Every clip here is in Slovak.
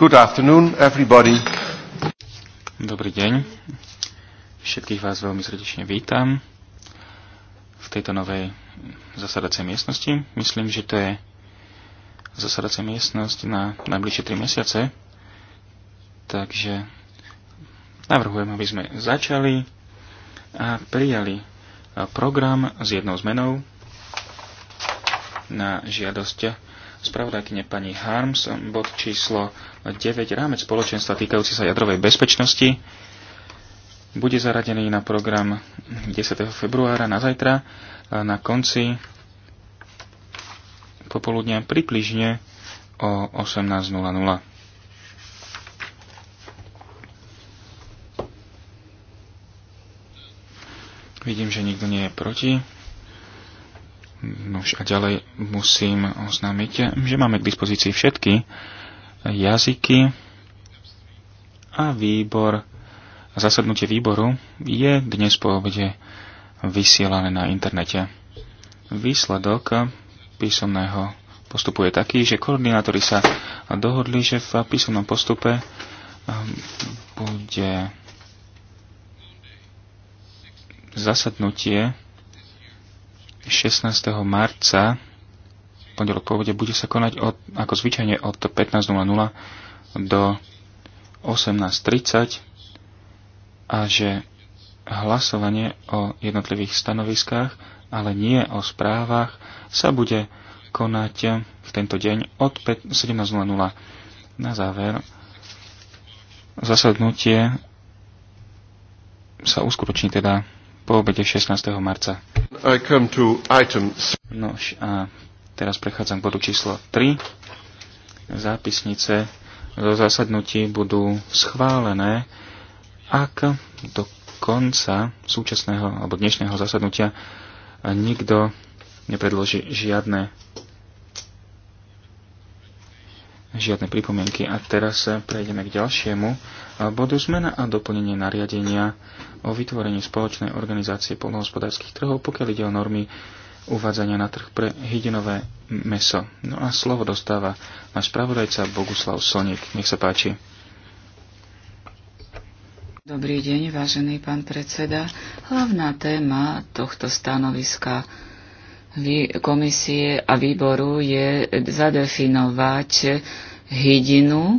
Good afternoon, everybody. Dobrý deň. Všetkých vás veľmi srdečne vítam v tejto novej zasadacej miestnosti. Myslím, že to je zasadacia miestnosť na najbližšie 3 mesiace. Takže navrhujem, aby sme začali a prijali program s jednou zmenou na žiadosť spravodajkyne pani Harms, bod číslo 9, rámec spoločenstva týkajúci sa jadrovej bezpečnosti, bude zaradený na program 10. februára na zajtra na konci popoludnia približne o 18.00. Vidím, že nikto nie je proti. Nož a ďalej musím oznámiť, že máme k dispozícii všetky jazyky a výbor, zasadnutie výboru je dnes po obede vysielané na internete. Výsledok písomného postupu je taký, že koordinátori sa dohodli, že v písomnom postupe ehm, bude zasadnutie 16. marca pondelok po obede bude sa konať od, ako zvyčajne od 15.00 do 18.30 a že hlasovanie o jednotlivých stanoviskách, ale nie o správach, sa bude konať v tento deň od 17.00. Na záver, zasadnutie sa uskutoční teda po obede 16. marca. No a teraz prechádzam k bodu číslo 3. Zápisnice zo zasadnutí budú schválené, ak do konca súčasného alebo dnešného zasadnutia nikto nepredloží žiadne žiadne pripomienky. A teraz prejdeme k ďalšiemu bodu zmena a doplnenie nariadenia o vytvorení spoločnej organizácie polnohospodárskych trhov, pokiaľ ide o normy uvádzania na trh pre hydinové meso. No a slovo dostáva náš spravodajca Boguslav Sonik. Nech sa páči. Dobrý deň, vážený pán predseda. Hlavná téma tohto stanoviska komisie a výboru je zadefinovať hydinu e,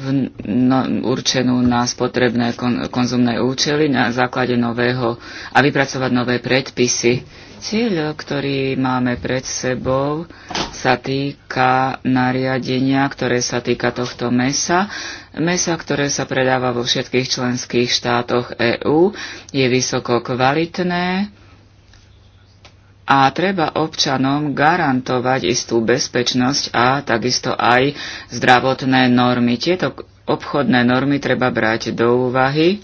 v, no, určenú na spotrebné kon, konzumné účely na základe nového a vypracovať nové predpisy. Cieľ, ktorý máme pred sebou, sa týka nariadenia, ktoré sa týka tohto mesa. Mesa, ktoré sa predáva vo všetkých členských štátoch EÚ, je vysoko kvalitné a treba občanom garantovať istú bezpečnosť a takisto aj zdravotné normy. Tieto obchodné normy treba brať do úvahy,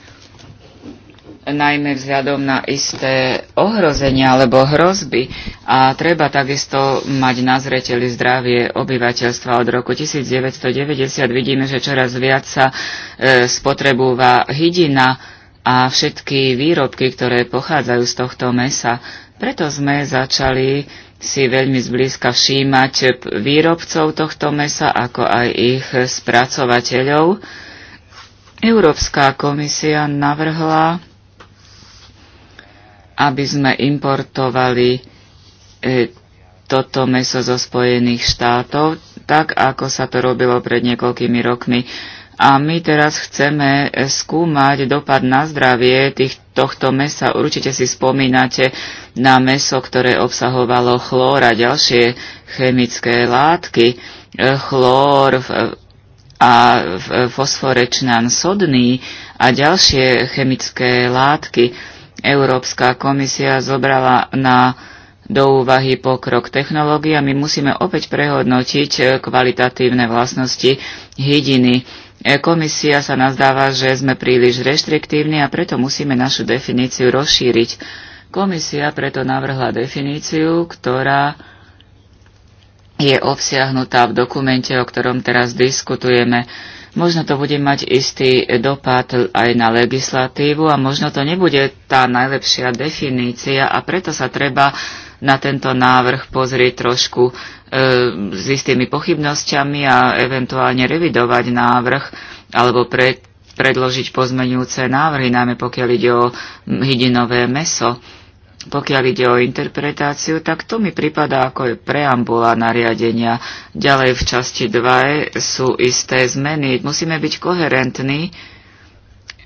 najmä vzhľadom na isté ohrozenia alebo hrozby a treba takisto mať na zreteli zdravie obyvateľstva. Od roku 1990 vidíme, že čoraz viac sa e, spotrebúva hydina a všetky výrobky, ktoré pochádzajú z tohto mesa preto sme začali si veľmi zblízka všímať výrobcov tohto mesa, ako aj ich spracovateľov. Európska komisia navrhla, aby sme importovali e, toto meso zo Spojených štátov, tak ako sa to robilo pred niekoľkými rokmi a my teraz chceme skúmať dopad na zdravie tých, tohto mesa. Určite si spomínate na meso, ktoré obsahovalo chlór a ďalšie chemické látky. Chlór a fosforečnan sodný a ďalšie chemické látky. Európska komisia zobrala na do úvahy pokrok technológia. a my musíme opäť prehodnotiť kvalitatívne vlastnosti hydiny Komisia sa nazdáva, že sme príliš reštriktívni a preto musíme našu definíciu rozšíriť. Komisia preto navrhla definíciu, ktorá je obsiahnutá v dokumente, o ktorom teraz diskutujeme. Možno to bude mať istý dopad aj na legislatívu a možno to nebude tá najlepšia definícia a preto sa treba na tento návrh pozrieť trošku e, s istými pochybnosťami a eventuálne revidovať návrh alebo pre, predložiť pozmenujúce návrhy, najmä pokiaľ ide o hydinové meso. Pokiaľ ide o interpretáciu, tak to mi pripadá ako je preambula nariadenia. Ďalej v časti 2 e sú isté zmeny. Musíme byť koherentní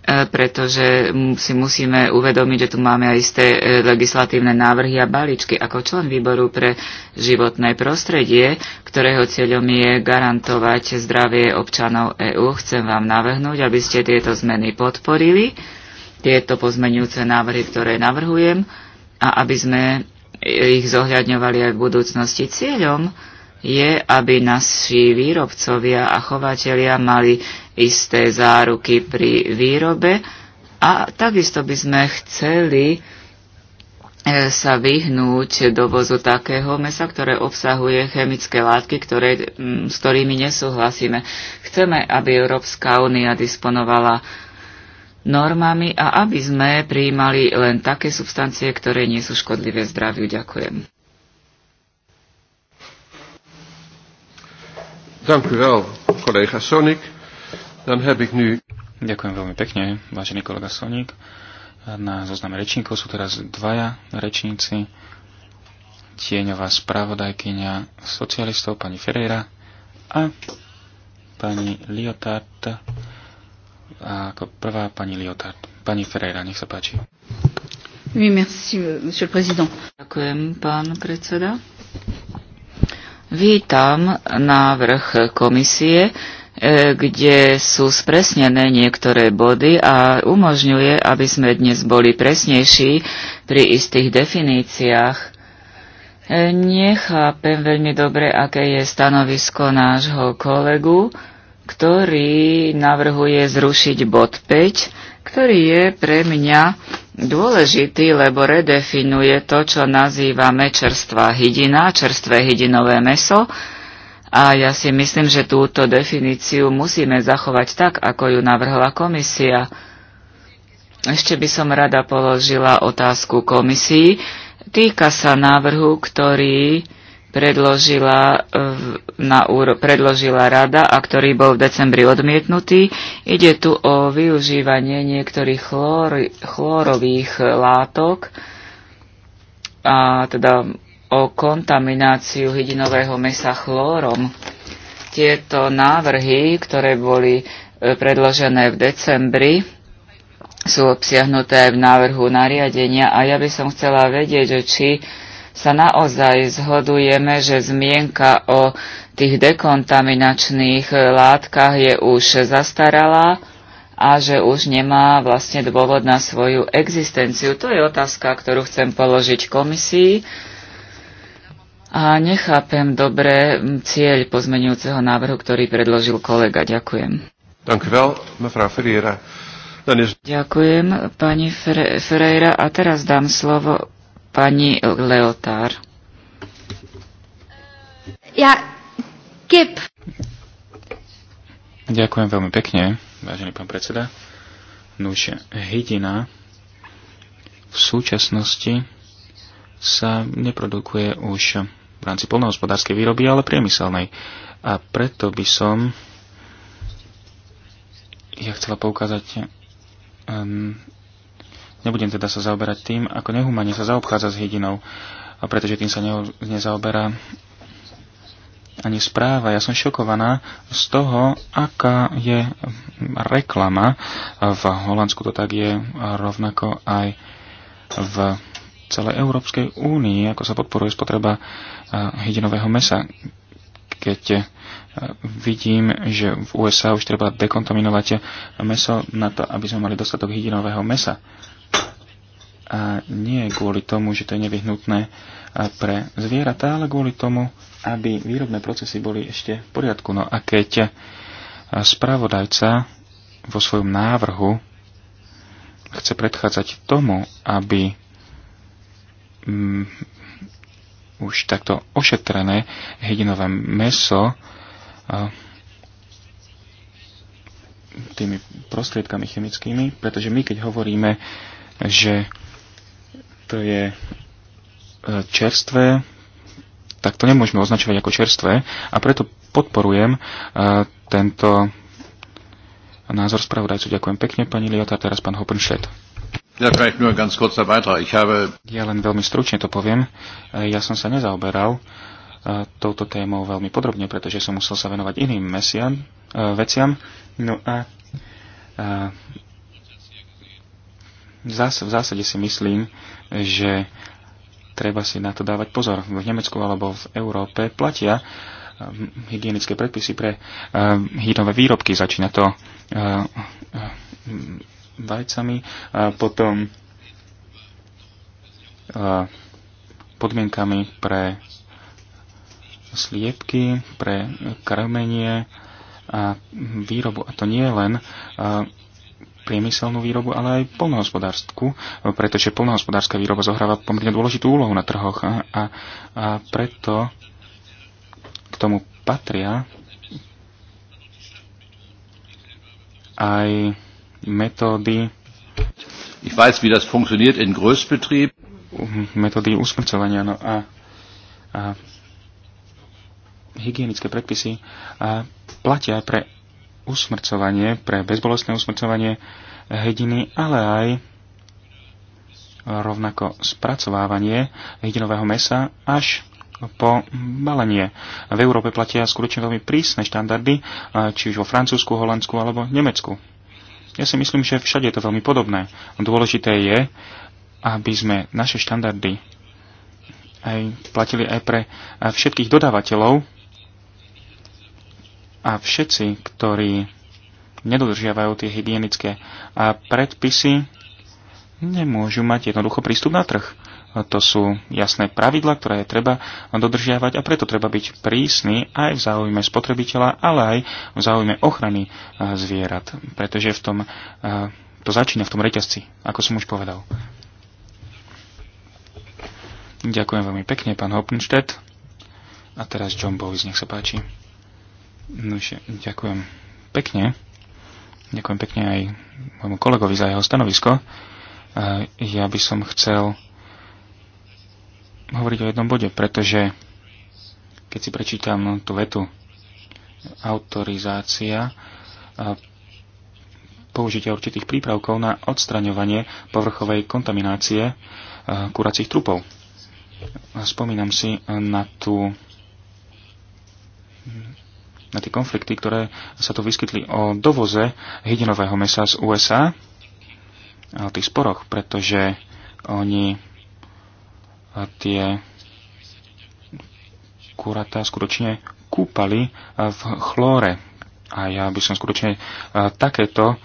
E, pretože si musíme uvedomiť, že tu máme aj isté e, legislatívne návrhy a balíčky. Ako člen výboru pre životné prostredie, ktorého cieľom je garantovať zdravie občanov EÚ, chcem vám navrhnúť, aby ste tieto zmeny podporili, tieto pozmenujúce návrhy, ktoré navrhujem, a aby sme ich zohľadňovali aj v budúcnosti. Cieľom je, aby naši výrobcovia a chovatelia mali isté záruky pri výrobe a takisto by sme chceli e, sa vyhnúť dovozu takého mesa, ktoré obsahuje chemické látky, ktoré, s ktorými nesúhlasíme. Chceme, aby Európska únia disponovala normami a aby sme prijímali len také substancie, ktoré nie sú škodlivé zdraviu. Ďakujem. Dank u wel, collega Sonic heb nu... Ďakujem veľmi pekne, vážený kolega Soník. Na zozname rečníkov sú teraz dvaja rečníci. Tieňová spravodajkynia socialistov, pani Ferreira a pani Liotard. A ako prvá pani Liotard. Pani Ferreira, nech sa páči. Oui, merci, monsieur le président. Ďakujem, pán predseda. Vítam návrh komisie, E, kde sú spresnené niektoré body a umožňuje, aby sme dnes boli presnejší pri istých definíciách. E, nechápem veľmi dobre, aké je stanovisko nášho kolegu, ktorý navrhuje zrušiť bod 5, ktorý je pre mňa dôležitý, lebo redefinuje to, čo nazývame čerstvá hydina, čerstvé hydinové meso, a ja si myslím, že túto definíciu musíme zachovať tak, ako ju navrhla komisia. Ešte by som rada položila otázku komisii. Týka sa návrhu, ktorý predložila, na, predložila rada a ktorý bol v decembri odmietnutý. Ide tu o využívanie niektorých chlor, chlórových látok a teda o kontamináciu hydinového mesa chlórom. Tieto návrhy, ktoré boli e, predložené v decembri, sú obsiahnuté aj v návrhu nariadenia a ja by som chcela vedieť, že či sa naozaj zhodujeme, že zmienka o tých dekontaminačných e, látkach je už zastaralá a že už nemá vlastne dôvod na svoju existenciu. To je otázka, ktorú chcem položiť komisii a nechápem dobre cieľ pozmenujúceho návrhu, ktorý predložil kolega. Ďakujem. Ďakujem, pani Ferreira. A teraz dám slovo pani Leotár. Ja, kip. Ďakujem veľmi pekne, vážený pán predseda. Nuž, hydina v súčasnosti sa neprodukuje už v rámci polnohospodárskej výroby, ale priemyselnej. A preto by som ja chcela poukázať, um, nebudem teda sa zaoberať tým, ako nehumane sa zaobchádza s hydinou, a pretože tým sa ne, nezaoberá ani správa. Ja som šokovaná z toho, aká je reklama. V Holandsku to tak je rovnako aj v celej Európskej únii, ako sa podporuje spotreba hydinového mesa. Keď e, vidím, že v USA už treba dekontaminovať meso na to, aby sme mali dostatok hydinového mesa. A nie kvôli tomu, že to je nevyhnutné e, pre zvieratá, ale kvôli tomu, aby výrobné procesy boli ešte v poriadku. No a keď e, spravodajca vo svojom návrhu chce predchádzať tomu, aby mm, už takto ošetrené hydinové meso tými prostriedkami chemickými, pretože my keď hovoríme, že to je e, čerstvé, tak to nemôžeme označovať ako čerstvé a preto podporujem e, tento názor spravodajcu. Ďakujem pekne, pani Liotár, teraz pán Hopenšet. Ja len veľmi stručne to poviem. E, ja som sa nezaoberal e, touto témou veľmi podrobne, pretože som musel sa venovať iným mesiam, e, veciam. No a, a v zásade si myslím, že treba si na to dávať pozor. V Nemecku alebo v Európe platia hygienické predpisy pre hydnové výrobky. Začína to vajcami. a potom a podmienkami pre sliepky, pre krmenie a výrobu. A to nie len priemyselnú výrobu, ale aj polnohospodárstvu, pretože polnohospodárska výroba zohráva pomerne dôležitú úlohu na trhoch a, a, a preto k tomu patria aj metódy Ich weiß, wie das funktioniert in Großbetrieb. Metódy usmrcovania, no a, a hygienické predpisy a platia pre usmrcovanie, pre bezbolestné usmrcovanie hediny, ale aj rovnako spracovávanie hydinového mesa až po balenie. V Európe platia skutočne veľmi prísne štandardy, či už vo Francúzsku, Holandsku alebo Nemecku. Ja si myslím, že všade je to veľmi podobné. Dôležité je, aby sme naše štandardy aj platili aj pre všetkých dodávateľov a všetci, ktorí nedodržiavajú tie hygienické predpisy, nemôžu mať jednoducho prístup na trh to sú jasné pravidla, ktoré je treba dodržiavať a preto treba byť prísny aj v záujme spotrebiteľa, ale aj v záujme ochrany e, zvierat, pretože v tom, e, to začína v tom reťazci, ako som už povedal. Ďakujem veľmi pekne, pán Hoppenstedt. A teraz John Bowis nech sa páči. No, ďakujem pekne. Ďakujem pekne aj môjmu kolegovi za jeho stanovisko. E, ja by som chcel hovoriť o jednom bode, pretože keď si prečítam tú vetu autorizácia použitia určitých prípravkov na odstraňovanie povrchovej kontaminácie kuracích trupov. Spomínam si na tú na tie konflikty, ktoré sa tu vyskytli o dovoze hydinového mesa z USA a o tých sporoch, pretože oni tie kuratá skutočne kúpali e, v chlóre. A ja by som skutočne e, takéto e,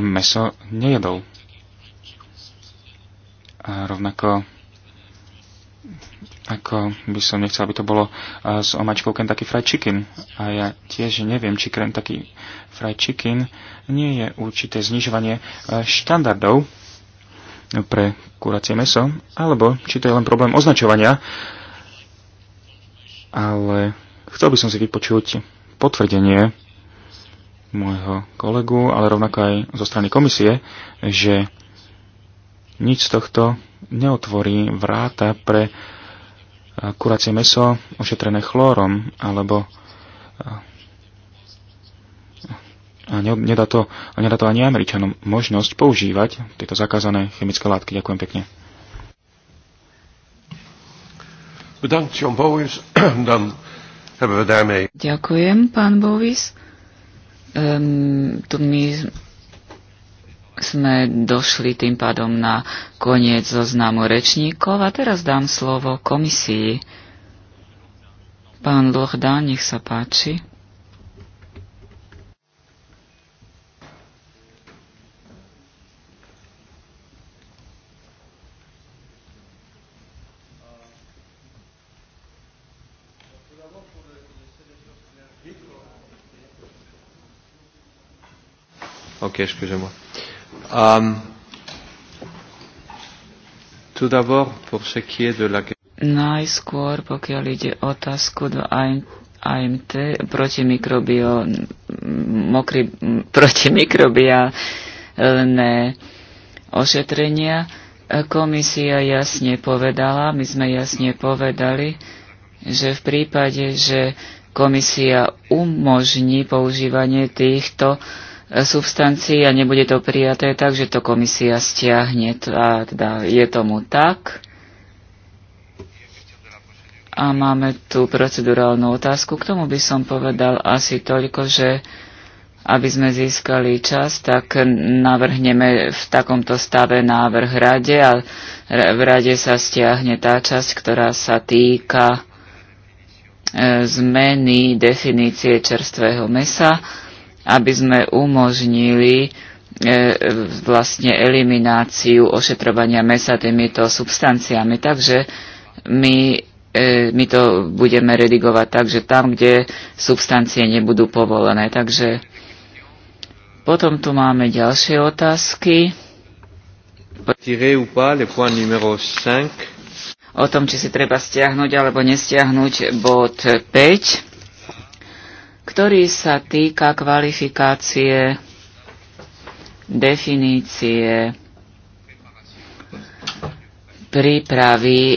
meso nejedol. A rovnako ako by som nechcel, aby to bolo s omačkou Kentucky Fried Chicken. A ja tiež neviem, či Kentucky Fried Chicken nie je určité znižovanie štandardov pre kuracie meso, alebo či to je len problém označovania. Ale chcel by som si vypočuť potvrdenie môjho kolegu, ale rovnako aj zo strany komisie, že nič z tohto neotvorí vráta pre eh, kuracie meso ošetrené chlórom alebo eh, a nedá to, a nedá to ani Američanom možnosť používať tieto zakázané chemické látky. Ďakujem pekne. Ďakujem, pán Bovis. Um, ehm, tu my sme došli tým pádom na koniec zoznamu rečníkov a teraz dám slovo komisii. Pán Lohdán, nech sa páči. que excusez-moi. Um, tout d'abord, pour ce qui est de la Najskôr, pokiaľ ide otázku do AMT, protimikrobio, mokry, protimikrobiálne ošetrenia, komisia jasne povedala, my sme jasne povedali, že v prípade, že komisia umožní používanie týchto substancií a nebude to prijaté, takže to komisia stiahne. A teda je tomu tak. A máme tu procedurálnu otázku. K tomu by som povedal asi toľko, že aby sme získali čas, tak navrhneme v takomto stave návrh rade a v rade sa stiahne tá časť, ktorá sa týka e, zmeny definície čerstvého mesa aby sme umožnili e, vlastne elimináciu ošetrovania mesa týmito substanciami. Takže my, e, my to budeme redigovať tak, že tam, kde substancie nebudú povolené. Takže potom tu máme ďalšie otázky. O tom, či si treba stiahnuť alebo nestiahnuť bod 5 ktorý sa týka kvalifikácie, definície, prípravy e,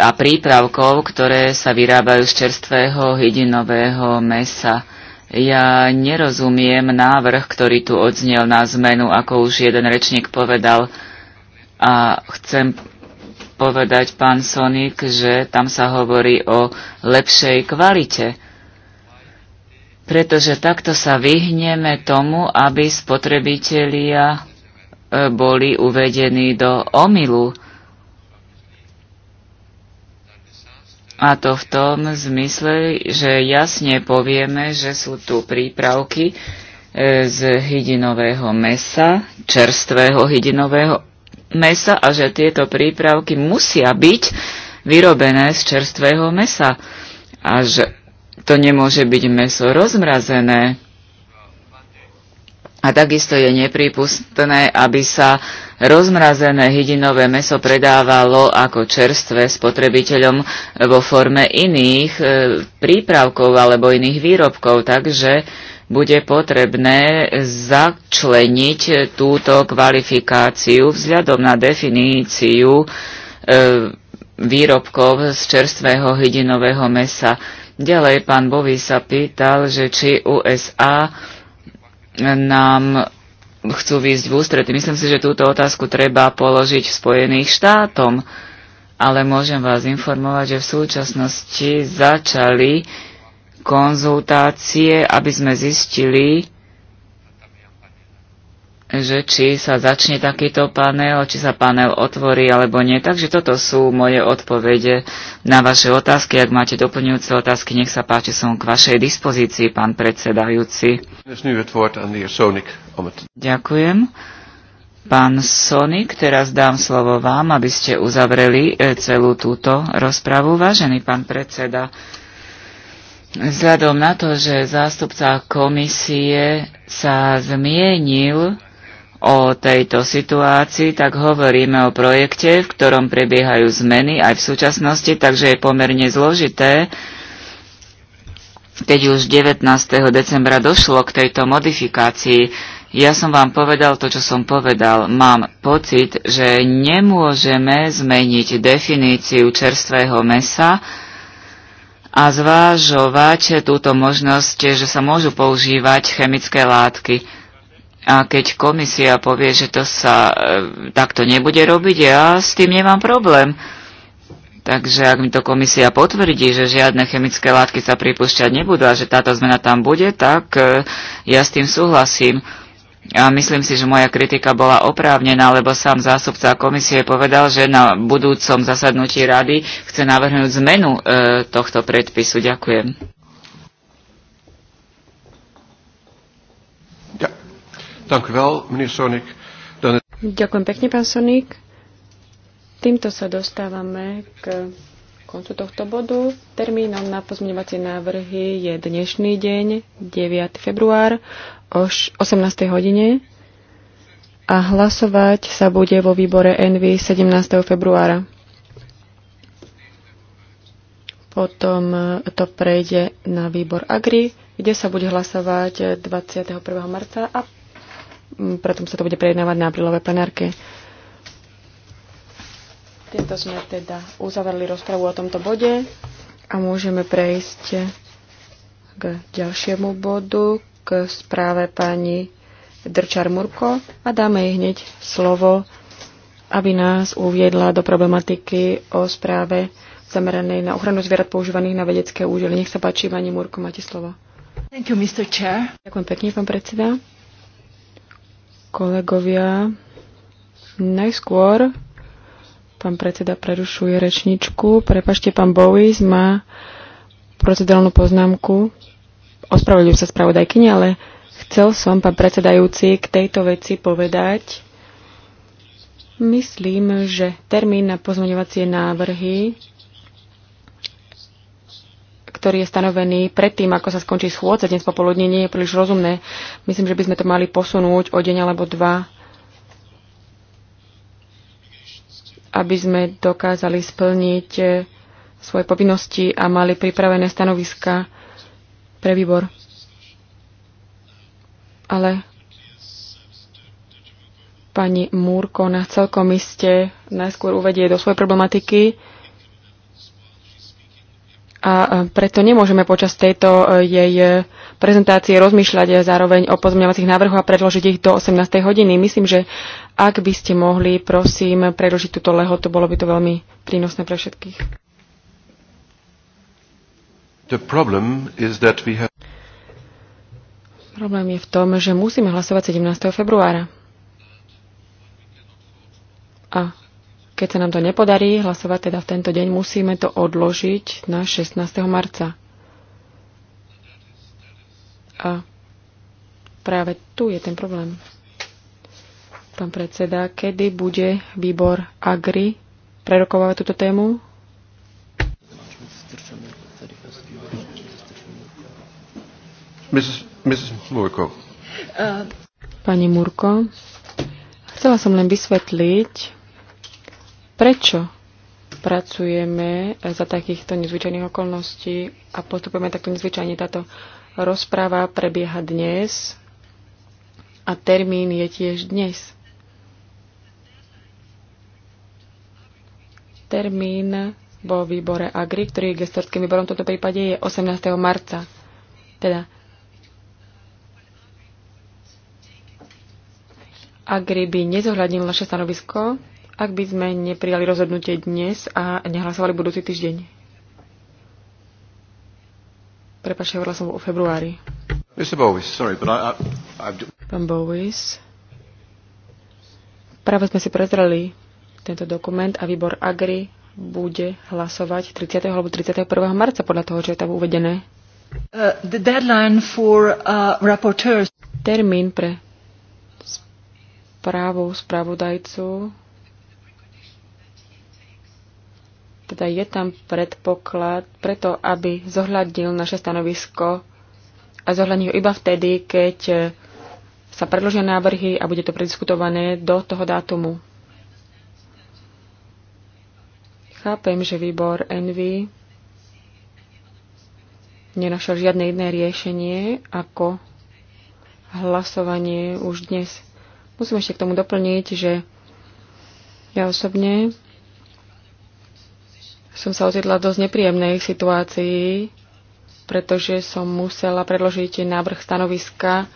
a prípravkov, ktoré sa vyrábajú z čerstvého hydinového mesa. Ja nerozumiem návrh, ktorý tu odznel na zmenu, ako už jeden rečník povedal. A chcem povedať pán Sonik, že tam sa hovorí o lepšej kvalite pretože takto sa vyhneme tomu, aby spotrebitelia e, boli uvedení do omilu. A to v tom zmysle, že jasne povieme, že sú tu prípravky e, z hydinového mesa, čerstvého hydinového mesa a že tieto prípravky musia byť vyrobené z čerstvého mesa. A že to nemôže byť meso rozmrazené. A takisto je neprípustné, aby sa rozmrazené hydinové meso predávalo ako čerstvé spotrebiteľom vo forme iných e, prípravkov alebo iných výrobkov, takže bude potrebné začleniť túto kvalifikáciu vzhľadom na definíciu e, výrobkov z čerstvého hydinového mesa. Ďalej pán Bovi sa pýtal, že či USA nám chcú výjsť v ústrety. Myslím si, že túto otázku treba položiť v Spojených štátom, ale môžem vás informovať, že v súčasnosti začali konzultácie, aby sme zistili, že či sa začne takýto panel, či sa panel otvorí alebo nie. Takže toto sú moje odpovede na vaše otázky. Ak máte doplňujúce otázky, nech sa páči, som k vašej dispozícii, pán predsedajúci. Ďakujem. Pán Sonik, teraz dám slovo vám, aby ste uzavreli e, celú túto rozpravu. Vážený pán predseda, vzhľadom na to, že zástupca komisie sa zmienil o tejto situácii, tak hovoríme o projekte, v ktorom prebiehajú zmeny aj v súčasnosti, takže je pomerne zložité, keď už 19. decembra došlo k tejto modifikácii. Ja som vám povedal to, čo som povedal. Mám pocit, že nemôžeme zmeniť definíciu čerstvého mesa, a zvážovať túto možnosť, že sa môžu používať chemické látky. A keď komisia povie, že to sa e, takto nebude robiť, ja s tým nemám problém. Takže ak mi to komisia potvrdí, že žiadne chemické látky sa pripúšťať nebudú a že táto zmena tam bude, tak e, ja s tým súhlasím. A myslím si, že moja kritika bola oprávnená, lebo sám zástupca komisie povedal, že na budúcom zasadnutí rady chce navrhnúť zmenu e, tohto predpisu. Ďakujem. Ďakujem pekne, pán Sonik. Týmto sa dostávame k koncu tohto bodu. Termínom na pozmeňovacie návrhy je dnešný deň, 9. február o 18. hodine a hlasovať sa bude vo výbore NV 17. februára. Potom eh, to prejde na výbor AGRI, kde sa bude hlasovať 21. Eh, marca a Mm, preto sa to bude prejednávať na aprílové plenárke. Tento sme teda uzavreli rozpravu o tomto bode a môžeme prejsť k ďalšiemu bodu, k správe pani Drčar Murko a dáme jej hneď slovo, aby nás uviedla do problematiky o správe zameranej na ochranu zvierat používaných na vedecké úžely. Nech sa páči, pani Murko, máte slovo. Thank you, Mr. Chair. Ďakujem pekne, pán predseda. Kolegovia, najskôr pán predseda prerušuje rečničku. Prepašte, pán Bowis má procedurálnu poznámku. Ospravedlňujem sa spravodajkyni, ale chcel som, pán predsedajúci, k tejto veci povedať. Myslím, že termín na pozmeňovacie návrhy ktorý je stanovený predtým, ako sa skončí schôdza dnes popoludne, nie je príliš rozumné. Myslím, že by sme to mali posunúť o deň alebo dva, aby sme dokázali splniť eh, svoje povinnosti a mali pripravené stanoviska pre výbor. Ale pani Múrko na celkom iste najskôr uvedie do svojej problematiky a e, preto nemôžeme počas tejto e, jej e, prezentácie rozmýšľať zároveň o pozmeňovacích návrhoch a predložiť ich do 18. hodiny. Myslím, že ak by ste mohli, prosím, predložiť túto lehotu, bolo by to veľmi prínosné pre všetkých. The problem is that we have... Problém je v tom, že musíme hlasovať 17. februára. A keď sa nám to nepodarí hlasovať teda v tento deň, musíme to odložiť na 16. marca. A práve tu je ten problém. Pán predseda, kedy bude výbor AGRI prerokovať túto tému? Mrs. Murko. Pani Murko, chcela som len vysvetliť, prečo pracujeme za takýchto nezvyčajných okolností a postupujeme takto nezvyčajne. Táto rozpráva prebieha dnes a termín je tiež dnes. Termín vo výbore AGRI, ktorý je gestorským výborom v tomto prípade, je 18. marca. Teda AGRI by nezohľadnil naše stanovisko, ak by sme neprijali rozhodnutie dnes a nehlasovali budúci týždeň? Prepačte, hovorila som o februári. Mr. Bowies, sorry, but I, I, I've... Pán Bowies, práve sme si prezreli tento dokument a výbor AGRI bude hlasovať 30. alebo 31. marca podľa toho, čo je tam uvedené. Uh, the deadline for uh, rapporteurs. Termín pre správu spravodajcu Teda je tam predpoklad preto, aby zohľadnil naše stanovisko a zohľadní ho iba vtedy, keď eh, sa predložia návrhy a bude to prediskutované do toho dátumu. Chápem, že výbor Envy nenašiel žiadne iné riešenie ako hlasovanie už dnes. Musím ešte k tomu doplniť, že ja osobne som sa ocitla v dosť nepríjemnej situácii, pretože som musela predložiť návrh stanoviska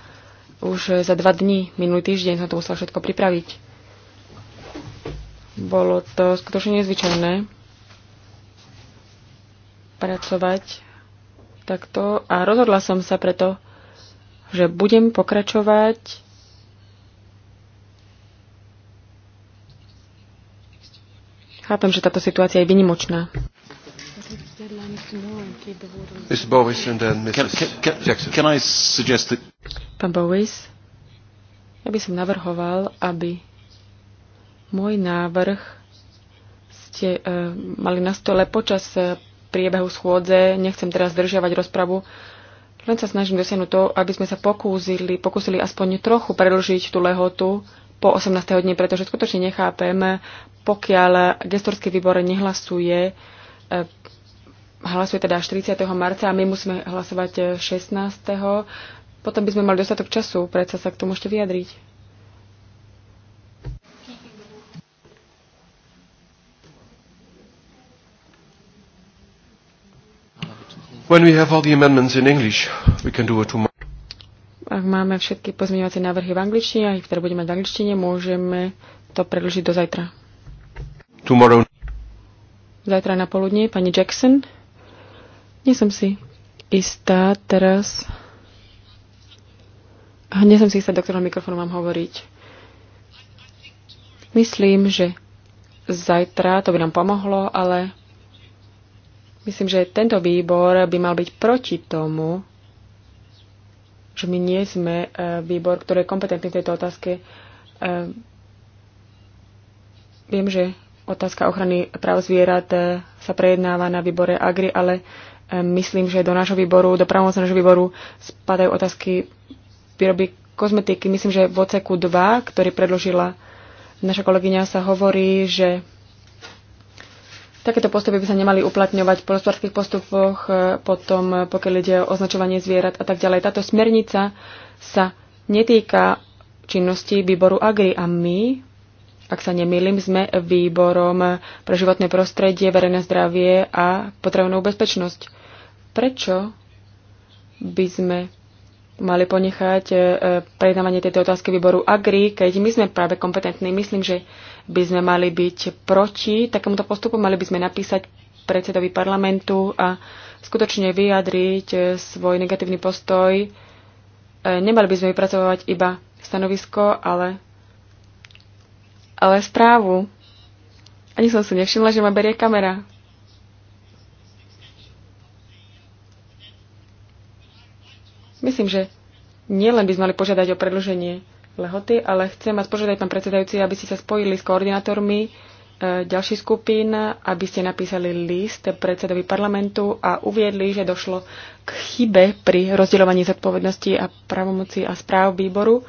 už za dva dní. Minulý týždeň som to musela všetko pripraviť. Bolo to skutočne nezvyčajné pracovať takto a rozhodla som sa preto, že budem pokračovať Chápem, že táto situácia je vynimočná. Pán Bowies, ja by som navrhoval, aby môj návrh ste uh, mali na stole počas uh, priebehu schôdze. Nechcem teraz zdržiavať rozpravu. Len sa snažím dosiahnuť to, aby sme sa pokúsili, pokúsili aspoň trochu predlžiť tú lehotu, po 18. dni, pretože skutočne nechápeme, pokiaľ gestorský výbor nehlasuje, e, hlasuje teda až 30. marca a my musíme hlasovať 16. Potom by sme mali dostatok času, predsa sa k tomu ešte vyjadriť. When we have all the amendments in English, we can do it tomorrow. Ak máme všetky pozmeňovacie návrhy v angličtine, a ich ktoré teda budeme mať v angličtine, môžeme to predložiť do zajtra. Tomorrow. Zajtra na poludne, pani Jackson. Nie som si istá teraz. Nie som si istá, do ktorého mikrofónu mám hovoriť. Myslím, že zajtra to by nám pomohlo, ale myslím, že tento výbor by mal byť proti tomu, že my nie sme e, výbor, ktorý je kompetentný v tejto otázke. E, viem, že otázka ochrany práv zvierat e, sa prejednáva na výbore Agri, ale myslím, že do nášho výboru, do právomocného nášho výboru spadajú otázky výroby kozmetiky. Myslím, že v oceku 2, ktorý predložila naša kolegyňa, sa hovorí, že Takéto postupy by sa nemali uplatňovať v polospodárských postupoch, e, potom e, pokiaľ ide o označovanie zvierat a tak ďalej. Táto smernica sa netýka činnosti výboru Agri a my, ak sa nemýlim, sme výborom pre životné prostredie, verejné zdravie a potrebnú bezpečnosť. Prečo by sme mali ponechať e, prejednávanie tejto otázky výboru Agri, keď my sme práve kompetentní? Myslím, že by sme mali byť proti takémuto postupu, mali by sme napísať predsedovi parlamentu a skutočne vyjadriť eh, svoj negatívny postoj. Eh, nemali by sme vypracovať iba stanovisko, ale, ale správu. Ani som si nevšimla, že ma berie kamera. Myslím, že nielen by sme mali požiadať o predlženie lehoty, ale chcem vás požiadať, pán predsedajúci, aby ste sa spojili s koordinátormi e, ďalších skupín, aby ste napísali list predsedovi parlamentu a uviedli, že došlo k chybe pri rozdeľovaní zodpovednosti a pravomoci a správ výboru.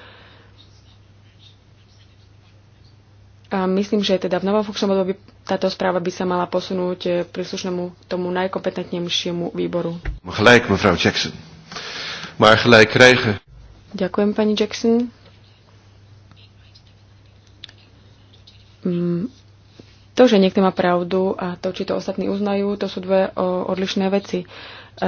A myslím, že teda v novom funkčnom období táto správa by sa mala posunúť e, príslušnému tomu najkompetentnejšiemu výboru. Gelijk, mevrouw Jackson. Maar gelijk krijgen. Ďakujem, pani Jackson. Mm, to, že niekto má pravdu a to, či to ostatní uznajú, to sú dve odlišné veci. E,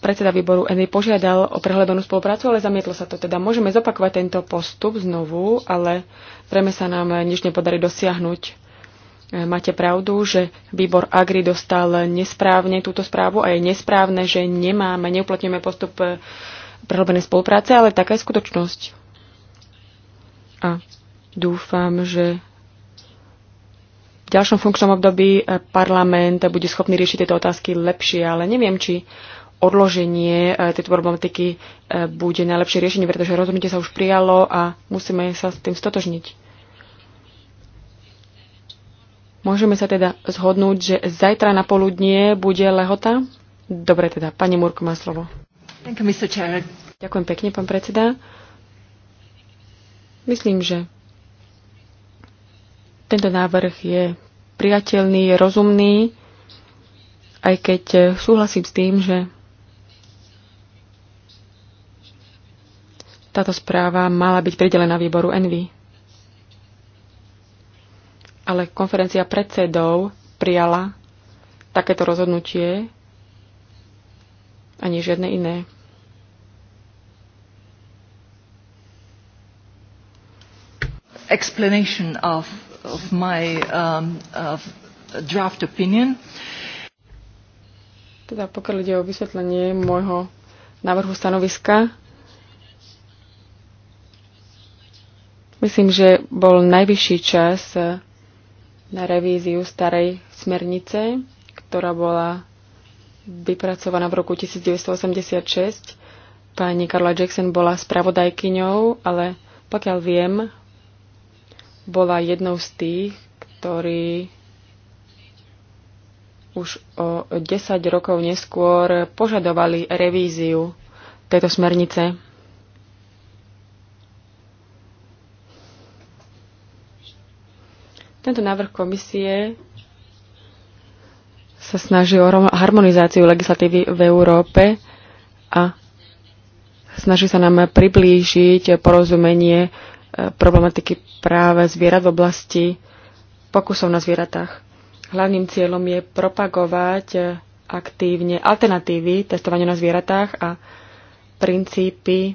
predseda výboru Eny požiadal o prehľadanú spoluprácu, ale zamietlo sa to. Teda môžeme zopakovať tento postup znovu, ale zrejme sa nám nič nepodarí dosiahnuť. E, máte pravdu, že výbor Agri dostal nesprávne túto správu a je nesprávne, že nemáme, neuplatňujeme postup e, prehlbenej spolupráce, ale taká je skutočnosť. A Dúfam, že v ďalšom funkčnom období eh, parlament bude schopný riešiť tieto otázky lepšie, ale neviem, či odloženie eh, tejto problematiky eh, bude najlepšie riešenie, pretože rozhodnutie sa už prijalo a musíme sa s tým stotožniť. Môžeme sa teda zhodnúť, že zajtra na poludnie bude lehota? Dobre teda, pani Murko má slovo. Ďakujem pekne, pán predseda. Myslím, že tento návrh je priateľný, je rozumný, aj keď e, súhlasím s tým, že táto správa mala byť pridelená výboru Envy. Ale konferencia predsedov prijala takéto rozhodnutie ani žiadne iné. Explanation of of my um, uh, draft opinion. Teda pokiaľ ide o vysvetlenie môjho návrhu stanoviska, myslím, že bol najvyšší čas na revíziu starej smernice, ktorá bola vypracovaná v roku 1986. Pani Karla Jackson bola spravodajkyňou, ale pokiaľ viem, bola jednou z tých, ktorí už o 10 rokov neskôr požadovali revíziu tejto smernice. Tento návrh komisie sa snaží o harmonizáciu legislatívy v Európe a snaží sa nám priblížiť porozumenie problematiky práve zvierat v oblasti pokusov na zvieratách. Hlavným cieľom je propagovať e, aktívne alternatívy testovania na zvieratách a princípy,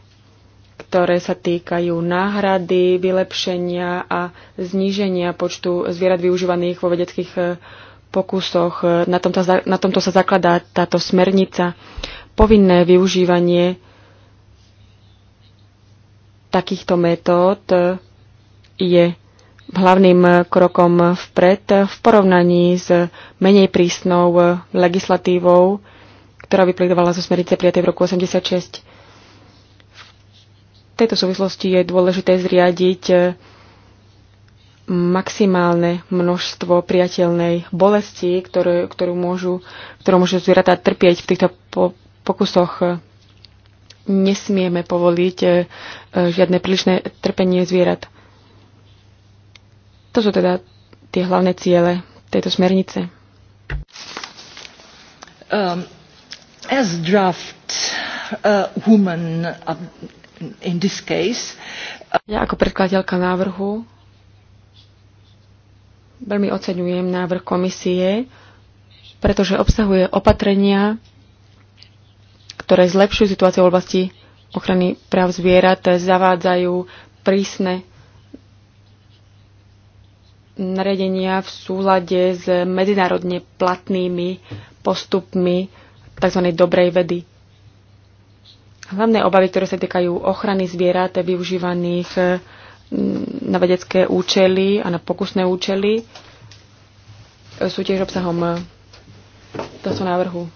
ktoré sa týkajú náhrady, vylepšenia a zníženia počtu zvierat využívaných vo vedeckých e, pokusoch. E, na, tomto, na tomto sa zakladá táto smernica. Povinné využívanie takýchto metód e, je hlavným krokom vpred v porovnaní s menej prísnou e, legislatívou, ktorá vyplývala zo smerice prijatej v roku 86. V tejto súvislosti je dôležité zriadiť e, maximálne množstvo priateľnej bolesti, ktorú, ktorú môžu, ktorú môžu zvieratá trpieť v týchto po, pokusoch nesmieme povoliť e, e, žiadne prílišné trpenie zvierat. To sú teda tie hlavné ciele tejto smernice. Um, as draft uh, woman uh, in this case, uh... ja ako predkladateľka návrhu veľmi oceňujem návrh komisie, pretože obsahuje opatrenia, ktoré zlepšujú situáciu v oblasti ochrany práv zvierat, zavádzajú prísne nariadenia v súlade s medzinárodne platnými postupmi tzv. dobrej vedy. Hlavné obavy, ktoré sa týkajú ochrany zvierat využívaných mm, na vedecké účely a na pokusné účely, sú tiež obsahom tohto návrhu.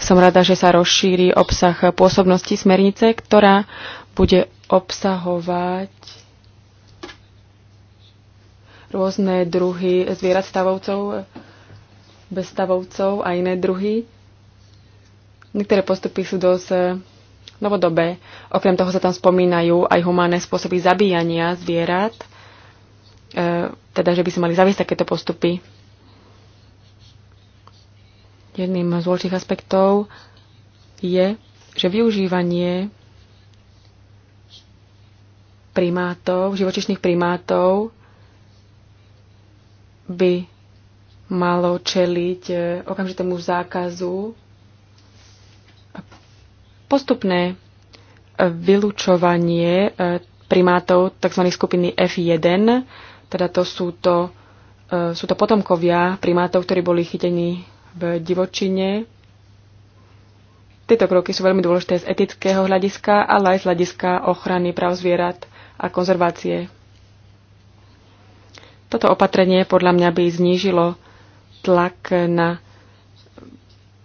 Som rada, že sa rozšíri obsah pôsobnosti smernice, ktorá bude obsahovať rôzne druhy zvierat stavovcov, bezstavovcov a iné druhy. Niektoré postupy sú dosť eh, novodobé. Okrem toho sa tam spomínajú aj humánne spôsoby zabíjania zvierat, eh, teda že by sa mali zaviesť takéto postupy. Jedným z dôležitých aspektov je, že využívanie primátov, živočišných primátov by malo čeliť e, okamžitému zákazu postupné e, vylúčovanie e, primátov tzv. skupiny F1, teda to sú to, sú to potomkovia primátov, ktorí boli chytení v divočine. Tieto kroky sú veľmi dôležité z etického hľadiska, ale aj z hľadiska ochrany práv zvierat a konzervácie. Toto opatrenie podľa mňa by znížilo tlak na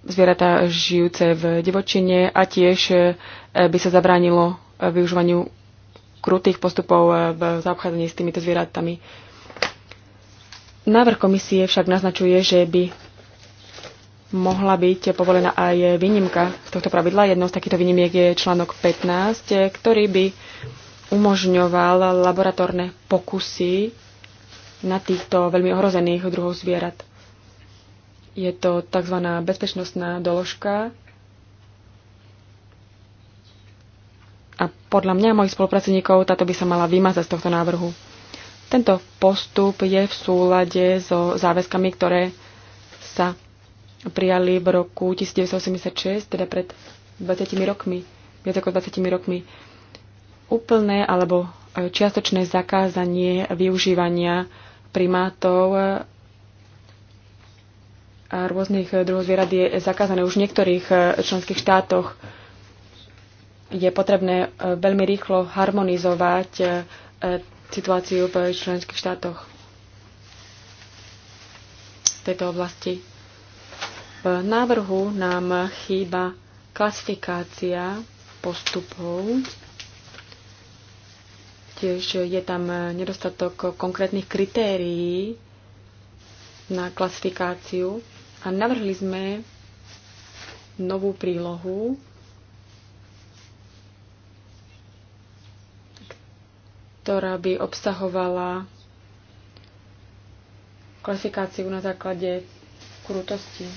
zvieratá žijúce v divočine a tiež eh, by sa zabránilo eh, využívaniu krutých postupov eh, v zaobchádzaní s týmito zvieratami. Návrh komisie však naznačuje, že by mohla byť povolená aj výnimka z tohto pravidla. Jednou z takýchto výnimiek je článok 15, ktorý by umožňoval laboratórne pokusy na týchto veľmi ohrozených druhov zvierat. Je to tzv. bezpečnostná doložka a podľa mňa a mojich spolupracovníkov táto by sa mala vymazať z tohto návrhu. Tento postup je v súlade so záväzkami, ktoré sa prijali v roku 1986, teda pred 20 rokmi, viac ako 20 rokmi, úplné alebo e, čiastočné zakázanie využívania primátov e, a rôznych druhov zvierat je zakázané už v niektorých e, členských štátoch. Je potrebné veľmi rýchlo harmonizovať situáciu v členských štátoch v tejto oblasti. V návrhu nám chýba klasifikácia postupov. Tiež je tam nedostatok konkrétnych kritérií na klasifikáciu a navrhli sme novú prílohu, ktorá by obsahovala klasifikáciu na základe krutosti.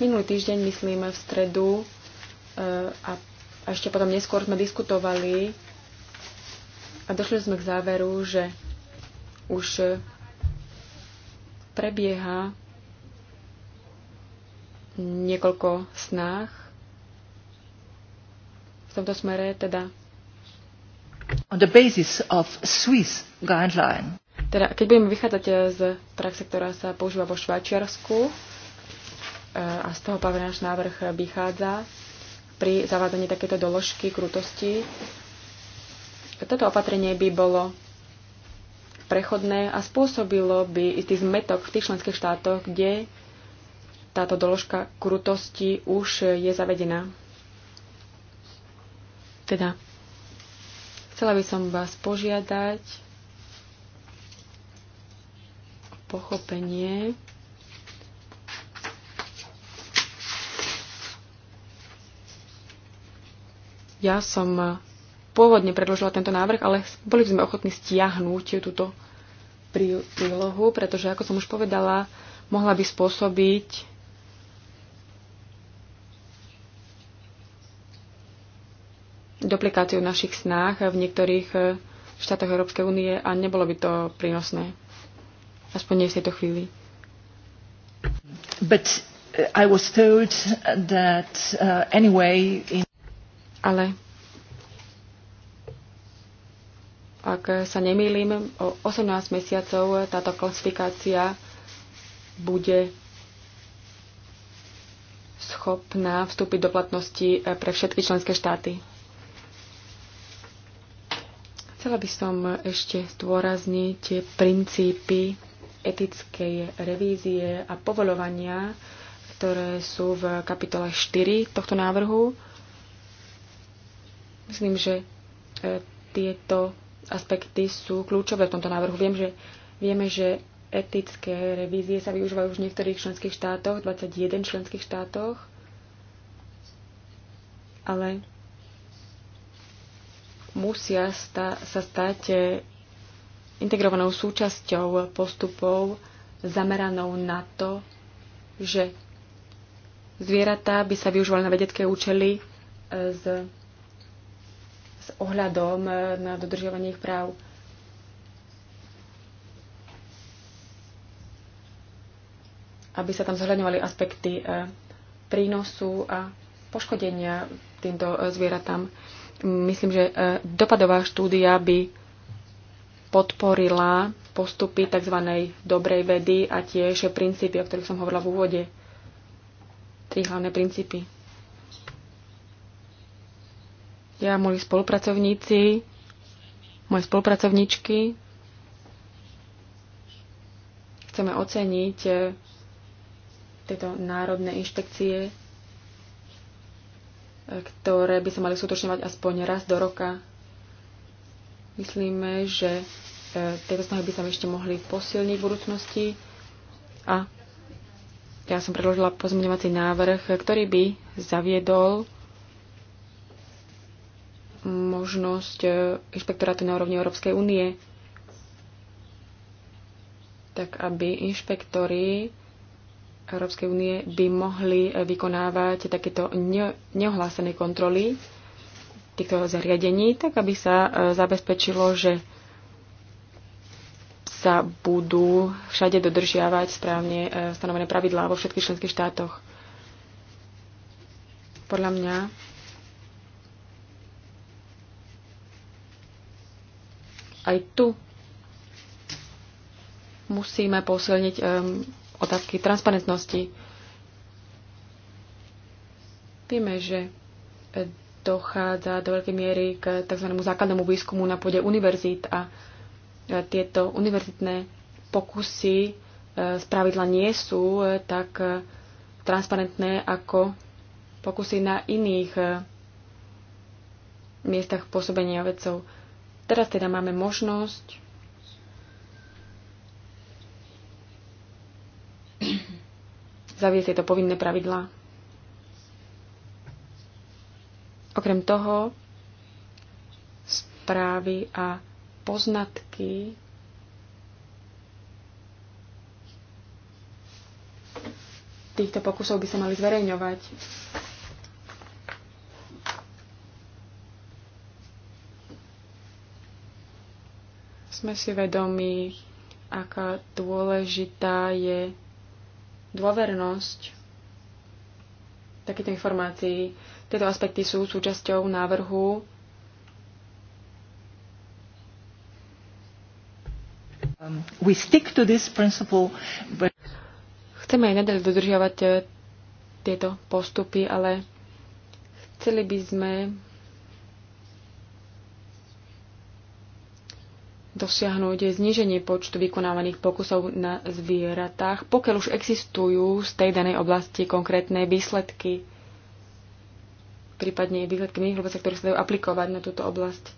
Minulý týždeň, myslím, v stredu eh, a, ešte potom neskôr sme diskutovali a došli sme k záveru, že už eh, prebieha niekoľko snách v tomto smere, teda on the basis of Swiss guideline. Teda, keď budeme vychádzať eh, z praxe, ktorá sa používa vo Švajčiarsku, E, a z toho práve náš návrh vychádza pri zavádzaní takéto doložky krutosti. Toto opatrenie by bolo prechodné a spôsobilo by istý zmetok v tých členských štátoch, kde táto doložka krutosti už je zavedená. Teda, chcela by som vás požiadať o pochopenie Ja som pôvodne predložila tento návrh, ale boli sme ochotní stiahnuť túto prílohu, pretože, ako som už povedala, mohla by spôsobiť duplikáciu našich snách v niektorých eh, štátoch Európskej únie a nebolo by to prínosné. Aspoň nie v tejto chvíli. But eh, I was told that uh, anyway in ale ak sa nemýlim, o 18 mesiacov táto klasifikácia bude schopná vstúpiť do platnosti pre všetky členské štáty. Chcela by som ešte zdôrazniť princípy etickej revízie a povolovania, ktoré sú v kapitole 4 tohto návrhu. Myslím, že e, tieto aspekty sú kľúčové v tomto návrhu. Viem, že, vieme, že etické revízie sa využívajú už v niektorých členských štátoch, 21 členských štátoch, ale musia sta- sa stať e, integrovanou súčasťou postupov zameranou na to, že zvieratá by sa využívali na vedecké účely e, z s ohľadom e, na dodržiavanie ich práv. aby sa tam zhľadňovali aspekty e, prínosu a poškodenia týmto e, zvieratám. Myslím, že dopadová štúdia by podporila postupy tzv. dobrej vedy a tiež princípy, o ktorých som hovorila v úvode. Tri hlavné princípy ja moji spolupracovníci, moje spolupracovníčky, chceme oceniť eh, tieto národné inšpekcie, eh, ktoré by sa mali skutočňovať aspoň raz do roka. Myslíme, že eh, tieto snahy by sa ešte mohli posilniť v budúcnosti a ja som predložila pozmeňovací návrh, ktorý by zaviedol možnosť e, inšpektorátu na úrovni Európskej únie, tak aby inšpektori Európskej únie by mohli e, vykonávať takéto neohlásené kontroly týchto zariadení, tak aby sa e, zabezpečilo, že sa budú všade dodržiavať správne stanovené pravidlá vo všetkých členských štátoch. Podľa mňa aj tu musíme posilniť um, otázky transparentnosti. Vieme, že dochádza do veľkej miery k tzv. základnému výskumu na pôde univerzít a e, tieto univerzitné pokusy e, z pravidla nie sú e, tak transparentné ako pokusy na iných miestach pôsobenia vedcov. Teraz teda máme možnosť zaviesť tieto povinné pravidlá. Okrem toho, správy a poznatky týchto pokusov by sa mali zverejňovať. Sme si vedomi, aká dôležitá je dôvernosť takýchto informácií. Tieto aspekty sú súčasťou návrhu um, We stick to this principle, but... Chceme aj nadalej dodržiavať eh, tieto postupy, ale chceli by sme dosiahnuť zníženie počtu vykonávaných pokusov na zvieratách, pokiaľ už existujú z tej danej oblasti konkrétne výsledky, prípadne výsledky iných robocov, ktoré sa dajú aplikovať na túto oblasť.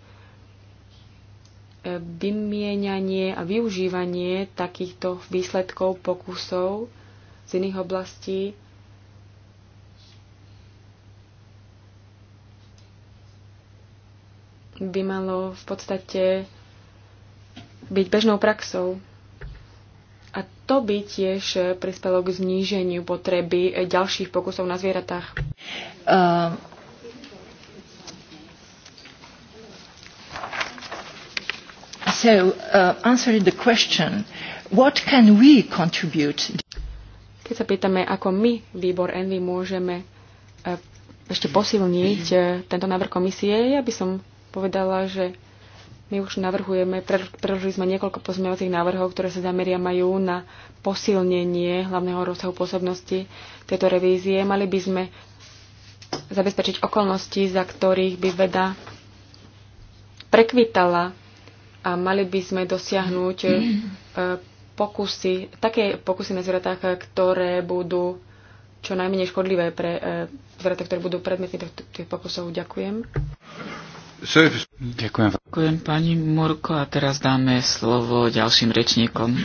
Vymieňanie a využívanie takýchto výsledkov pokusov z iných oblastí by malo v podstate byť bežnou praxou. A to by tiež eh, prispelo k zníženiu potreby eh, ďalších pokusov na zvieratách. Uh, so, uh, answering the question, what can we contribute? Keď sa pýtame, ako my, výbor Envy, môžeme uh, ešte posilniť uh, tento návrh komisie, ja by som povedala, že my už navrhujeme, predložili sme niekoľko pozmeňovacích návrhov, ktoré sa zameria majú na posilnenie hlavného rozsahu pôsobnosti tejto revízie. Mali by sme zabezpečiť okolnosti, za ktorých by veda prekvitala a mali by sme dosiahnuť e, pokusy, také pokusy na zvieratách, ktoré budú čo najmenej škodlivé pre e, zvieratá, ktoré budú predmetmi tých pokusov. Ďakujem. Ďakujem. Ďakujem pani Murko a teraz dáme slovo ďalším rečníkom.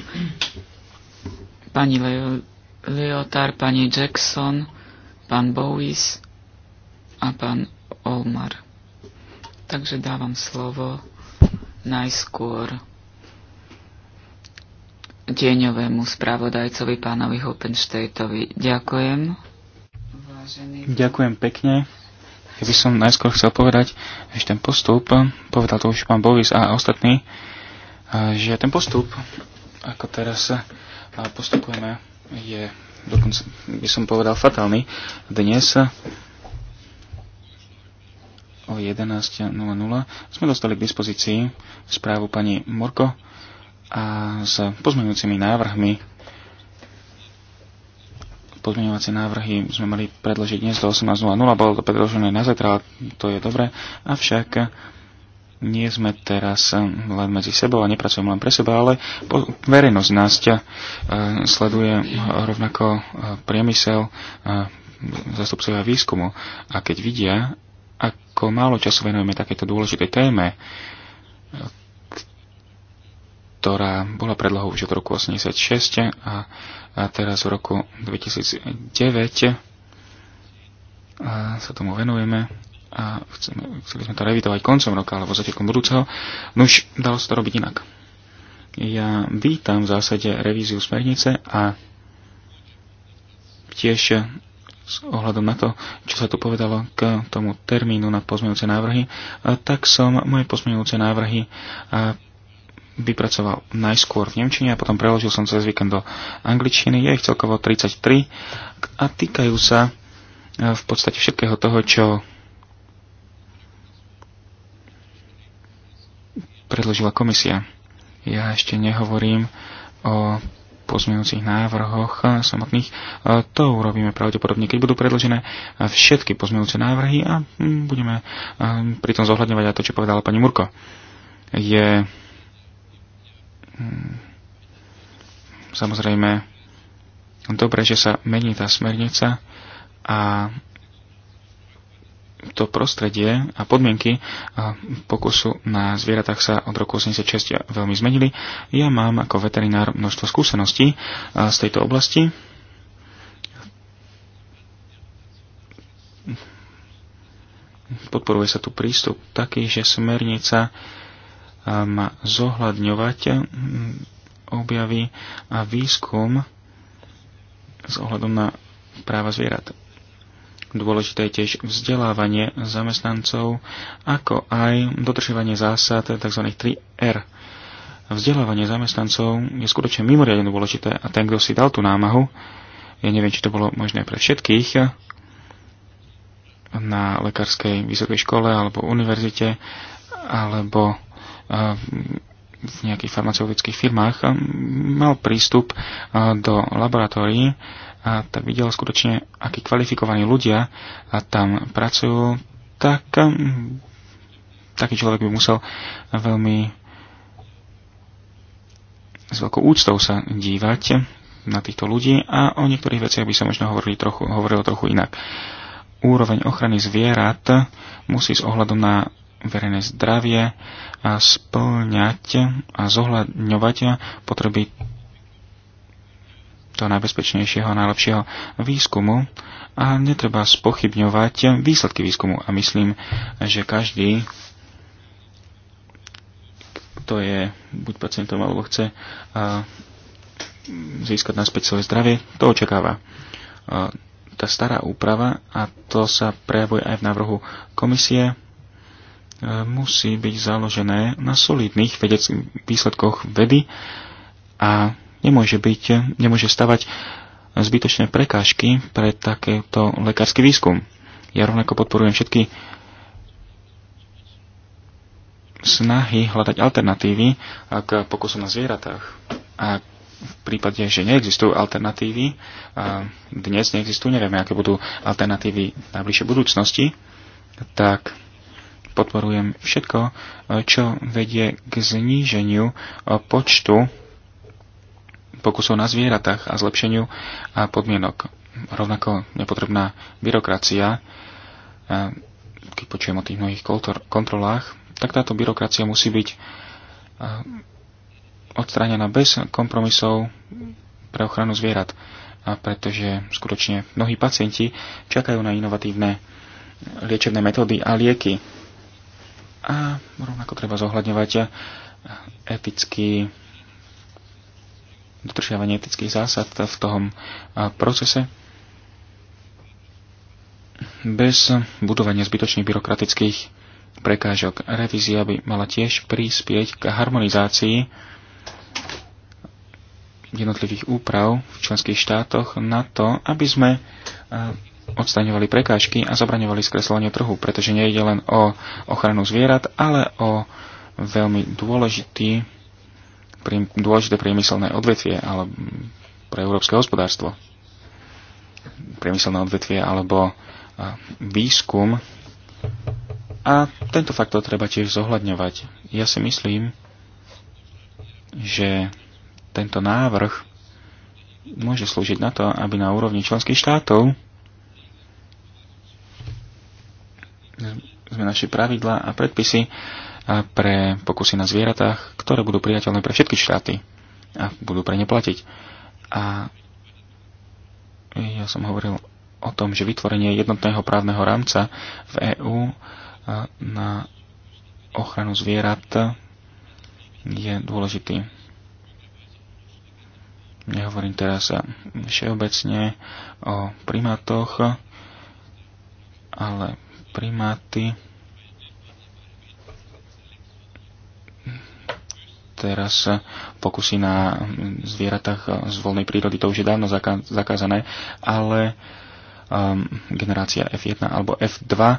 Pani Le- Leotár, pani Jackson, pán Bowies a pán Olmar. Takže dávam slovo najskôr deňovému spravodajcovi pánovi Hopenštejtovi. Ďakujem. Vážený... Ďakujem pekne. Ja by som najskôr chcel povedať, že ten postup, povedal to už pán Bovis a ostatní, že ten postup, ako teraz postupujeme, je dokonca by som povedal fatálny. Dnes o 11.00 sme dostali k dispozícii správu pani Morko a s pozmeňujúcimi návrhmi Pozmeňovacie návrhy sme mali predložiť dnes do 18.00, bolo to predložené na zajtra, to je dobre, avšak nie sme teraz len medzi sebou a nepracujeme len pre seba, ale verejnosť nás ťa e, sleduje rovnako e, priemysel, e, zastupcovia výskumu. A keď vidia, ako málo času venujeme takéto dôležité téme, ktorá bola predlohou už od roku 86 a, a teraz v roku 2009 a sa tomu venujeme a chceme, chceli sme to revidovať koncom roka alebo začiatkom budúceho. No už dalo sa to robiť inak. Ja vítam v zásade revíziu smernice a tiež s ohľadom na to, čo sa tu povedalo k tomu termínu na pozmeňujúce návrhy, tak som moje pozmeňujúce návrhy vypracoval najskôr v Nemčine a potom preložil som cez víkend do angličtiny. Je ich celkovo 33 a týkajú sa e, v podstate všetkého toho, čo predložila komisia. Ja ešte nehovorím o pozmeňujúcich návrhoch samotných. E, to urobíme pravdepodobne, keď budú predložené všetky pozmeňujúce návrhy a budeme e, pritom zohľadňovať aj to, čo povedala pani Murko. Je Hmm. Samozrejme, dobre, že sa mení tá smernica a to prostredie a podmienky pokusu na zvieratách sa od roku 86 veľmi zmenili. Ja mám ako veterinár množstvo skúseností z tejto oblasti. Podporuje sa tu prístup taký, že smernica má zohľadňovať objavy a výskum s ohľadom na práva zvierat. Dôležité je tiež vzdelávanie zamestnancov, ako aj dodržovanie zásad tzv. 3R. Vzdelávanie zamestnancov je skutočne mimoriadne dôležité a ten, kto si dal tú námahu, ja neviem, či to bolo možné pre všetkých na lekárskej vysokej škole alebo univerzite, alebo v nejakých farmaceutických firmách mal prístup do laboratórií a tak videl skutočne, akí kvalifikovaní ľudia tam pracujú, tak taký človek by musel veľmi s veľkou úctou sa dívať na týchto ľudí a o niektorých veciach by sa možno hovorili trochu, hovorilo trochu inak. Úroveň ochrany zvierat musí s ohľadom na verejné zdravie a splňať a zohľadňovať potreby toho najbezpečnejšieho, najlepšieho výskumu a netreba spochybňovať výsledky výskumu. A myslím, že každý, kto je buď pacientom alebo chce získať naspäť svoje zdravie, to očakáva tá stará úprava a to sa prejavuje aj v návrhu komisie musí byť založené na solidných vedeckých výsledkoch vedy a nemôže, byť, nemôže stavať zbytočné prekážky pre takéto lekársky výskum. Ja rovnako podporujem všetky snahy hľadať alternatívy k pokusom na zvieratách. A v prípade, že neexistujú alternatívy, a dnes neexistujú, nevieme, aké budú alternatívy v najbližšej budúcnosti, tak podporujem všetko, e, čo vedie k zníženiu e, počtu pokusov na zvieratách a zlepšeniu e, podmienok. Rovnako nepotrebná byrokracia, keď počujem o tých mnohých kontrolách, tak táto byrokracia musí byť odstránená bez kompromisov pre ochranu zvierat, a pretože skutočne mnohí pacienti čakajú na inovatívne liečebné metódy a lieky a rovnako treba zohľadňovať etický dodržiavanie etických zásad v tom procese bez budovania zbytočných byrokratických prekážok. Revízia by mala tiež prispieť k harmonizácii jednotlivých úprav v členských štátoch na to, aby sme odstaňovali prekážky a zabraňovali skresľovanie trhu, pretože nejde len o ochranu zvierat, ale o veľmi dôležitý, dôležité priemyselné odvetvie ale pre európske hospodárstvo. Priemyselné odvetvie alebo výskum. A tento faktor treba tiež zohľadňovať. Ja si myslím, že tento návrh môže slúžiť na to, aby na úrovni členských štátov sme naše pravidlá a predpisy pre pokusy na zvieratách, ktoré budú priateľné pre všetky štáty a budú pre ne platiť. A ja som hovoril o tom, že vytvorenie jednotného právneho rámca v EÚ na ochranu zvierat je dôležitý. Nehovorím teraz všeobecne o primátoch, ale primáty. Teraz pokusy na zvieratách z voľnej prírody, to už je dávno zakázané, ale um, generácia F1 alebo F2 um,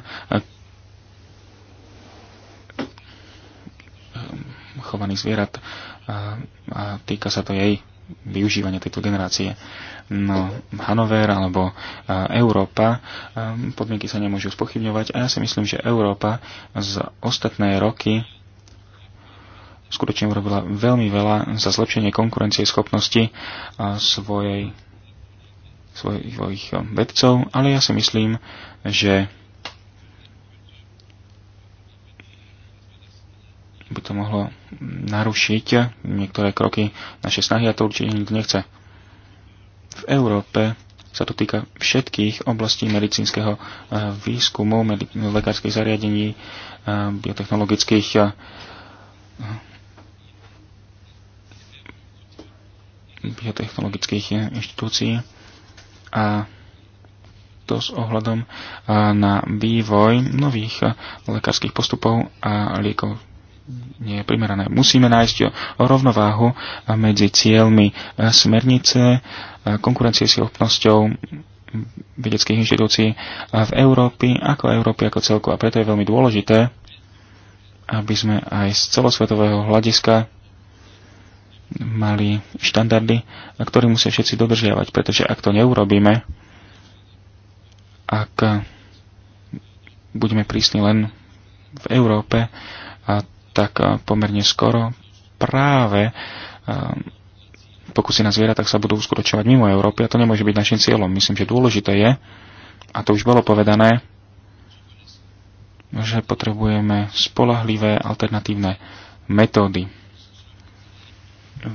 chovaných zvierat a, a týka sa to jej využívania tejto generácie. No, Hanover alebo e, Európa, e, podmienky sa nemôžu spochybňovať a ja si myslím, že Európa z ostatné roky skutočne urobila veľmi veľa za zlepšenie konkurencie schopnosti e, svojej, svojich vedcov, ale ja si myslím, že by to mohlo narušiť niektoré kroky naše snahy a to určite nikto nechce. V Európe sa to týka všetkých oblastí medicínskeho eh, výskumu, lekárskych zariadení, eh, biotechnologických eh, biotechnologických inštitúcií a to s ohľadom na vývoj nových lekárskych postupov a liekov nie je primerané. Musíme nájsť rovnováhu medzi cieľmi e, smernice, e, konkurencieschopnosťou vedeckých inštitúcií v Európy, ako Európy ako celku. A preto je veľmi dôležité, aby sme aj z celosvetového hľadiska mali štandardy, ktoré musia všetci dodržiavať, pretože ak to neurobíme, ak budeme prísni len v Európe, tak eh, pomerne skoro práve eh, pokusy na zvieratách sa budú uskutočovať mimo Európy a to nemôže byť našim cieľom. Myslím, že dôležité je, a to už bolo povedané, že potrebujeme spolahlivé alternatívne metódy.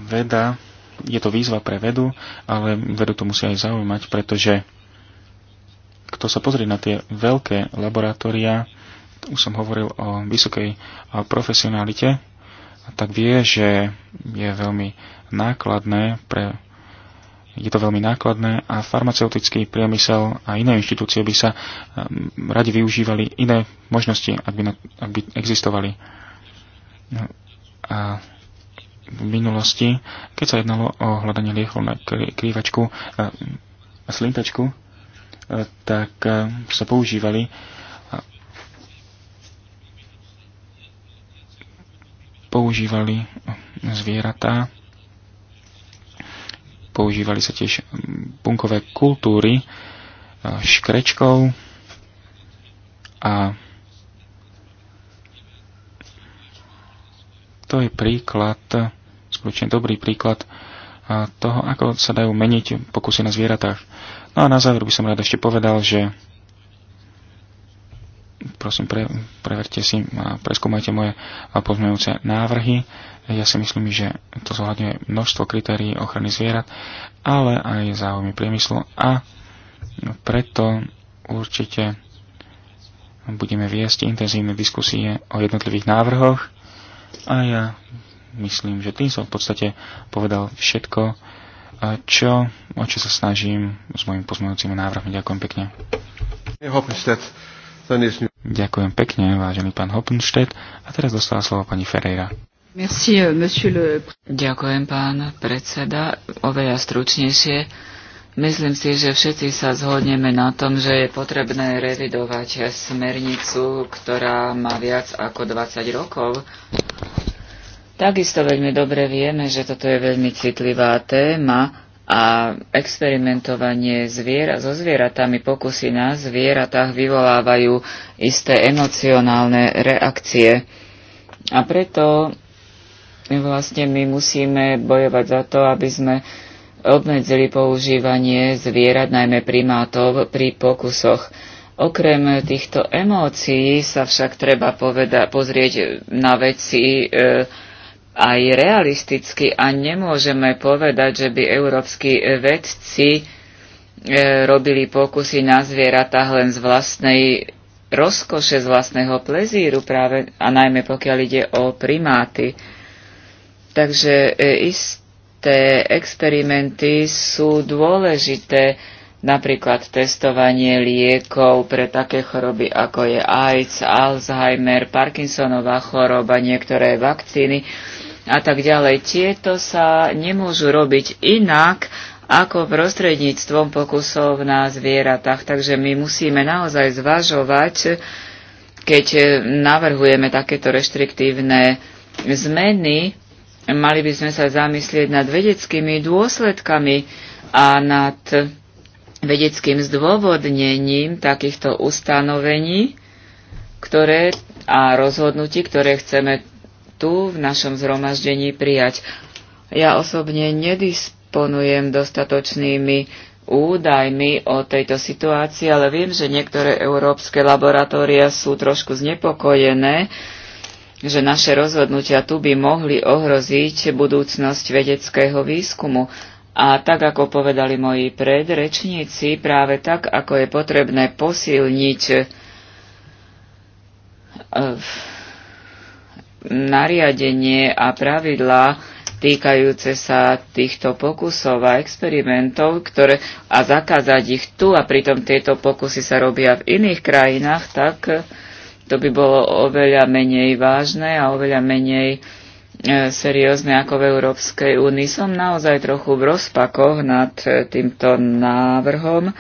Veda, je to výzva pre vedu, ale vedu to musí aj zaujímať, pretože kto sa pozrie na tie veľké laboratória, už som hovoril o vysokej profesionalite, tak vie, že je veľmi nákladné pre je to veľmi nákladné a farmaceutický priemysel a iné inštitúcie by sa um, radi využívali iné možnosti, ak by, na, ak by existovali. No a v minulosti, keď sa jednalo o hľadanie liechov na krývačku a slintačku, tak sa používali používali zvieratá, používali sa tiež bunkové kultúry e, škrečkov a to je príklad, skutočne dobrý príklad e, toho, ako sa dajú meniť pokusy na zvieratách. No a na záver by som rád ešte povedal, že prosím, pre, preverte si a preskúmajte moje pozmeňujúce návrhy. Ja si myslím, že to zohľadňuje množstvo kritérií ochrany zvierat, ale aj záujmy priemyslu a preto určite budeme viesť intenzívne diskusie o jednotlivých návrhoch a ja myslím, že tým som v podstate povedal všetko, čo, o čo sa snažím s mojimi pozmeňujúcimi návrhmi. Ďakujem pekne. Ďakujem pekne, vážený pán Hoppenstedt. A teraz dostala slovo pani Ferreira. Merci, euh, le... Ďakujem, pán predseda. Oveľa stručnejšie. Myslím si, že všetci sa zhodneme na tom, že je potrebné revidovať smernicu, ktorá má viac ako 20 rokov. Takisto veľmi dobre vieme, že toto je veľmi citlivá téma a experimentovanie zviera, so zvieratami, pokusy na zvieratách vyvolávajú isté emocionálne reakcie. A preto vlastne my musíme bojovať za to, aby sme obmedzili používanie zvierat, najmä primátov, pri pokusoch. Okrem týchto emócií sa však treba poveda- pozrieť na veci e, aj realisticky a nemôžeme povedať, že by európsky e, vedci e, robili pokusy na zvieratách len z vlastnej rozkoše, z vlastného plezíru práve, a najmä pokiaľ ide o primáty. Takže e, isté experimenty sú dôležité, napríklad testovanie liekov pre také choroby ako je AIDS, Alzheimer, Parkinsonová choroba, niektoré vakcíny a tak ďalej. Tieto sa nemôžu robiť inak ako prostredníctvom pokusov na zvieratách. Takže my musíme naozaj zvažovať, keď navrhujeme takéto reštriktívne zmeny, mali by sme sa zamyslieť nad vedeckými dôsledkami a nad vedeckým zdôvodnením takýchto ustanovení ktoré, a rozhodnutí, ktoré chceme tu v našom zhromaždení prijať. Ja osobne nedisponujem dostatočnými údajmi o tejto situácii, ale viem, že niektoré európske laboratória sú trošku znepokojené, že naše rozhodnutia tu by mohli ohroziť budúcnosť vedeckého výskumu. A tak, ako povedali moji predrečníci, práve tak, ako je potrebné posilniť eh, nariadenie a pravidlá týkajúce sa týchto pokusov a experimentov ktoré, a zakázať ich tu a pritom tieto pokusy sa robia v iných krajinách, tak to by bolo oveľa menej vážne a oveľa menej e, seriózne ako v Európskej únii. Som naozaj trochu v rozpakoch nad e, týmto návrhom.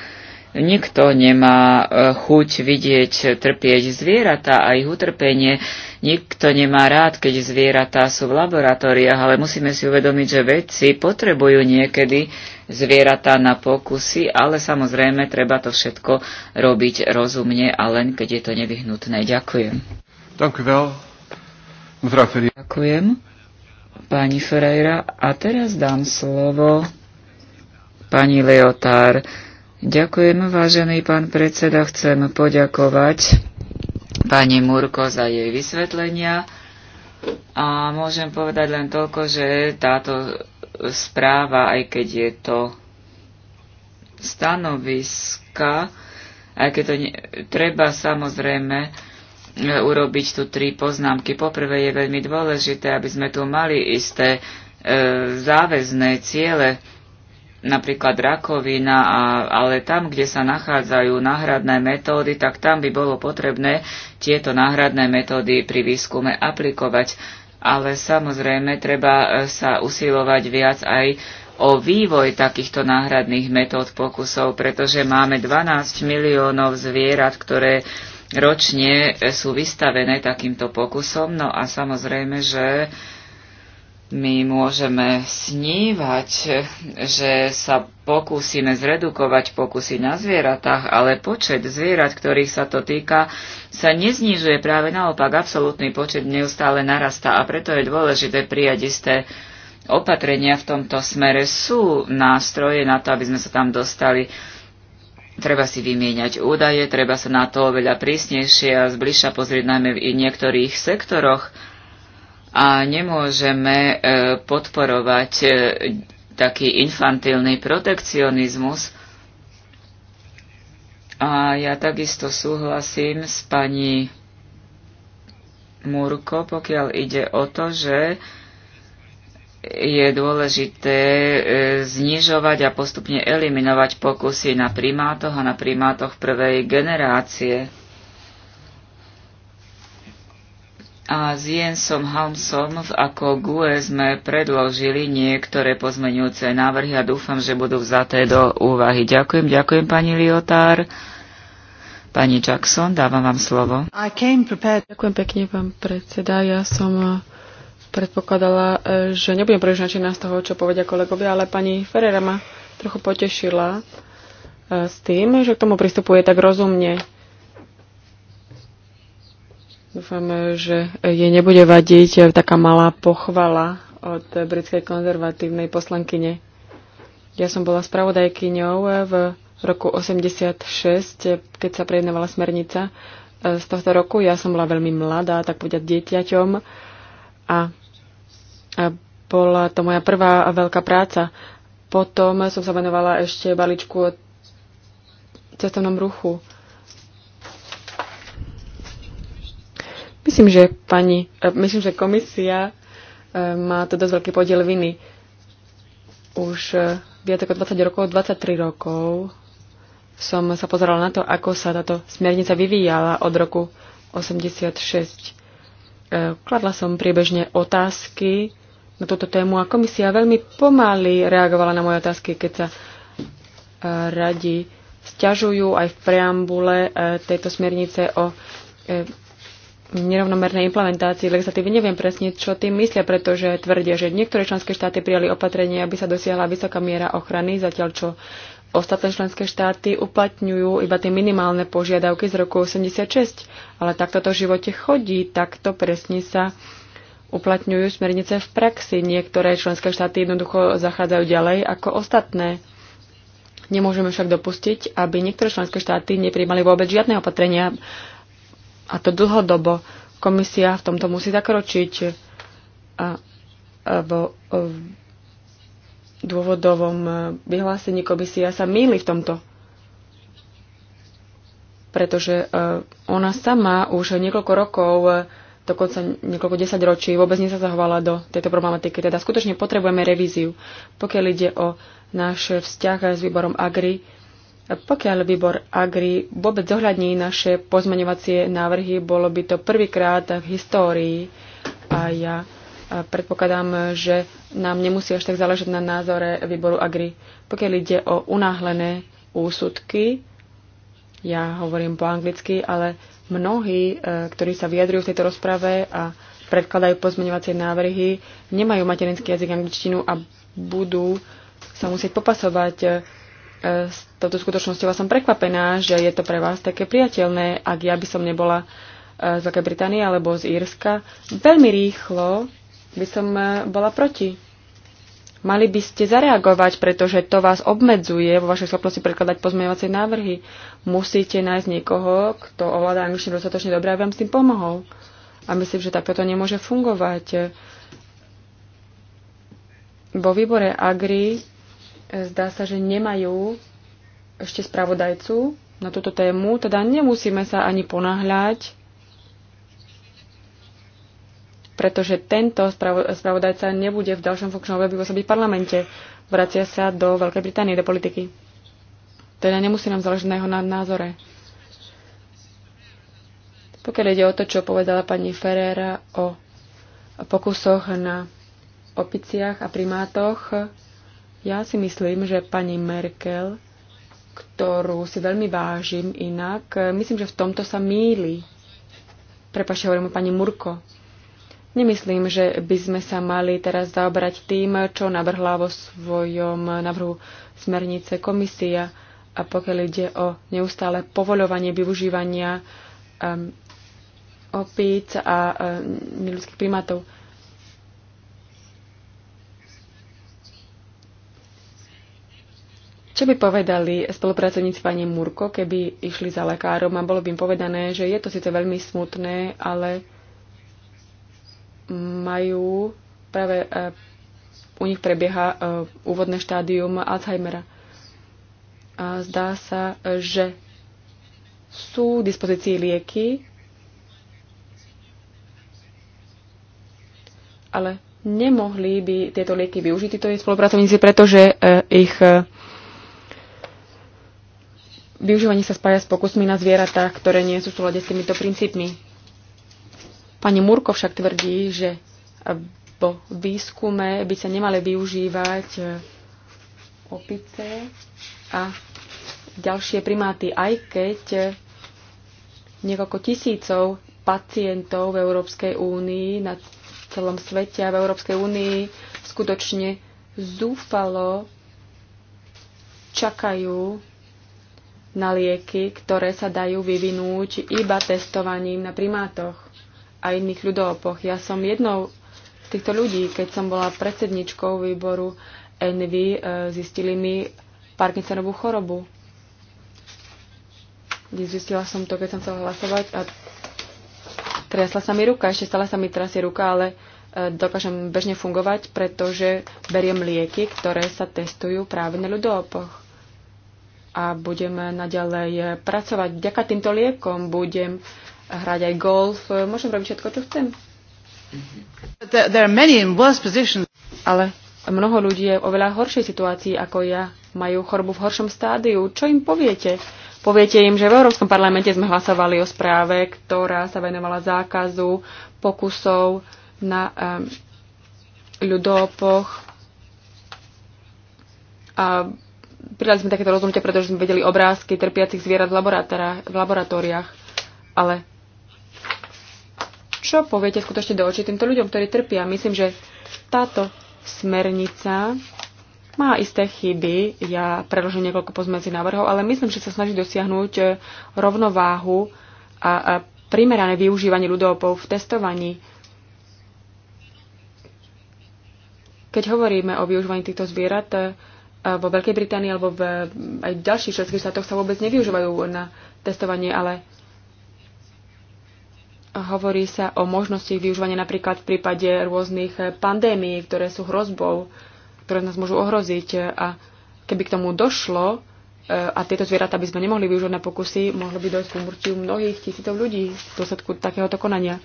Nikto nemá e, chuť vidieť trpieť zvieratá a ich utrpenie Nikto nemá rád, keď zvieratá sú v laboratóriách, ale musíme si uvedomiť, že vedci potrebujú niekedy zvieratá na pokusy, ale samozrejme treba to všetko robiť rozumne a len keď je to nevyhnutné. Ďakujem. Ďakujem, pani Ferreira. A teraz dám slovo pani Leotár. Ďakujem, vážený pán predseda. Chcem poďakovať pani Murko za jej vysvetlenia. A môžem povedať len toľko, že táto správa, aj keď je to stanoviska, aj keď to ne, treba samozrejme e, urobiť tu tri poznámky. Poprvé je veľmi dôležité, aby sme tu mali isté e, záväzné ciele, napríklad rakovina, a, ale tam, kde sa nachádzajú náhradné metódy, tak tam by bolo potrebné tieto náhradné metódy pri výskume aplikovať. Ale samozrejme, treba e, sa usilovať viac aj o vývoj takýchto náhradných metód pokusov, pretože máme 12 miliónov zvierat, ktoré ročne sú vystavené takýmto pokusom. No a samozrejme, že my môžeme snívať, že sa pokúsime zredukovať pokusy na zvieratách, ale počet zvierat, ktorých sa to týka, sa neznižuje práve naopak. Absolutný počet neustále narastá a preto je dôležité prijať isté opatrenia v tomto smere. Sú nástroje na to, aby sme sa tam dostali. Treba si vymieňať údaje, treba sa na to oveľa prísnejšie a zbližša pozrieť najmä v niektorých sektoroch a nemôžeme e, podporovať e, taký infantilný protekcionizmus. A ja takisto súhlasím s pani Murko, pokiaľ ide o to, že je dôležité e, znižovať a postupne eliminovať pokusy na primátoch a na primátoch prvej generácie. a s Jensom v ako GUE sme predložili niektoré pozmenujúce návrhy a dúfam, že budú vzaté do úvahy. Ďakujem, ďakujem pani Liotár. Pani Jackson, dávam vám slovo. Ďakujem pekne, pán predseda. Ja som eh, predpokladala, eh, že nebudem príliš nadšená z toho, čo povedia kolegovia, ale pani Ferrera ma trochu potešila eh, s tým, že k tomu pristupuje tak rozumne Dúfam, že jej nebude vadiť taká malá pochvala od britskej konzervatívnej poslankyne. Ja som bola spravodajkyňou v roku 86, keď sa prejednávala smernica e, z tohto roku. Ja som bola veľmi mladá, tak povedať dieťaťom a, a bola to moja prvá veľká práca. Potom som sa venovala ešte baličku o cestovnom ruchu. Myslím, že, pani, eh, myslím, že komisia eh, má to dosť veľký podiel viny. Už eh, viac ako 20 rokov, 23 rokov som sa pozerala na to, ako sa táto smernica vyvíjala od roku 86. Kladla som priebežne otázky na túto tému a komisia veľmi pomaly reagovala na moje otázky, keď sa radi stiažujú aj v preambule tejto smernice o nerovnomernej implementácii legislatívy. Neviem presne, čo tým myslia, pretože tvrdia, že niektoré členské štáty prijali opatrenie, aby sa dosiahla vysoká miera ochrany, zatiaľ čo ostatné členské štáty uplatňujú iba tie minimálne požiadavky z roku 86. Ale takto to v živote chodí, takto presne sa uplatňujú smernice v praxi. Niektoré členské štáty jednoducho zachádzajú ďalej ako ostatné. Nemôžeme však dopustiť, aby niektoré členské štáty nepríjmali vôbec žiadne opatrenia a to dlhodobo. Komisia v tomto musí zakročiť. A vo e, dôvodovom e, vyhlásení komisia sa míli v tomto. Pretože e, ona sama už niekoľko rokov, dokonca niekoľko desať ročí, vôbec nezasahovala do tejto problematiky. Teda skutočne potrebujeme revíziu. Pokiaľ ide o náš vzťah s výborom AGRI, pokiaľ výbor Agri vôbec zohľadní naše pozmeňovacie návrhy, bolo by to prvýkrát v histórii a ja predpokladám, že nám nemusí až tak záležať na názore výboru Agri. Pokiaľ ide o unáhlené úsudky, ja hovorím po anglicky, ale mnohí, e, ktorí sa vyjadrujú v tejto rozprave a predkladajú pozmeňovacie návrhy, nemajú materinský jazyk angličtinu a budú sa musieť popasovať e, E, s touto skutočnosťou som prekvapená, že je to pre vás také priateľné, ak ja by som nebola e, z Veľkej Británie alebo z Írska. Veľmi rýchlo by som e, bola proti. Mali by ste zareagovať, pretože to vás obmedzuje vo vašej schopnosti prekladať pozmeňovacie návrhy. Musíte nájsť niekoho, kto ovláda angličtinu dostatočne dobre, aby vám s tým pomohol. A myslím, že takto to nemôže fungovať. Vo výbore Agri Zdá sa, že nemajú ešte spravodajcu na túto tému, teda nemusíme sa ani ponáhľať, pretože tento spravodajca nebude v ďalšom funkčnom období pôsobiť v parlamente. Vracia sa do Veľkej Británie, do politiky. Teda nemusí nám záležiť na jeho názore. Pokiaľ ide o to, čo povedala pani Ferrera o pokusoch na opiciach a primátoch, ja si myslím, že pani Merkel, ktorú si veľmi vážim inak, myslím, že v tomto sa míli. Prepašte, hovorím pani Murko. Nemyslím, že by sme sa mali teraz zaobrať tým, čo navrhla vo svojom navrhu smernice komisia a pokiaľ ide o neustále povoľovanie využívania um, opíc a um, neľudských primátov. Čo by povedali spolupracovníci pani Murko, keby išli za lekárom a bolo by im povedané, že je to síce veľmi smutné, ale majú práve e, u nich prebieha e, úvodné štádium Alzheimera. A zdá sa, že sú v dispozícii lieky, ale nemohli by tieto lieky využiť títo spolupracovníci, pretože e, ich využívanie sa spája s pokusmi na zvieratách, ktoré nie sú v súlade s týmito princípmi. Pani Murko však tvrdí, že po výskume by sa nemali využívať e, opice a ďalšie primáty, aj keď e, niekoľko tisícov pacientov v Európskej únii, na celom svete a v Európskej únii skutočne zúfalo čakajú na lieky, ktoré sa dajú vyvinúť iba testovaním na primátoch a iných ľudopoch. Ja som jednou z týchto ľudí, keď som bola predsedničkou výboru Envy, e, zistili mi Parkinsonovú chorobu. Zistila som to, keď som chcela hlasovať a triasla sa mi ruka. Ešte stále sa mi trasie ruka, ale e, dokážem bežne fungovať, pretože beriem lieky, ktoré sa testujú práve na ľudopoch a budem naďalej pracovať. Vďaka týmto liekom budem hrať aj golf, môžem robiť všetko, čo chcem. Ale mnoho ľudí je v oveľa horšej situácii ako ja. Majú chorobu v horšom stádiu. Čo im poviete? Poviete im, že v Európskom parlamente sme hlasovali o správe, ktorá sa venovala zákazu pokusov na um, ľudopoch. A pridali sme takéto rozhodnutie, pretože sme vedeli obrázky trpiacich zvierat v, v laboratóriách. Ale čo poviete skutočne do očí týmto ľuďom, ktorí trpia? Myslím, že táto smernica má isté chyby. Ja preložím niekoľko pozmedzi návrhov, ale myslím, že sa snaží dosiahnuť e, rovnováhu a, a primerané využívanie ľudopov v testovaní. Keď hovoríme o využívaní týchto zvierat, e, vo Veľkej Británii alebo v aj v ďalších členských štátoch sa vôbec nevyužívajú na testovanie, ale hovorí sa o možnosti využívania napríklad v prípade rôznych pandémií, ktoré sú hrozbou, ktoré nás môžu ohroziť a keby k tomu došlo e, a tieto zvieratá by sme nemohli využiť na pokusy, mohlo by dojsť k umrtiu mnohých tisícov ľudí v dôsledku takéhoto konania.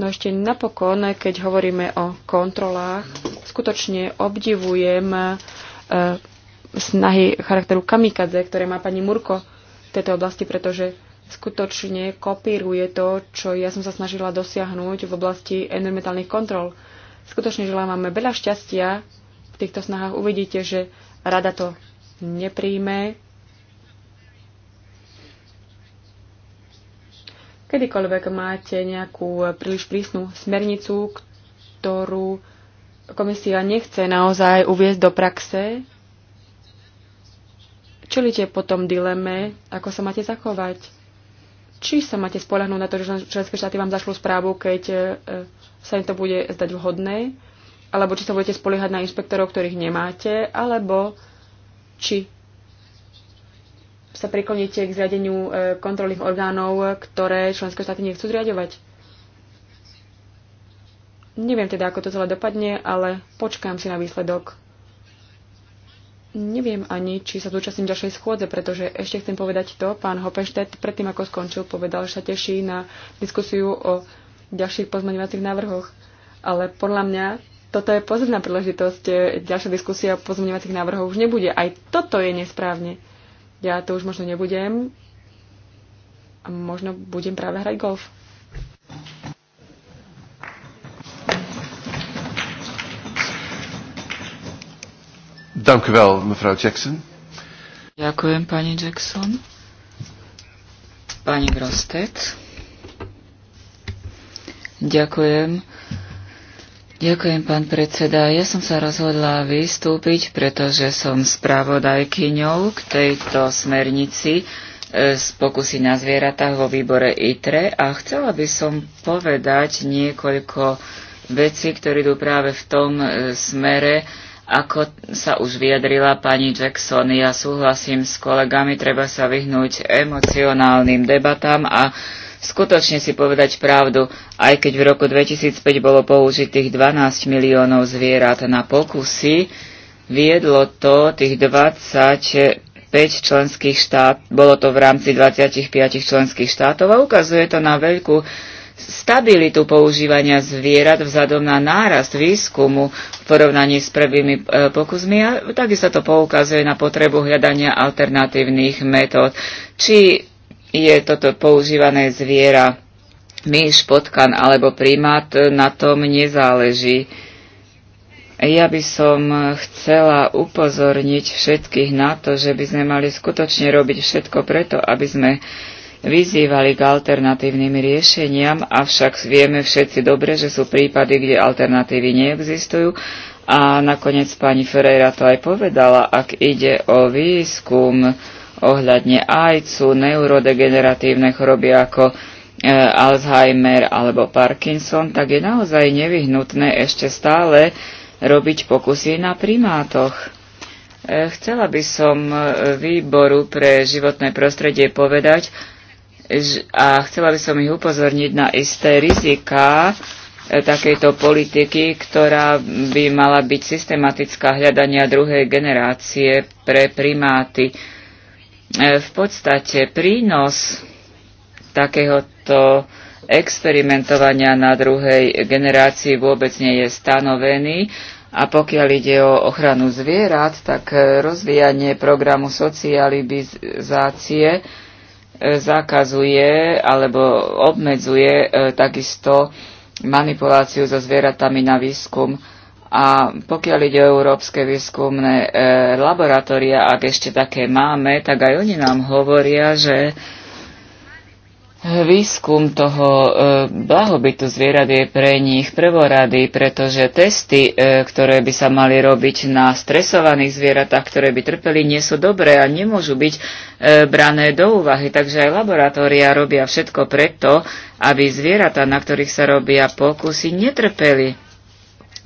No ešte napokon, keď hovoríme o kontrolách, skutočne obdivujem e, snahy charakteru kamikadze, ktoré má pani Murko v tejto oblasti, pretože skutočne kopíruje to, čo ja som sa snažila dosiahnuť v oblasti environmentálnych kontrol. Skutočne želám máme veľa šťastia v týchto snahách. Uvidíte, že rada to nepríjme. Kedykoľvek máte nejakú príliš prísnu smernicu, ktorú komisia nechce naozaj uviezť do praxe, čelíte potom dileme, ako sa máte zachovať. Či sa máte spolahnúť na to, že členské štáty vám zašlú správu, keď e, sa im to bude zdať vhodné, alebo či sa budete spoliehať na inšpektorov, ktorých nemáte, alebo či sa prikloníte k zriadeniu e, kontrolných orgánov, ktoré členské štáty nechcú zriadovať. Neviem teda, ako to celé dopadne, ale počkám si na výsledok. Neviem ani, či sa zúčastním ďalšej schôdze, pretože ešte chcem povedať to, pán Hopeštet predtým, ako skončil, povedal, že sa teší na diskusiu o ďalších pozmeňovacích návrhoch. Ale podľa mňa toto je pozorná príležitosť. Ďalšia diskusia o pozmeňovacích návrhoch už nebude. Aj toto je nesprávne. Ja to už možno nebudem. A možno budem práve hrať golf. Dank u wel, mevrouw Jackson. Ďakujem, pani Jackson. Pani Grostet. Ďakujem. Ďakujem, pán predseda. Ja som sa rozhodla vystúpiť, pretože som spravodajkyňou k tejto smernici e, z pokusy na zvieratách vo výbore ITRE a chcela by som povedať niekoľko vecí, ktoré idú práve v tom e, smere, ako sa už vyjadrila pani Jackson, ja súhlasím s kolegami, treba sa vyhnúť emocionálnym debatám a skutočne si povedať pravdu, aj keď v roku 2005 bolo použitých 12 miliónov zvierat na pokusy, viedlo to tých 25 členských štát, bolo to v rámci 25 členských štátov a ukazuje to na veľkú stabilitu používania zvierat vzhľadom na nárast výskumu v porovnaní s prvými e, pokusmi a takisto to poukazuje na potrebu hľadania alternatívnych metód. Či je toto používané zviera myš, potkan alebo primát, na tom nezáleží. Ja by som chcela upozorniť všetkých na to, že by sme mali skutočne robiť všetko preto, aby sme uh, vyzývali k alternatívnym riešeniam, avšak vieme všetci dobre, že sú prípady, kde alternatívy neexistujú. A nakoniec pani Ferreira to aj povedala, ak ide o výskum ohľadne ajcu, neurodegeneratívne choroby ako e, Alzheimer alebo Parkinson, tak je naozaj nevyhnutné ešte stále robiť pokusy na primátoch. E, chcela by som e, výboru pre životné prostredie povedať, a chcela by som ich upozorniť na isté rizika e, takejto politiky, ktorá by mala byť systematická hľadania druhej generácie pre primáty. E, v podstate prínos takéhoto experimentovania na druhej generácii vôbec nie je stanovený a pokiaľ ide o ochranu zvierat, tak e, rozvíjanie programu socializácie zakazuje alebo obmedzuje e, takisto manipuláciu so zvieratami na výskum. A pokiaľ ide o európske výskumné e, laboratória, ak ešte také máme, tak aj oni nám hovoria, že Výskum toho e, blahobytu zvierat je pre nich prvorady, pretože testy, e, ktoré by sa mali robiť na stresovaných zvieratách, ktoré by trpeli, nie sú dobré a nemôžu byť e, brané do úvahy. Takže aj laboratória robia všetko preto, aby zvieratá, na ktorých sa robia pokusy, netrpeli.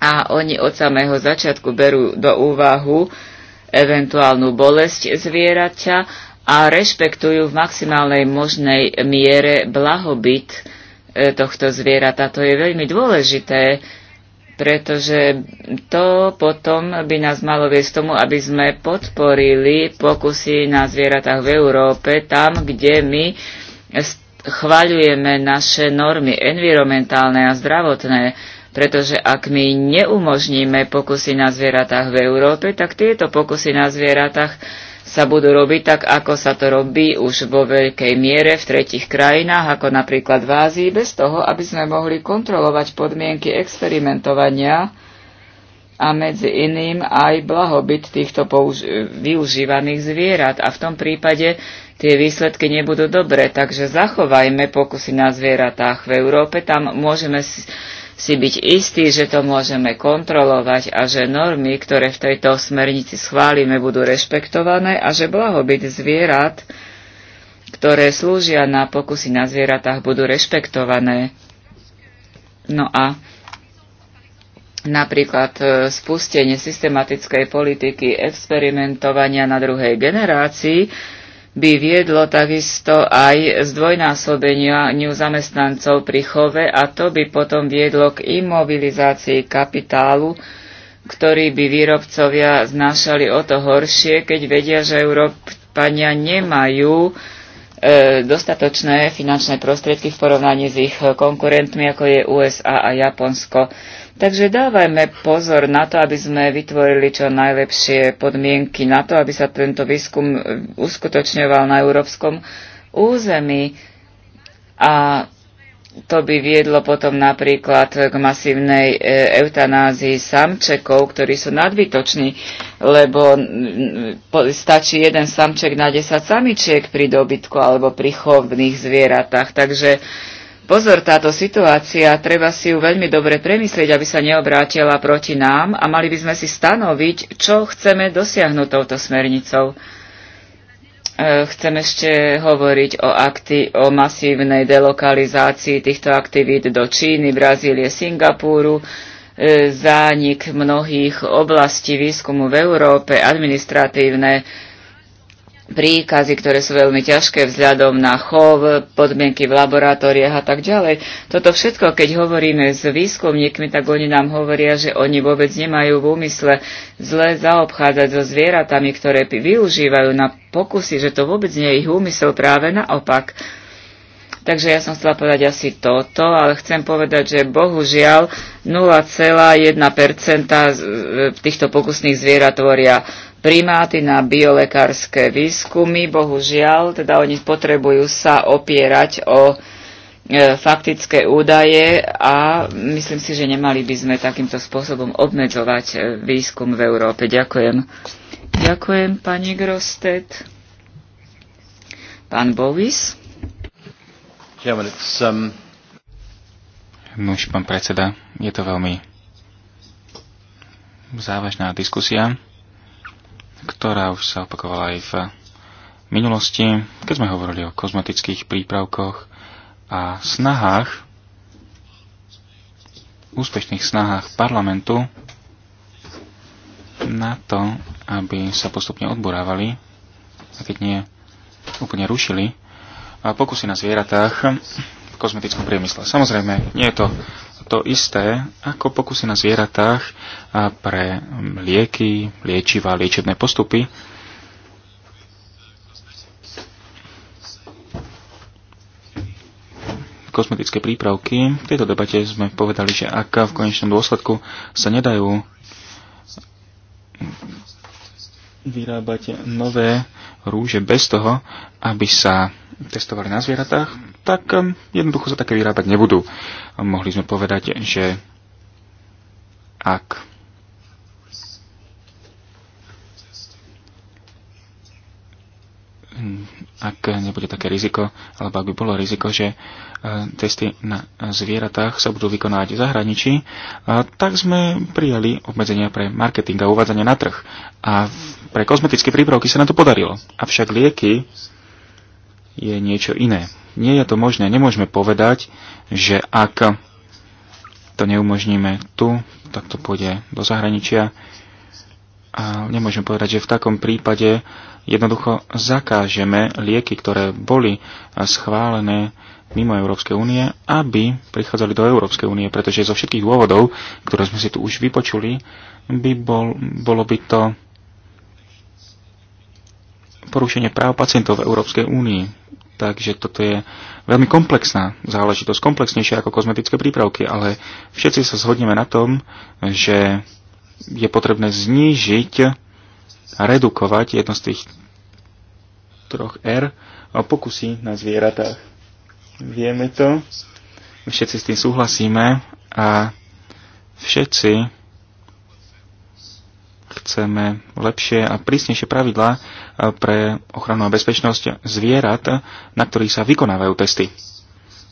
A oni od samého začiatku berú do úvahu eventuálnu bolesť zvieraťa a rešpektujú v maximálnej možnej miere blahobyt e, tohto zvierata. To je veľmi dôležité, pretože to potom by nás malo viesť tomu, aby sme podporili pokusy na zvieratách v Európe, tam, kde my chvaľujeme naše normy environmentálne a zdravotné, pretože ak my neumožníme pokusy na zvieratách v Európe, tak tieto pokusy na zvieratách sa budú robiť tak, ako sa to robí už vo veľkej miere v tretich krajinách, ako napríklad v Ázii, bez toho, aby sme mohli kontrolovať podmienky experimentovania a medzi iným aj blahobyt týchto využívaných zvierat. A v tom prípade tie výsledky nebudú dobré, takže zachovajme pokusy na zvieratách v Európe, tam môžeme si byť istí, že to môžeme kontrolovať a že normy, ktoré v tejto smernici schválime, budú rešpektované a že blahobyt zvierat, ktoré slúžia na pokusy na zvieratách, budú rešpektované. No a napríklad e, spustenie systematickej politiky experimentovania na druhej generácii, by viedlo takisto aj zdvojnásobeniu zamestnancov pri chove a to by potom viedlo k imobilizácii kapitálu, ktorý by výrobcovia znašali o to horšie, keď vedia, že Európania nemajú e, dostatočné finančné prostriedky v porovnaní s ich konkurentmi, ako je USA a Japonsko. Takže dávajme pozor na to, aby sme vytvorili čo najlepšie podmienky na to, aby sa tento výskum uskutočňoval na európskom území. A to by viedlo potom napríklad k masívnej e, eutanázii samčekov, ktorí sú nadbytoční, lebo stačí jeden samček na 10 samičiek pri dobytku alebo pri chovných zvieratách. Takže Pozor, táto situácia, treba si ju veľmi dobre premyslieť, aby sa neobrátila proti nám a mali by sme si stanoviť, čo chceme dosiahnuť touto smernicou. E, chcem ešte hovoriť o, akti- o masívnej delokalizácii týchto aktivít do Číny, Brazílie, Singapúru, e, zánik mnohých oblastí výskumu v Európe, administratívne príkazy, ktoré sú veľmi ťažké vzhľadom na chov, podmienky v laboratóriách a tak ďalej. Toto všetko, keď hovoríme s výskumníkmi, tak oni nám hovoria, že oni vôbec nemajú v úmysle zle zaobchádzať so zvieratami, ktoré využívajú na pokusy, že to vôbec nie je ich úmysel, práve naopak. Takže ja som chcela povedať asi toto, ale chcem povedať, že bohužiaľ 0,1% týchto pokusných zvierat tvoria primáty na biolekárske výskumy. Bohužiaľ, teda oni potrebujú sa opierať o e, faktické údaje a myslím si, že nemali by sme takýmto spôsobom obmedzovať e, výskum v Európe. Ďakujem. Ďakujem, pani Grostet. Pán Bovis. Um, už, pán predseda, je to veľmi závažná diskusia ktorá už sa opakovala aj v minulosti, keď sme hovorili o kozmetických prípravkoch a snahách, úspešných snahách parlamentu na to, aby sa postupne odborávali, a keď nie úplne rušili, a pokusy na zvieratách kozmetickom priemysle. Samozrejme, nie je to to isté ako pokusy na zvieratách pre lieky, liečiva, liečebné postupy. kozmetické prípravky. V tejto debate sme povedali, že ak v konečnom dôsledku sa nedajú vyrábať nové rúže bez toho, aby sa testovali na zvieratách, tak jednoducho sa také vyrábať nebudú. Mohli sme povedať, že ak ak nebude také riziko, alebo ak by bolo riziko, že eh, testy na zvieratách sa budú vykonávať v zahraničí, eh, tak sme prijali obmedzenia pre marketing a uvádzanie na trh. A pre kozmetické prípravky sa na to podarilo. Avšak lieky je niečo iné. Nie je to možné. Nemôžeme povedať, že ak to neumožníme tu, tak to pôjde do zahraničia. A nemôžeme povedať, že v takom prípade jednoducho zakážeme lieky, ktoré boli schválené mimo Európskej únie, aby prichádzali do Európskej únie, pretože zo všetkých dôvodov, ktoré sme si tu už vypočuli, by bol, bolo by to porušenie práv pacientov v Európskej únii. Takže toto je veľmi komplexná záležitosť, komplexnejšia ako kozmetické prípravky, ale všetci sa zhodneme na tom, že je potrebné znížiť, redukovať jedno z tých troch R a pokusy na zvieratách. Vieme to, všetci s tým súhlasíme a všetci chceme lepšie a prísnejšie pravidlá e, pre ochranu a bezpečnosť zvierat, na ktorých sa vykonávajú testy.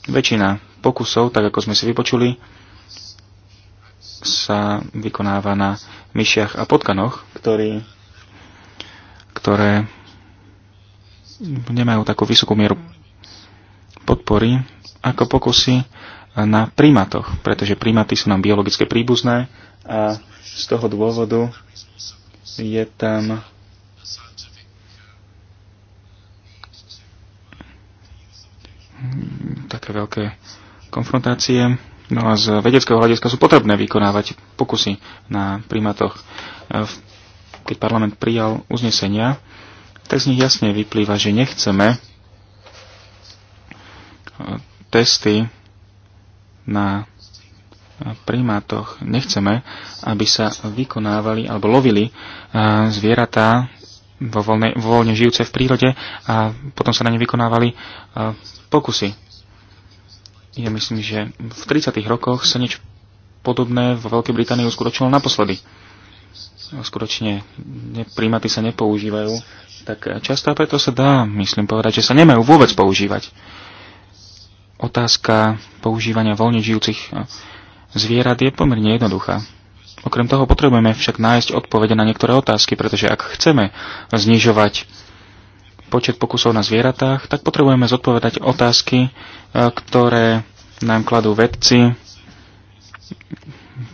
Väčšina pokusov, tak ako sme si vypočuli, sa vykonáva na myšiach a potkanoch, ktorý, ktoré nemajú takú vysokú mieru podpory ako pokusy na primatoch, pretože primaty sú nám biologické príbuzné a z toho dôvodu je tam také veľké konfrontácie. No a z vedeckého hľadiska sú potrebné vykonávať pokusy na primatoch. E, keď parlament prijal uznesenia, tak z nich jasne vyplýva, že nechceme e, testy na primátoch. Nechceme, aby sa vykonávali alebo lovili eh, zvieratá vo voľne, voľne žijúce v prírode a potom sa na ne vykonávali eh, pokusy. Ja myslím, že v 30. rokoch sa niečo podobné vo Veľkej Británii uskutočnilo naposledy. Skutočne primáty sa nepoužívajú tak často a preto sa dá, myslím, povedať, že sa nemajú vôbec používať. Otázka používania voľne žijúcich eh, zvierat je pomerne jednoduchá. Okrem toho potrebujeme však nájsť odpovede na niektoré otázky, pretože ak chceme znižovať počet pokusov na zvieratách, tak potrebujeme zodpovedať otázky, e, ktoré nám kladú vedci,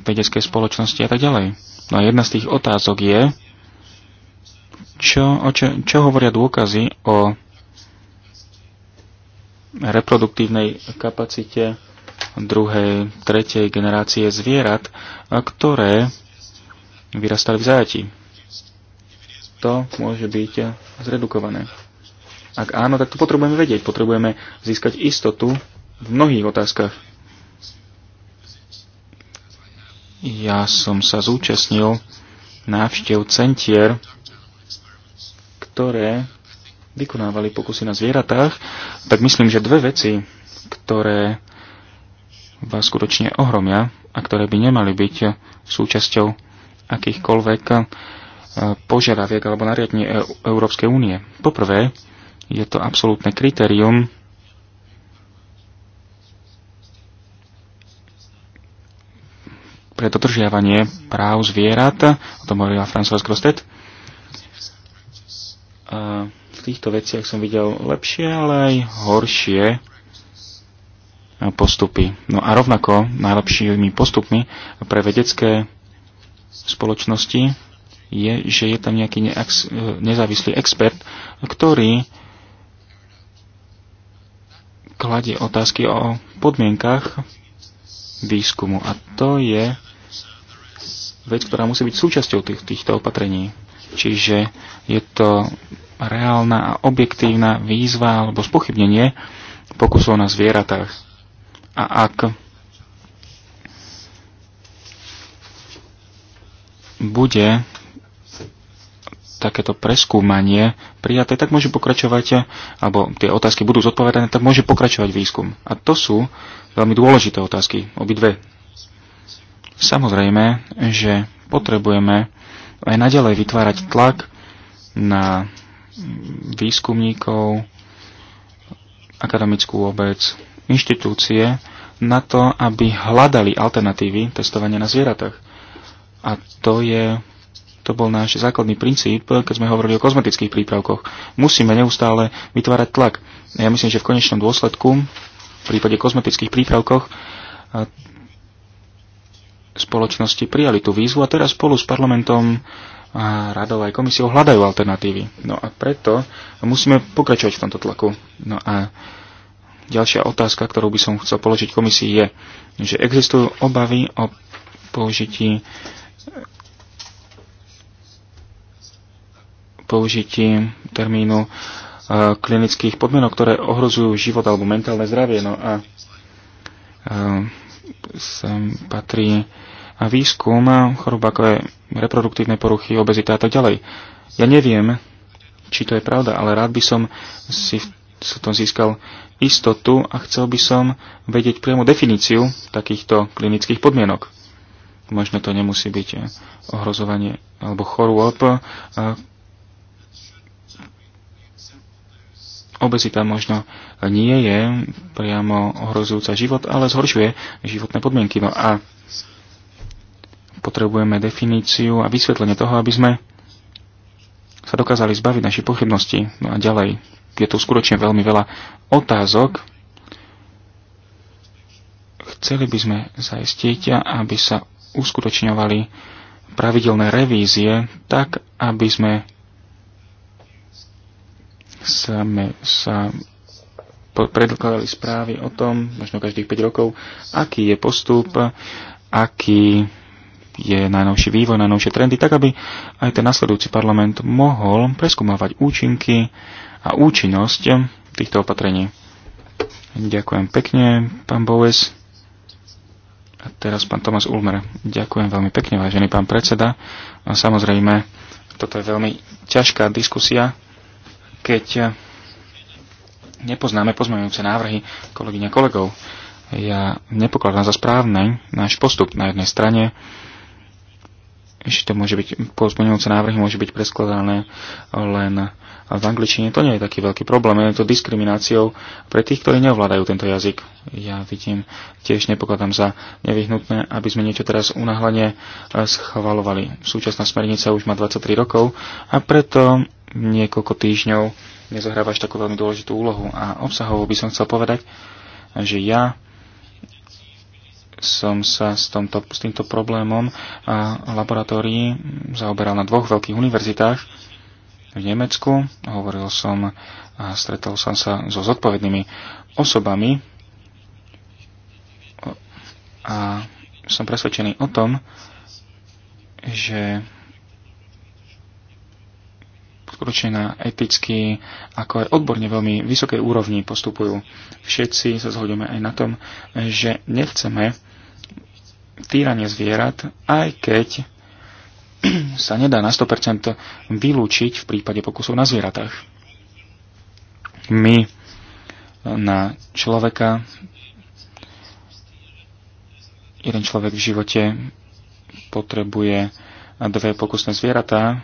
vedeckej spoločnosti a tak ďalej. No a jedna z tých otázok je, čo, o čo, čo hovoria dôkazy o reproduktívnej kapacite druhej, tretej generácie zvierat, ktoré vyrastali v zajati. To môže byť zredukované. Ak áno, tak to potrebujeme vedieť. Potrebujeme získať istotu v mnohých otázkach. Ja som sa zúčastnil návštev centier, ktoré vykonávali pokusy na zvieratách, tak myslím, že dve veci, ktoré vás skutočne ohromia a ktoré by nemali byť súčasťou akýchkoľvek eh, požiadaviek alebo nariadení e- Európskej únie. Poprvé, je to absolútne kritérium pre dodržiavanie práv zvierat, o tom hovorila François Grostet. A eh, v týchto veciach som videl lepšie, ale aj horšie postupy. No a rovnako najlepšími postupmi pre vedecké spoločnosti je, že je tam nejaký nezávislý expert, ktorý kladie otázky o podmienkach výskumu. A to je vec, ktorá musí byť súčasťou tých, týchto opatrení. Čiže je to reálna a objektívna výzva alebo spochybnenie pokusov na zvieratách. A ak bude takéto preskúmanie prijaté, tak môže pokračovať, alebo tie otázky budú zodpovedané, tak môže pokračovať výskum. A to sú veľmi dôležité otázky, obidve. Samozrejme, že potrebujeme aj naďalej vytvárať tlak na výskumníkov, akademickú obec, inštitúcie na to, aby hľadali alternatívy testovania na zvieratách. A to je to bol náš základný princíp, keď sme hovorili o kozmetických prípravkoch. Musíme neustále vytvárať tlak. Ja myslím, že v konečnom dôsledku, v prípade kozmetických prípravkoch, spoločnosti prijali tú výzvu a teraz spolu s parlamentom a radou aj komisiou hľadajú alternatívy. No a preto musíme pokračovať v tomto tlaku. No a Ďalšia otázka, ktorú by som chcel položiť komisii je, že existujú obavy o použití použití termínu e, klinických podmienok, ktoré ohrozujú život alebo mentálne zdravie. No a e, sem patrí výskum choroba, ako je reproduktívne poruchy, obezita a tak ďalej. Ja neviem, či to je pravda, ale rád by som si v som tom získal istotu a chcel by som vedieť priamu definíciu takýchto klinických podmienok. Možno to nemusí byť eh, ohrozovanie alebo chorôb. Eh, obezita možno nie je priamo ohrozujúca život, ale zhoršuje životné podmienky. No a potrebujeme definíciu a vysvetlenie toho, aby sme sa dokázali zbaviť našich pochybností. No a ďalej je tu skutočne veľmi veľa otázok. Chceli by sme zaistiť, aby sa uskutočňovali pravidelné revízie, tak aby sme sa, sa predkladali správy o tom, možno každých 5 rokov, aký je postup, aký je najnovší vývoj, najnovšie trendy, tak aby aj ten nasledujúci parlament mohol preskúmavať účinky a účinnosť týchto opatrení. Ďakujem pekne, pán Boves. A teraz pán Tomás Ulmer. Ďakujem veľmi pekne, vážený pán predseda. A samozrejme, toto je veľmi ťažká diskusia, keď nepoznáme pozmeňujúce návrhy kolegyne kolegov. Ja nepokladám za správne náš postup na jednej strane, že to môže byť, pozmeňujúce návrhy môže byť preskladané len a v angličtine to nie je taký veľký problém, je to diskrimináciou pre tých, ktorí neovládajú tento jazyk. Ja vidím, tiež nepokladám za nevyhnutné, aby sme niečo teraz unáhlenie e, schvalovali. Súčasná smernica už má 23 rokov a preto niekoľko týždňov nezohrávaš až takú veľmi dôležitú úlohu. A obsahovo by som chcel povedať, že ja som sa s, tomto, s týmto problémom a laboratórií zaoberal na dvoch veľkých univerzitách v Nemecku, hovoril som a stretol som sa so zodpovednými osobami a som presvedčený o tom, že skutočne na eticky, ako aj odborne veľmi vysokej úrovni postupujú. Všetci sa zhodujeme aj na tom, že nechceme týranie zvierat, aj keď sa nedá na 100% vylúčiť v prípade pokusov na zvieratách. My na človeka, jeden človek v živote potrebuje dve pokusné zvieratá,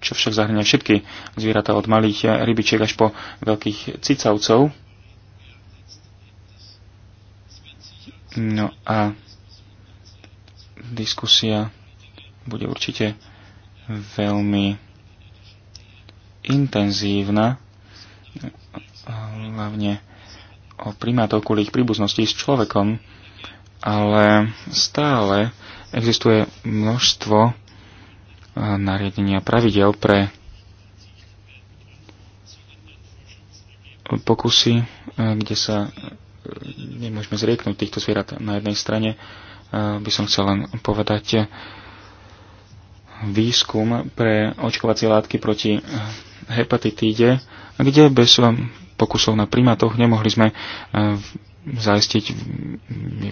čo však zahrňa všetky zvieratá od malých rybičiek až po veľkých cicavcov. No a diskusia bude určite veľmi intenzívna, hlavne o primátov kvôli ich príbuznosti s človekom, ale stále existuje množstvo eh, nariadenia pravidel pre pokusy, eh, kde sa eh, nemôžeme zrieknúť týchto zvierat. Na jednej strane by som chcel len povedať, výskum pre očkovacie látky proti hepatitíde, kde bez pokusov na primatoch nemohli sme eh, zaistiť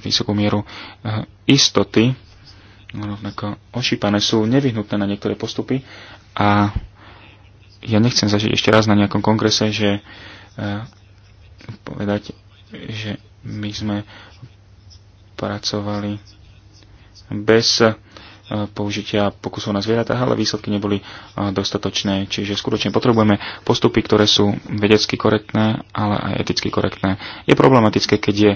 vysokú mieru eh, istoty. Rovnako ošípané sú nevyhnutné na niektoré postupy a ja nechcem zažiť ešte raz na nejakom kongrese, že eh, povedať, že my sme pracovali bez použitia pokusov na zvieratách, ale výsledky neboli dostatočné. Čiže skutočne potrebujeme postupy, ktoré sú vedecky korektné, ale aj eticky korektné. Je problematické, keď je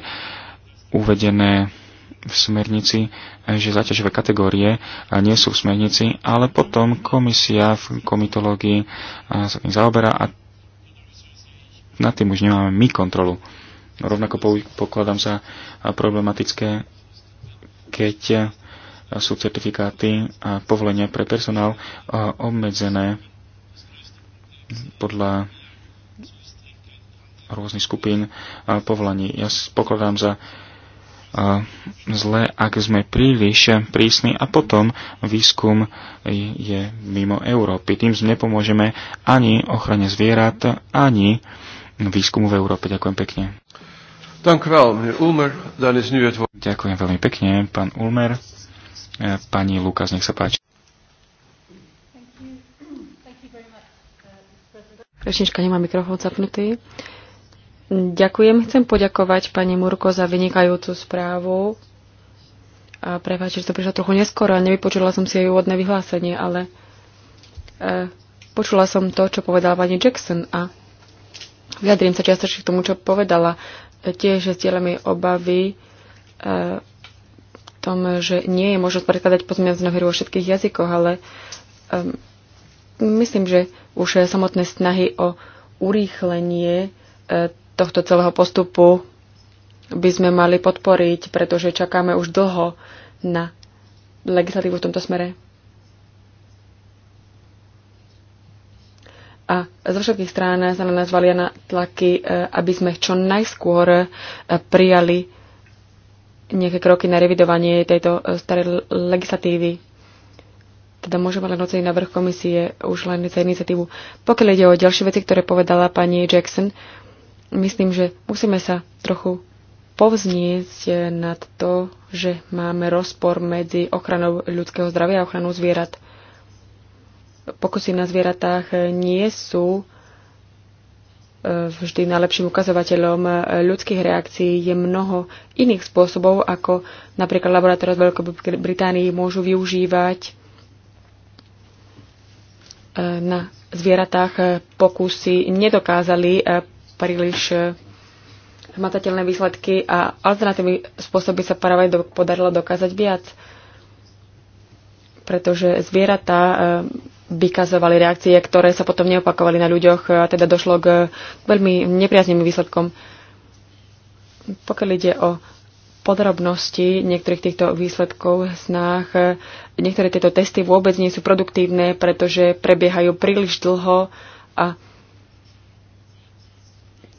uvedené v smernici, že zaťažové kategórie nie sú v smernici, ale potom komisia v komitológii sa tým zaoberá a nad tým už nemáme my kontrolu. Rovnako pokladám sa problematické, keď sú certifikáty a povolenia pre personál obmedzené podľa rôznych skupín povolaní. Ja pokladám za zlé, ak sme príliš prísni a potom výskum je mimo Európy. Tým nepomôžeme ani ochrane zvierat, ani výskumu v Európe. Ďakujem pekne. Ďakujem veľmi pekne, pán Ulmer. E, pani Lukas, nech sa páči. Rečnička nemá mikrofón zapnutý. Ďakujem. Chcem poďakovať pani Murko za vynikajúcu správu. A prepáč, že to prišlo trochu neskoro. Nevypočula som si jej úvodné vyhlásenie, ale e, počula som to, čo povedala pani Jackson a vyjadrím sa čiastočne k tomu, čo povedala. E, tiež zdieľam jej obavy e, tom, že nie je možnosť predkladať pozmeňovací návrhy vo všetkých jazykoch, ale um, myslím, že už samotné snahy o urýchlenie e, tohto celého postupu by sme mali podporiť, pretože čakáme už dlho na legislatívu v tomto smere. A zo všetkých strán sa na nás valia na tlaky, e, aby sme čo najskôr e, prijali nejaké kroky na revidovanie tejto e, starej legislatívy. Teda môžeme len oceniť návrh komisie už len za iniciatívu. Pokiaľ ide o ďalšie veci, ktoré povedala pani Jackson, myslím, že musíme sa trochu povznieť e, nad to, že máme rozpor medzi ochranou ľudského zdravia a ochranou zvierat. Pokusy na zvieratách e, nie sú E, vždy najlepším ukazovateľom e, ľudských reakcií je mnoho iných spôsobov, ako napríklad laboratória v Veľkej Británii môžu využívať e, na zvieratách pokusy nedokázali príliš matateľné výsledky a alternatívne spôsoby sa práve podarilo dokázať viac. Pretože zvieratá vykazovali reakcie, ktoré sa potom neopakovali na ľuďoch a teda došlo k veľmi nepriazným výsledkom. Pokiaľ ide o podrobnosti niektorých týchto výsledkov, snách, niektoré tieto testy vôbec nie sú produktívne, pretože prebiehajú príliš dlho a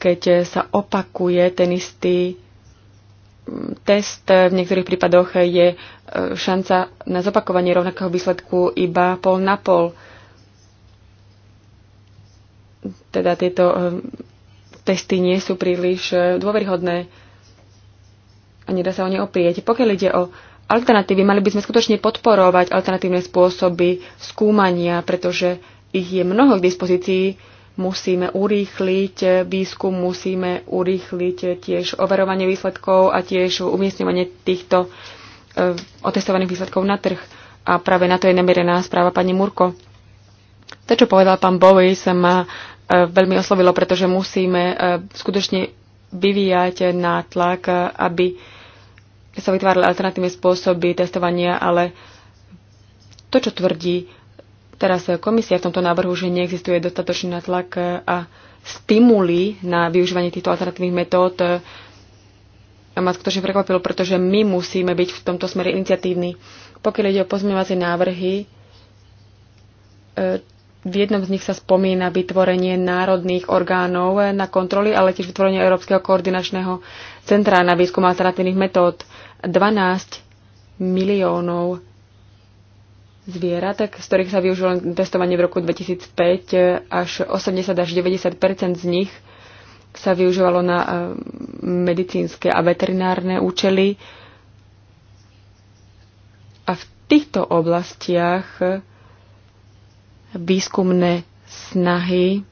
keď sa opakuje ten istý test v niektorých prípadoch je e, šanca na zopakovanie rovnakého výsledku iba pol na pol. Teda tieto e, testy nie sú príliš e, dôveryhodné a nedá sa o ne oprieť. Pokiaľ ide o alternatívy, mali by sme skutočne podporovať alternatívne spôsoby skúmania, pretože ich je mnoho k dispozícii musíme urýchliť výskum, musíme urýchliť tiež overovanie výsledkov a tiež umiestňovanie týchto eh, otestovaných výsledkov na trh. A práve na to je namierená správa pani Murko. To, čo povedal pán Bowie, sa ma eh, veľmi oslovilo, pretože musíme eh, skutočne vyvíjať nátlak, aby sa vytvárali alternatívne spôsoby testovania, ale to, čo tvrdí Teraz komisia v tomto návrhu, že neexistuje dostatočný natlak eh, a stimuly na využívanie týchto alternatívnych metód eh, a ma skutočne prekvapilo, pretože my musíme byť v tomto smere iniciatívni. Pokiaľ ide o pozmeňovacie návrhy, eh, v jednom z nich sa spomína vytvorenie národných orgánov na kontroly, ale tiež vytvorenie Európskeho koordinačného centra na výskum alternatívnych metód. 12 miliónov zvieratek, z ktorých sa využilo testovanie v roku 2005, e, až 80 až 90 z nich sa využívalo na e, medicínske a veterinárne účely. A v týchto oblastiach e, výskumné snahy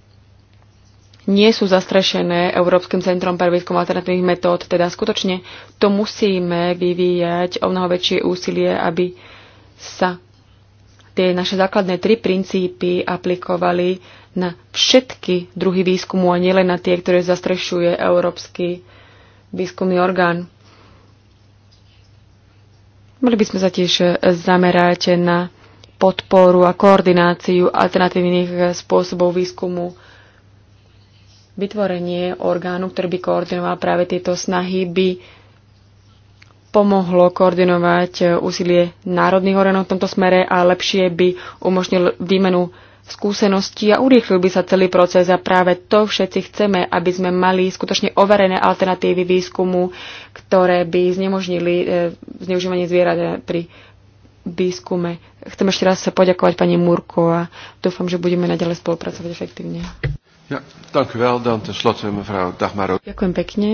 nie sú zastrešené Európskym centrom pre výskum alternatívnych metód. Teda skutočne to musíme vyvíjať o mnoho väčšie úsilie, aby sa tie naše základné tri princípy aplikovali na všetky druhy výskumu a nielen na tie, ktoré zastrešuje Európsky výskumný orgán. Mali by sme sa tiež zamerať na podporu a koordináciu alternatívnych spôsobov výskumu. Vytvorenie orgánu, ktorý by koordinoval práve tieto snahy, by pomohlo koordinovať e, úsilie národných orgánov v tomto smere a lepšie by umožnil výmenu skúseností a urýchlil by sa celý proces a práve to všetci chceme, aby sme mali skutočne overené alternatívy výskumu, ktoré by znemožnili e, zneužívanie zvierat e, pri výskume. Chcem ešte raz sa poďakovať pani Murko a dúfam, že budeme naďalej spolupracovať efektívne. Ja, dank Dan tenslotte mevrouw Dagmar Ďakujem pekne.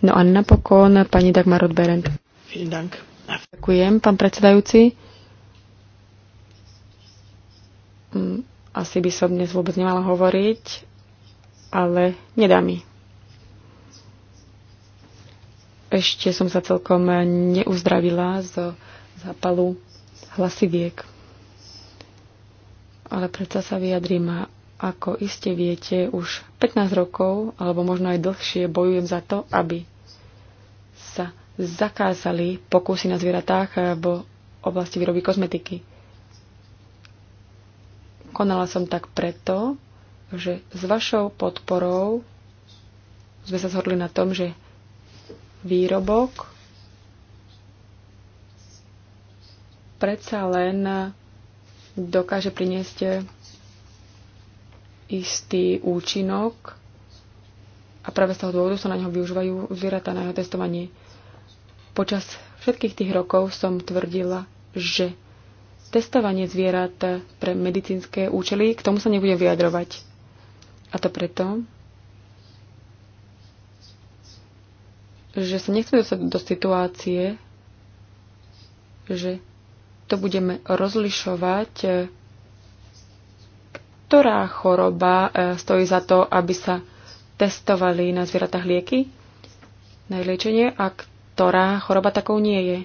No a napokon pani Dagmar Odberen. Ďakujem, pán predsedajúci. Mm, asi by som dnes vôbec nemala hovoriť, ale nedá mi. Ešte som sa celkom neuzdravila z zápalu hlasiviek. Ale predsa sa vyjadrím ako iste viete, už 15 rokov, alebo možno aj dlhšie, bojujem za to, aby sa zakázali pokusy na zvieratách eh, v oblasti výroby kozmetiky. Konala som tak preto, že s vašou podporou sme sa zhodli na tom, že výrobok predsa len dokáže priniesť istý účinok a práve z toho dôvodu sa na neho využívajú zvieratá na jeho testovanie. Počas všetkých tých rokov som tvrdila, že testovanie zvierat pre medicínske účely, k tomu sa nebudem vyjadrovať. A to preto, že sa nechceme dostať do situácie, že to budeme rozlišovať, ktorá choroba e, stojí za to, aby sa testovali na zvieratách lieky na liečenie a ktorá choroba takou nie je.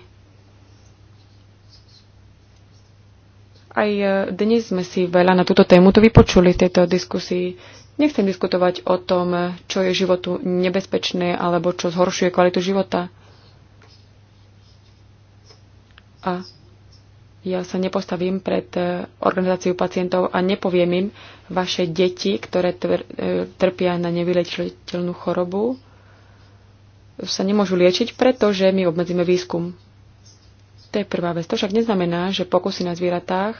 Aj e, dnes sme si veľa na túto tému to vypočuli v tejto diskusii. Nechcem diskutovať o tom, čo je životu nebezpečné alebo čo zhoršuje kvalitu života. A ja sa nepostavím pred e, organizáciu pacientov a nepoviem im, vaše deti, ktoré e, trpia na nevylečiteľnú chorobu, sa nemôžu liečiť, pretože my obmedzíme výskum. To je prvá vec. To však neznamená, že pokusy na zvieratách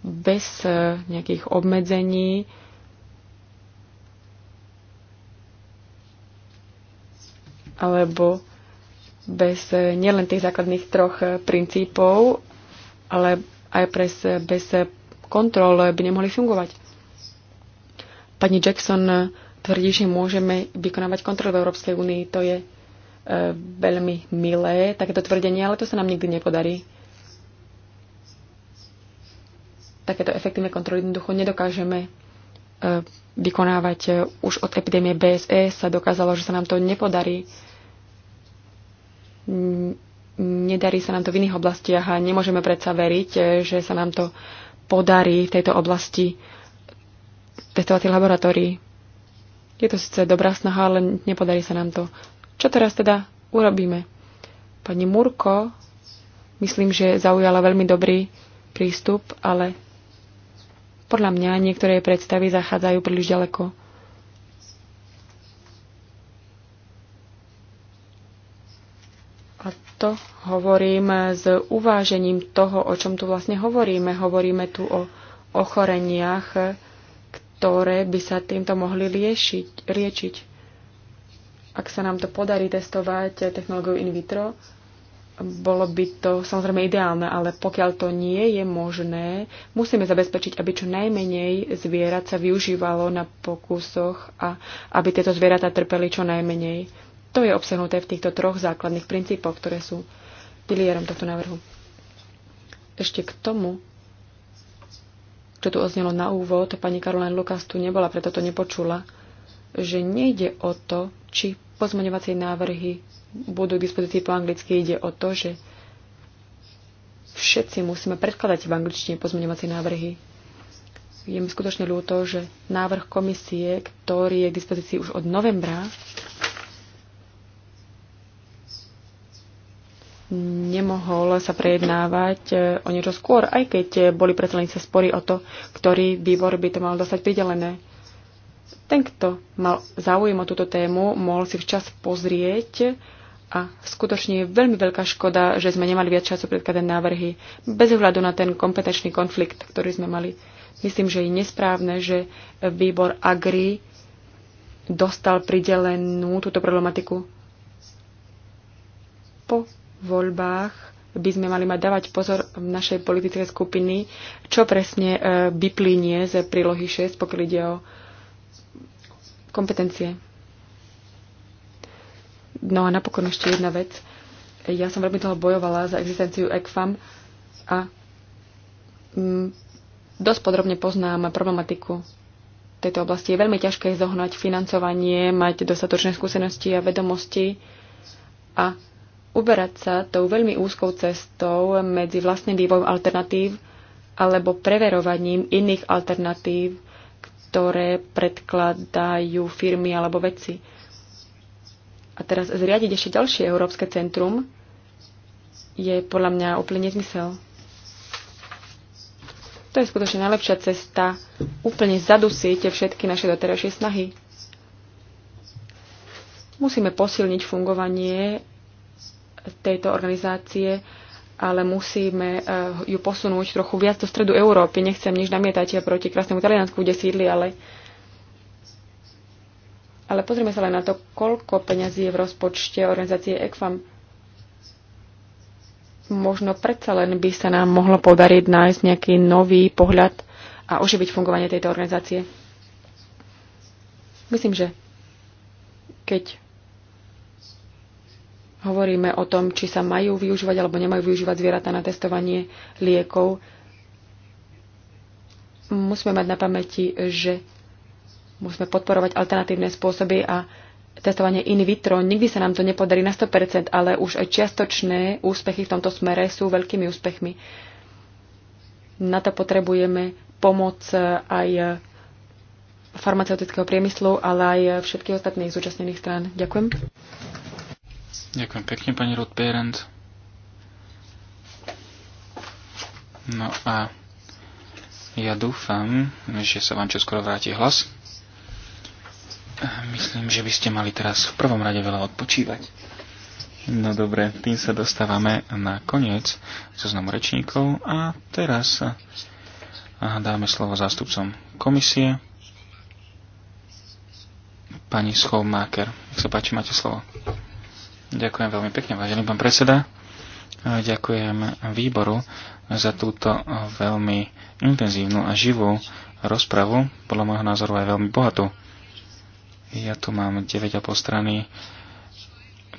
bez e, nejakých obmedzení alebo bez e, nielen tých základných troch e, princípov, ale aj bez, bez kontrol by nemohli fungovať. Pani Jackson tvrdí, že môžeme vykonávať kontrol v Európskej únii. To je E, veľmi milé takéto tvrdenie, ale to sa nám nikdy nepodarí. Takéto efektívne kontroly jednoducho nedokážeme e, vykonávať. E, už od epidémie BSE sa dokázalo, že sa nám to nepodarí. Nedarí sa nám to v iných oblastiach a nemôžeme predsa veriť, že sa nám to podarí v tejto oblasti testovacích laboratórií. Je to síce dobrá snaha, ale nepodarí sa nám to čo teraz teda urobíme? Pani Murko, myslím, že zaujala veľmi dobrý prístup, ale podľa mňa niektoré predstavy zachádzajú príliš ďaleko. A to hovorím s uvážením toho, o čom tu vlastne hovoríme. Hovoríme tu o ochoreniach, ktoré by sa týmto mohli liešiť, liečiť. Ak sa nám to podarí testovať technológiu in vitro, bolo by to samozrejme ideálne, ale pokiaľ to nie je možné, musíme zabezpečiť, aby čo najmenej zvierat sa využívalo na pokusoch a aby tieto zvieratá trpeli čo najmenej. To je obsahnuté v týchto troch základných princípoch, ktoré sú pilierom tohto návrhu. Ešte k tomu, čo tu oznelo na úvod, pani Caroline Lukas tu nebola, preto to nepočula, že nejde o to, či Pozmeňovacie návrhy budú k dispozícii po anglicky. Ide o to, že všetci musíme predkladať v angličtine pozmeňovacie návrhy. Je mi skutočne ľúto, že návrh komisie, ktorý je k dispozícii už od novembra, nemohol sa prejednávať e, o niečo skôr, aj keď e, boli predstavení sa spory o to, ktorý výbor by to mal dostať pridelené. Ten, kto mal záujem o túto tému, mohol si včas pozrieť a skutočne je veľmi veľká škoda, že sme nemali viac času predkladať návrhy bez ohľadu na ten kompetenčný konflikt, ktorý sme mali. Myslím, že je nesprávne, že výbor Agri dostal pridelenú túto problematiku. Po voľbách by sme mali mať dávať pozor v našej politickej skupiny, čo presne e, vyplynie z prílohy 6, pokiaľ ide o kompetencie. No a napokon ešte jedna vec. Ja som veľmi toho bojovala za existenciu ECFAM a mm, dosť podrobne poznám problematiku tejto oblasti. Je veľmi ťažké zohnať financovanie, mať dostatočné skúsenosti a vedomosti a uberať sa tou veľmi úzkou cestou medzi vlastným vývojom alternatív alebo preverovaním iných alternatív ktoré predkladajú firmy alebo veci. A teraz zriadiť ešte ďalšie Európske centrum je podľa mňa úplne nezmysel. To je skutočne najlepšia cesta úplne zadusiť všetky naše doterajšie snahy. Musíme posilniť fungovanie tejto organizácie ale musíme eh, ju posunúť trochu viac do stredu Európy. Nechcem nič namietať proti krásnemu Taliansku, kde sídli, ale, ale pozrime sa len na to, koľko peňazí je v rozpočte organizácie ECFAM. Možno predsa len by sa nám mohlo podariť nájsť nejaký nový pohľad a oživiť fungovanie tejto organizácie. Myslím, že keď hovoríme o tom, či sa majú využívať alebo nemajú využívať zvieratá na testovanie liekov, musíme mať na pamäti, že musíme podporovať alternatívne spôsoby a testovanie in vitro. Nikdy sa nám to nepodarí na 100%, ale už aj čiastočné úspechy v tomto smere sú veľkými úspechmi. Na to potrebujeme pomoc aj farmaceutického priemyslu, ale aj všetkých ostatných zúčastnených strán. Ďakujem. Ďakujem pekne, pani Rod Berend. No a ja dúfam, že sa vám čoskoro vráti hlas. Myslím, že by ste mali teraz v prvom rade veľa odpočívať. No dobre, tým sa dostávame na koniec zoznamu rečníkov a teraz dáme slovo zástupcom komisie. Pani Schovmaker, nech sa páči, máte slovo. Ďakujem veľmi pekne, vážený pán predseda. Ďakujem výboru za túto veľmi intenzívnu a živú rozpravu, podľa môjho názoru aj veľmi bohatú. Ja tu mám 9,5 strany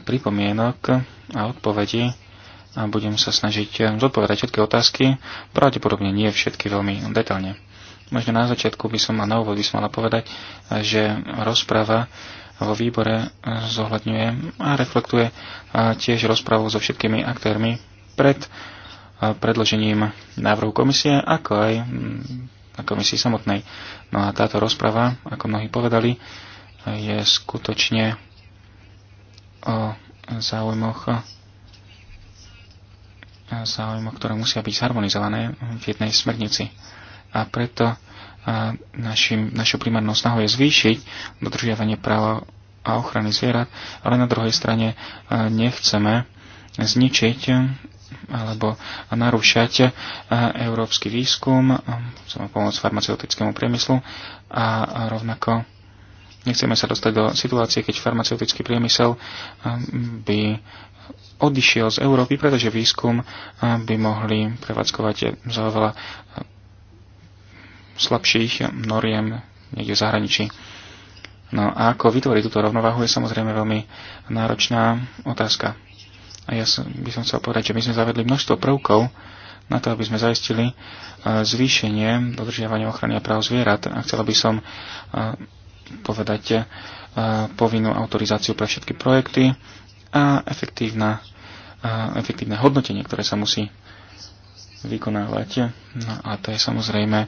pripomienok a odpovedí a budem sa snažiť zodpovedať všetky otázky, pravdepodobne nie všetky veľmi detailne. Možno na začiatku by som a na úvod by som mala povedať, že rozprava vo výbore eh, zohľadňuje a reflektuje eh, tiež rozpravu so všetkými aktérmi pred eh, predložením návrhu komisie, ako aj na mm, komisii samotnej. No a táto rozprava, ako mnohí povedali, je skutočne o záujmoch, záujmoch, ktoré musia byť zharmonizované v jednej smernici. A preto našim, našou primárnou snahou je zvýšiť dodržiavanie práva a ochrany zvierat, ale na druhej strane e, nechceme zničiť e, alebo narúšať e, európsky výskum, chceme pomôcť farmaceutickému priemyslu a rovnako nechceme sa dostať do situácie, keď farmaceutický priemysel by odišiel z Európy, pretože výskum by mohli prevádzkovať za oveľa slabších noriem niekde v zahraničí. No a ako vytvoriť túto rovnováhu je samozrejme veľmi náročná otázka. A ja som, by som chcel povedať, že my sme zavedli množstvo prvkov na to, aby sme zaistili e, zvýšenie dodržiavania ochrany a práv zvierat. A chcela by som e, povedať e, povinnú autorizáciu pre všetky projekty a efektívne hodnotenie, ktoré sa musí vykonávať. No a to je samozrejme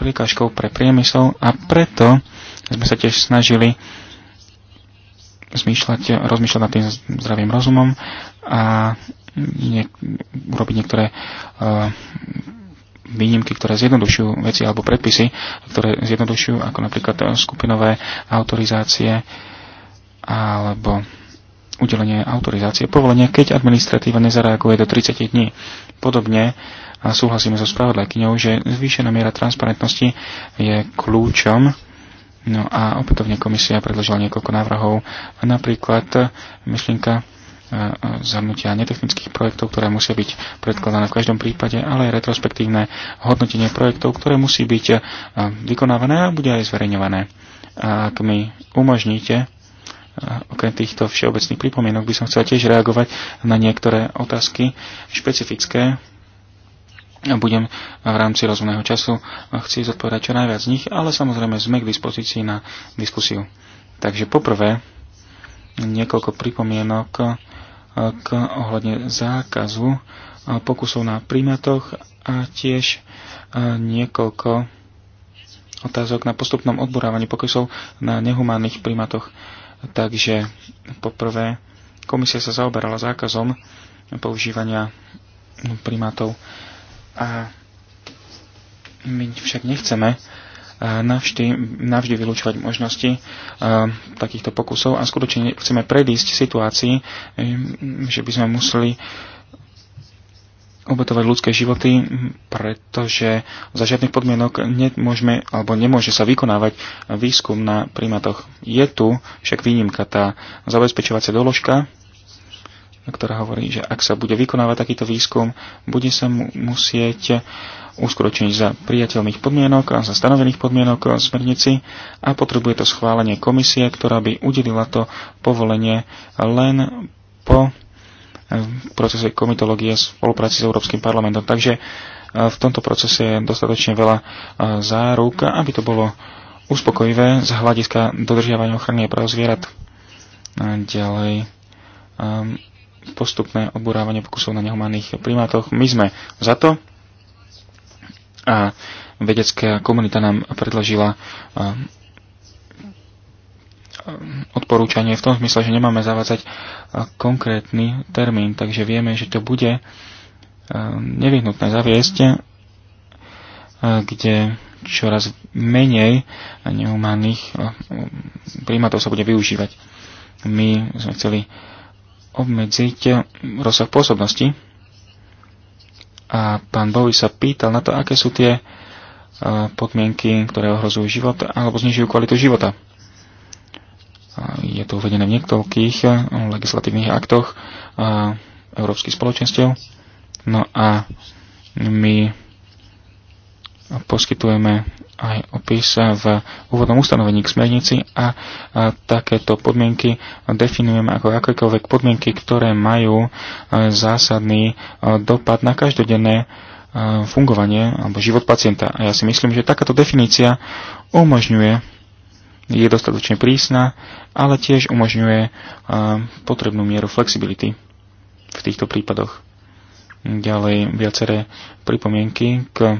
príkažkou pre priemysel a preto sme sa tiež snažili zmýšľať, rozmýšľať nad tým zdravým rozumom a nie, urobiť niektoré uh, výnimky, ktoré zjednodušujú veci alebo predpisy, ktoré zjednodušujú ako napríklad skupinové autorizácie alebo udelenie autorizácie povolenia, keď administratíva nezareaguje do 30 dní. Podobne a súhlasíme so spravodajkyňou, že zvýšená miera transparentnosti je kľúčom No a opätovne komisia predložila niekoľko návrhov, napríklad e, myšlienka e, e, zhrnutia netechnických projektov, ktoré musia byť predkladané v každom prípade, ale aj retrospektívne hodnotenie projektov, ktoré musí byť vykonávané a bude aj zverejňované. A ak mi umožníte, Okrem týchto všeobecných pripomienok by som chcel tiež reagovať na niektoré otázky špecifické. Budem v rámci rozumného času chcieť zodpovedať čo najviac z nich, ale samozrejme sme k dispozícii na diskusiu. Takže poprvé niekoľko pripomienok e, k ohľadne zákazu e, pokusov na primatoch a tiež e, niekoľko otázok na postupnom odborávaní pokusov na nehumánnych primatoch. Takže poprvé, komisia sa zaoberala zákazom používania primátov a my však nechceme navždy, navždy vylúčovať možnosti takýchto pokusov a skutočne chceme predísť situácii, že by sme museli obetovať ľudské životy, pretože za žiadnych podmienok nemôžeme, alebo nemôže sa vykonávať výskum na primatoch. Je tu však výnimka tá zabezpečovacia doložka, ktorá hovorí, že ak sa bude vykonávať takýto výskum, bude sa mu musieť uskročiť za priateľných podmienok a za stanovených podmienok smernici a potrebuje to schválenie komisie, ktorá by udelila to povolenie len po v procese komitológie v spolupráci s Európskym parlamentom. Takže e, v tomto procese je dostatočne veľa e, záruk, aby to bolo uspokojivé z hľadiska dodržiavania ochrany a práv zvierat. Ďalej ehm, postupné odburávanie pokusov na nehumánnych primátoch. My sme za to a vedecká komunita nám predložila ehm, odporúčanie v tom zmysle, že nemáme zavádzať konkrétny termín, takže vieme, že to bude nevyhnutné zaviesť, kde čoraz menej nehumánnych primátov sa bude využívať. My sme chceli obmedziť rozsah pôsobnosti a pán Bovi sa pýtal na to, aké sú tie podmienky, ktoré ohrozujú život alebo znižujú kvalitu života. Je to uvedené v niektoľkých eh, legislatívnych aktoch eh, európskych spoločenstiev. No a my poskytujeme aj opis v úvodnom ustanovení k smernici a, a takéto podmienky definujeme ako akékoľvek podmienky, ktoré majú eh, zásadný dopad na každodenné fungovanie alebo život pacienta. A ja si myslím, že takáto definícia umožňuje je dostatočne prísna, ale tiež umožňuje eh, potrebnú mieru flexibility v týchto prípadoch. Ďalej viaceré pripomienky k,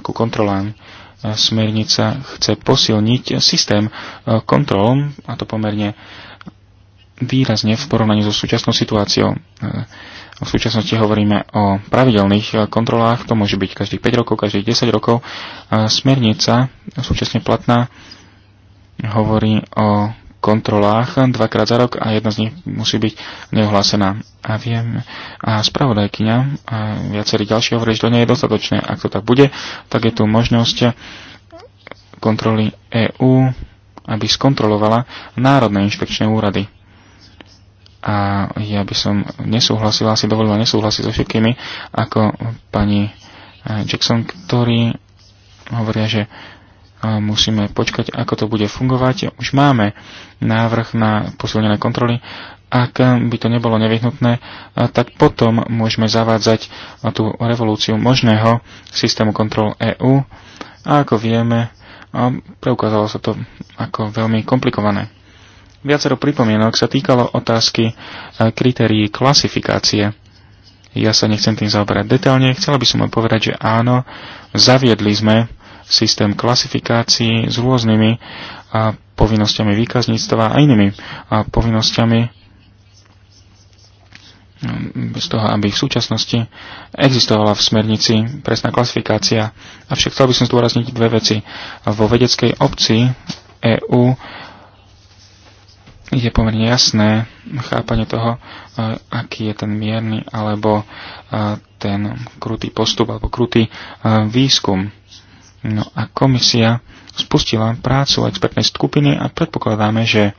k kontrolám. Eh, smernica chce posilniť systém eh, kontrol, a to pomerne výrazne v porovnaní so súčasnou situáciou. V súčasnosti hovoríme o pravidelných kontrolách, to môže byť každých 5 rokov, každých 10 rokov. Smernica súčasne platná hovorí o kontrolách dvakrát za rok a jedna z nich musí byť neohlásená. A viem, a spravodajkyňa a viacerí ďalší hovorí, že to nie je dostatočné. Ak to tak bude, tak je tu možnosť kontroly EÚ, aby skontrolovala národné inšpekčné úrady. A ja by som nesúhlasila, si dovolila nesúhlasiť so všetkými, ako pani Jackson, ktorí hovoria, že musíme počkať, ako to bude fungovať. Už máme návrh na posilnené kontroly. Ak by to nebolo nevyhnutné, tak potom môžeme zavádzať tú revolúciu možného systému kontrol EÚ. A ako vieme, preukázalo sa to ako veľmi komplikované. Viacero pripomienok sa týkalo otázky e, kritérií klasifikácie. Ja sa nechcem tým zaoberať detailne, chcela by som povedať, že áno, zaviedli sme systém klasifikácií s rôznymi a povinnosťami výkazníctva a inými a povinnosťami mm, bez toho, aby v súčasnosti existovala v smernici presná klasifikácia. Avšak chcel by som zdôrazniť dve veci. Vo vedeckej obci EÚ je pomerne jasné chápanie toho, aký je ten mierny alebo ten krutý postup alebo krutý výskum. No a komisia spustila prácu expertnej skupiny a predpokladáme, že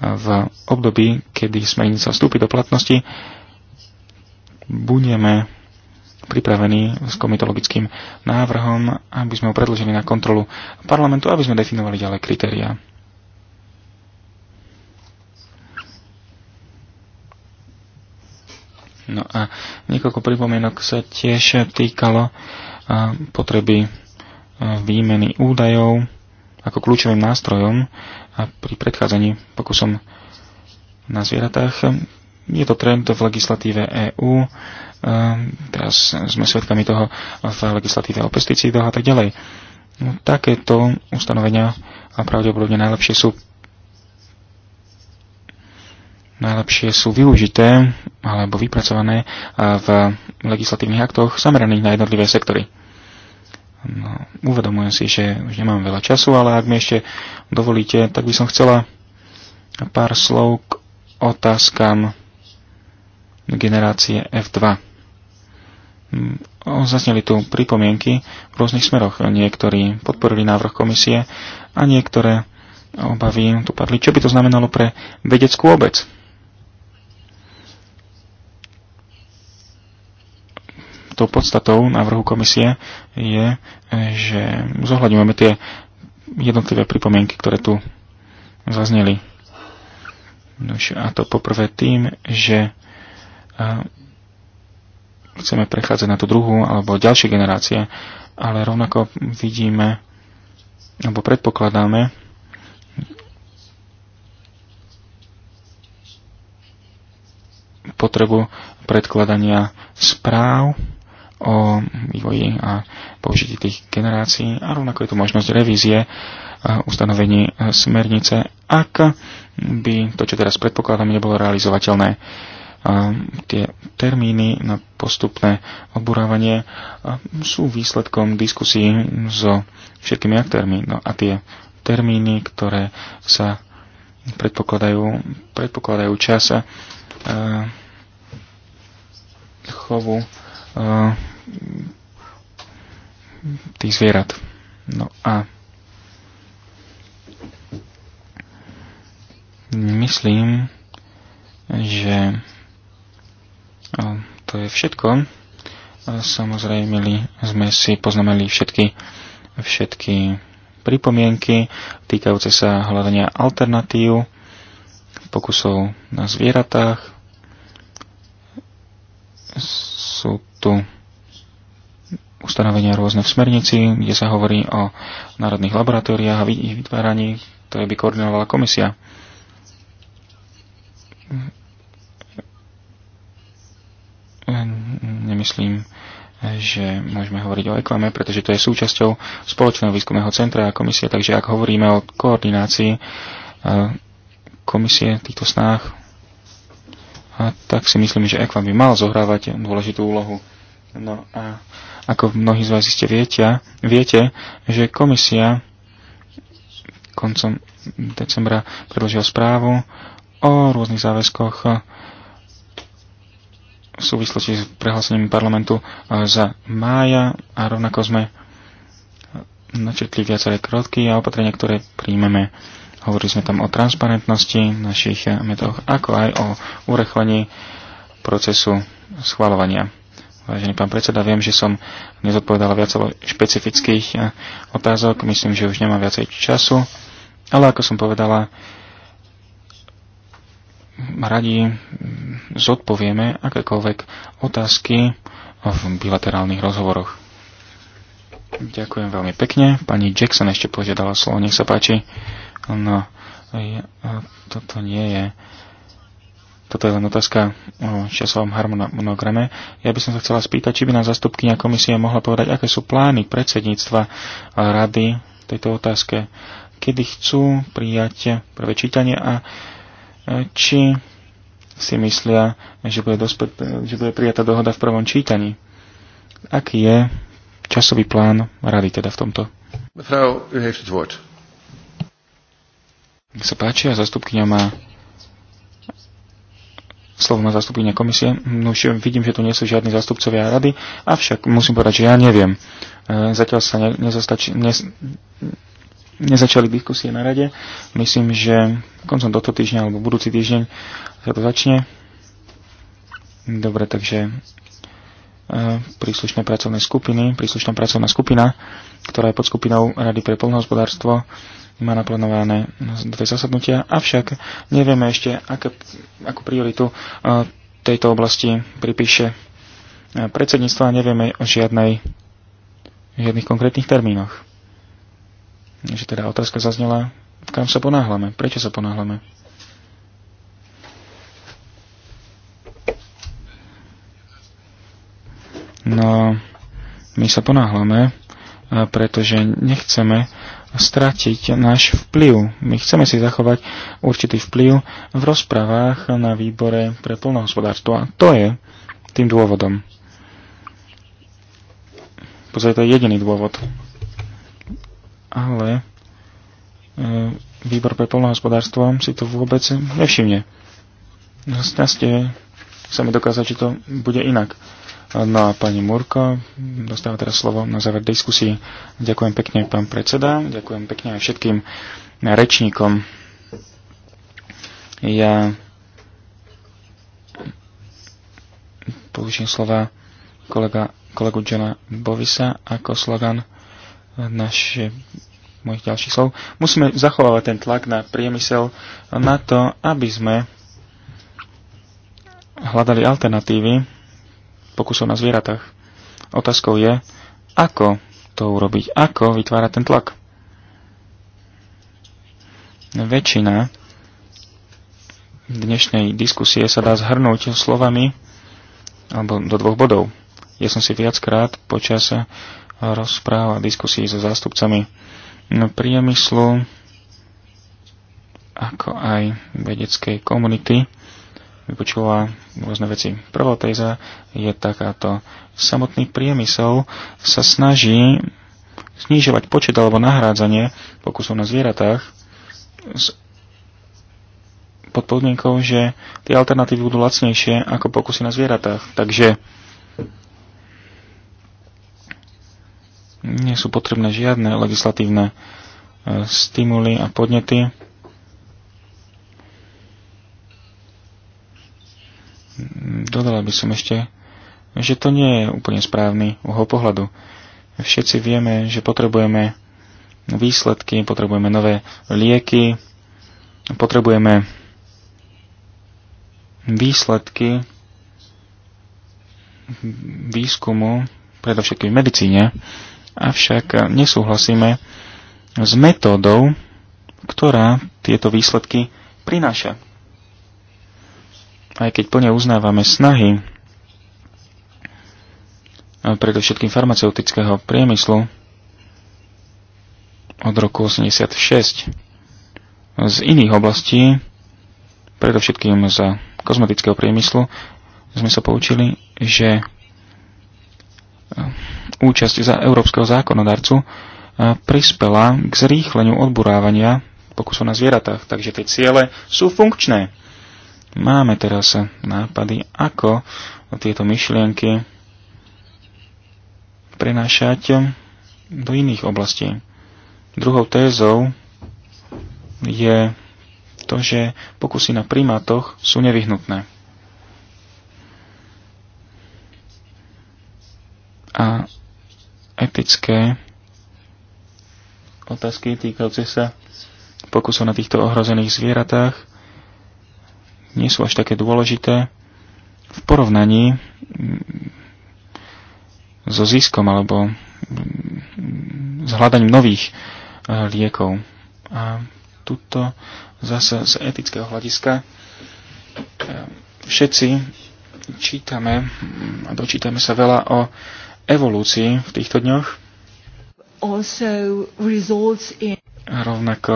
v období, kedy sme smernica vstúpi do platnosti, budeme pripravení s komitologickým návrhom, aby sme ho predložili na kontrolu parlamentu, aby sme definovali ďalej kritériá. No a niekoľko pripomienok sa tiež týkalo potreby výmeny údajov ako kľúčovým nástrojom a pri predchádzaní pokusom na zvieratách. Je to trend v legislatíve EÚ, e, teraz sme svedkami toho v legislatíve o pesticídoch a tak ďalej. No, takéto ustanovenia a pravdepodobne najlepšie sú najlepšie sú využité alebo vypracované v legislatívnych aktoch zameraných na jednotlivé sektory. No, uvedomujem si, že už nemám veľa času, ale ak mi ešte dovolíte, tak by som chcela pár slov k otázkam generácie F2. Mm, zazneli tu pripomienky v rôznych smeroch. Niektorí podporili návrh komisie a niektoré obavy tu padli. Čo by to znamenalo pre vedeckú obec? tou podstatou návrhu komisie je, že zohľadňujeme tie jednotlivé pripomienky, ktoré tu zazneli. Nož, a to poprvé tým, že chceme prechádzať na tú druhú alebo ďalšie generácie, ale rovnako vidíme alebo predpokladáme, potrebu predkladania správ o vývoji a použití tých generácií a rovnako je tu možnosť revízie ustanovení smernice, ak by to, čo teraz predpokladám, nebolo realizovateľné. Tie termíny na postupné odburávanie sú výsledkom diskusí so všetkými aktérmi. No a tie termíny, ktoré sa predpokladajú, predpokladajú časa chovu tých zvierat. No a myslím, že to je všetko. Samozrejme, sme si poznamenali všetky, všetky pripomienky týkajúce sa hľadania alternatív, pokusov na zvieratách. Sú tu ustanovenia rôzne v smernici, kde sa hovorí o národných laboratóriách a ich vytváraní, ktoré by koordinovala komisia. Nemyslím, že môžeme hovoriť o eklame, pretože to je súčasťou spoločného výskumného centra a komisie, takže ak hovoríme o koordinácii e, komisie v týchto snách, tak si myslím, že ekvam by mal zohrávať dôležitú úlohu. No a ako mnohí z vás iste viete, viete, že komisia koncom decembra predložila správu o rôznych záväzkoch v súvislosti s prehlásením parlamentu e, za mája a rovnako sme načetli viaceré krotky a opatrenia, ktoré príjmeme. Hovorili sme tam o transparentnosti našich metoch, ako aj o urechovaní procesu schvalovania. Vážený pán predseda, viem, že som nezodpovedal viac špecifických eh, otázok. Myslím, že už nemám viacej času. Ale ako som povedala, radi zodpovieme akékoľvek otázky v bilaterálnych rozhovoroch. Ďakujem veľmi pekne. Pani Jackson ešte požiadala slovo, nech sa páči. No, eh, toto nie je toto je len otázka o časovom harmonograme. Ja by som sa chcela spýtať, či by nám zastupkynia komisie mohla povedať, aké sú plány predsedníctva rady v tejto otázke, kedy chcú prijať prvé čítanie a e, či si myslia, že bude, dospä- že bude prijatá dohoda v prvom čítaní. Aký je časový plán rady teda v tomto? Mevrouw, u heeft het woord. Nech sa páči zastupkynia má slovo má zastupkynia komisie. No už vidím, že tu nie sú žiadni zastupcovia rady, avšak musím povedať, že ja neviem. E, zatiaľ sa ne, nezastači, ne, nezačali diskusie na rade. Myslím, že koncom tohto týždňa alebo budúci týždeň sa to začne. Dobre, takže e, príslušné pracovné skupiny, príslušná pracovná skupina, ktorá je pod skupinou Rady pre polnohospodárstvo, má naplánované do tej zasadnutia, avšak nevieme ešte, aké, akú prioritu e, tejto oblasti pripíše e, predsedníctvo a nevieme o žiadnej, žiadnych konkrétnych termínoch. Že teda otázka zaznela, kam sa ponáhlame, prečo sa ponáhlame. No, my sa ponáhlame, e, pretože nechceme stratiť náš vplyv. My chceme si zachovať určitý vplyv v rozprávach na výbore pre plnohospodárstvo. A to je tým dôvodom. Pozrite, to je jediný dôvod. Ale e, výbor pre plnohospodárstvo si to vôbec nevšimne. Našťastie sa mi dokázať, či to bude inak. No a pani Murko dostáva teraz slovo na záver diskusii. Ďakujem pekne, pán predseda. Ďakujem pekne aj všetkým rečníkom. Ja použijem slova kolega, kolegu Johna Bovisa ako slogan naše, mojich ďalších slov. Musíme zachovávať ten tlak na priemysel na to, aby sme hľadali alternatívy pokusov na zvieratách. Otázkou je, ako to urobiť, ako vytvárať ten tlak. Väčšina dnešnej diskusie sa dá zhrnúť slovami alebo do dvoch bodov. Ja som si viackrát počas rozpráv a diskusí so zástupcami priemyslu ako aj vedeckej komunity vypočula rôzne veci. Prvá téza je takáto. Samotný priemysel sa snaží znižovať počet alebo nahrádzanie pokusov na zvieratách s pod že tie alternatívy budú lacnejšie ako pokusy na zvieratách. Takže nie sú potrebné žiadne legislatívne e, stimuly a podnety dodala by som ešte, že to nie je úplne správny uhol pohľadu. Všetci vieme, že potrebujeme výsledky, potrebujeme nové lieky, potrebujeme výsledky výskumu, predovšetkým v medicíne, avšak nesúhlasíme s metódou, ktorá tieto výsledky prináša aj keď plne uznávame snahy predovšetkým farmaceutického priemyslu od roku 86 z iných oblastí, predovšetkým z kozmetického priemyslu, sme sa poučili, že e, účasť za európskeho zákonodarcu e, prispela k zrýchleniu odburávania pokusov na zvieratách. Takže tie ciele sú funkčné. Máme teraz nápady, ako tieto myšlienky prenášať do iných oblastí. Druhou tézou je to, že pokusy na primátoch sú nevyhnutné. A etické otázky týkajúce sa pokusov na týchto ohrozených zvieratách nie sú až také dôležité v porovnaní mm, so ziskom alebo mm, s hľadaním nových eh, liekov. A tuto zase z etického hľadiska eh, všetci čítame mm, a dočítame sa veľa o evolúcii v týchto dňoch. Rovnako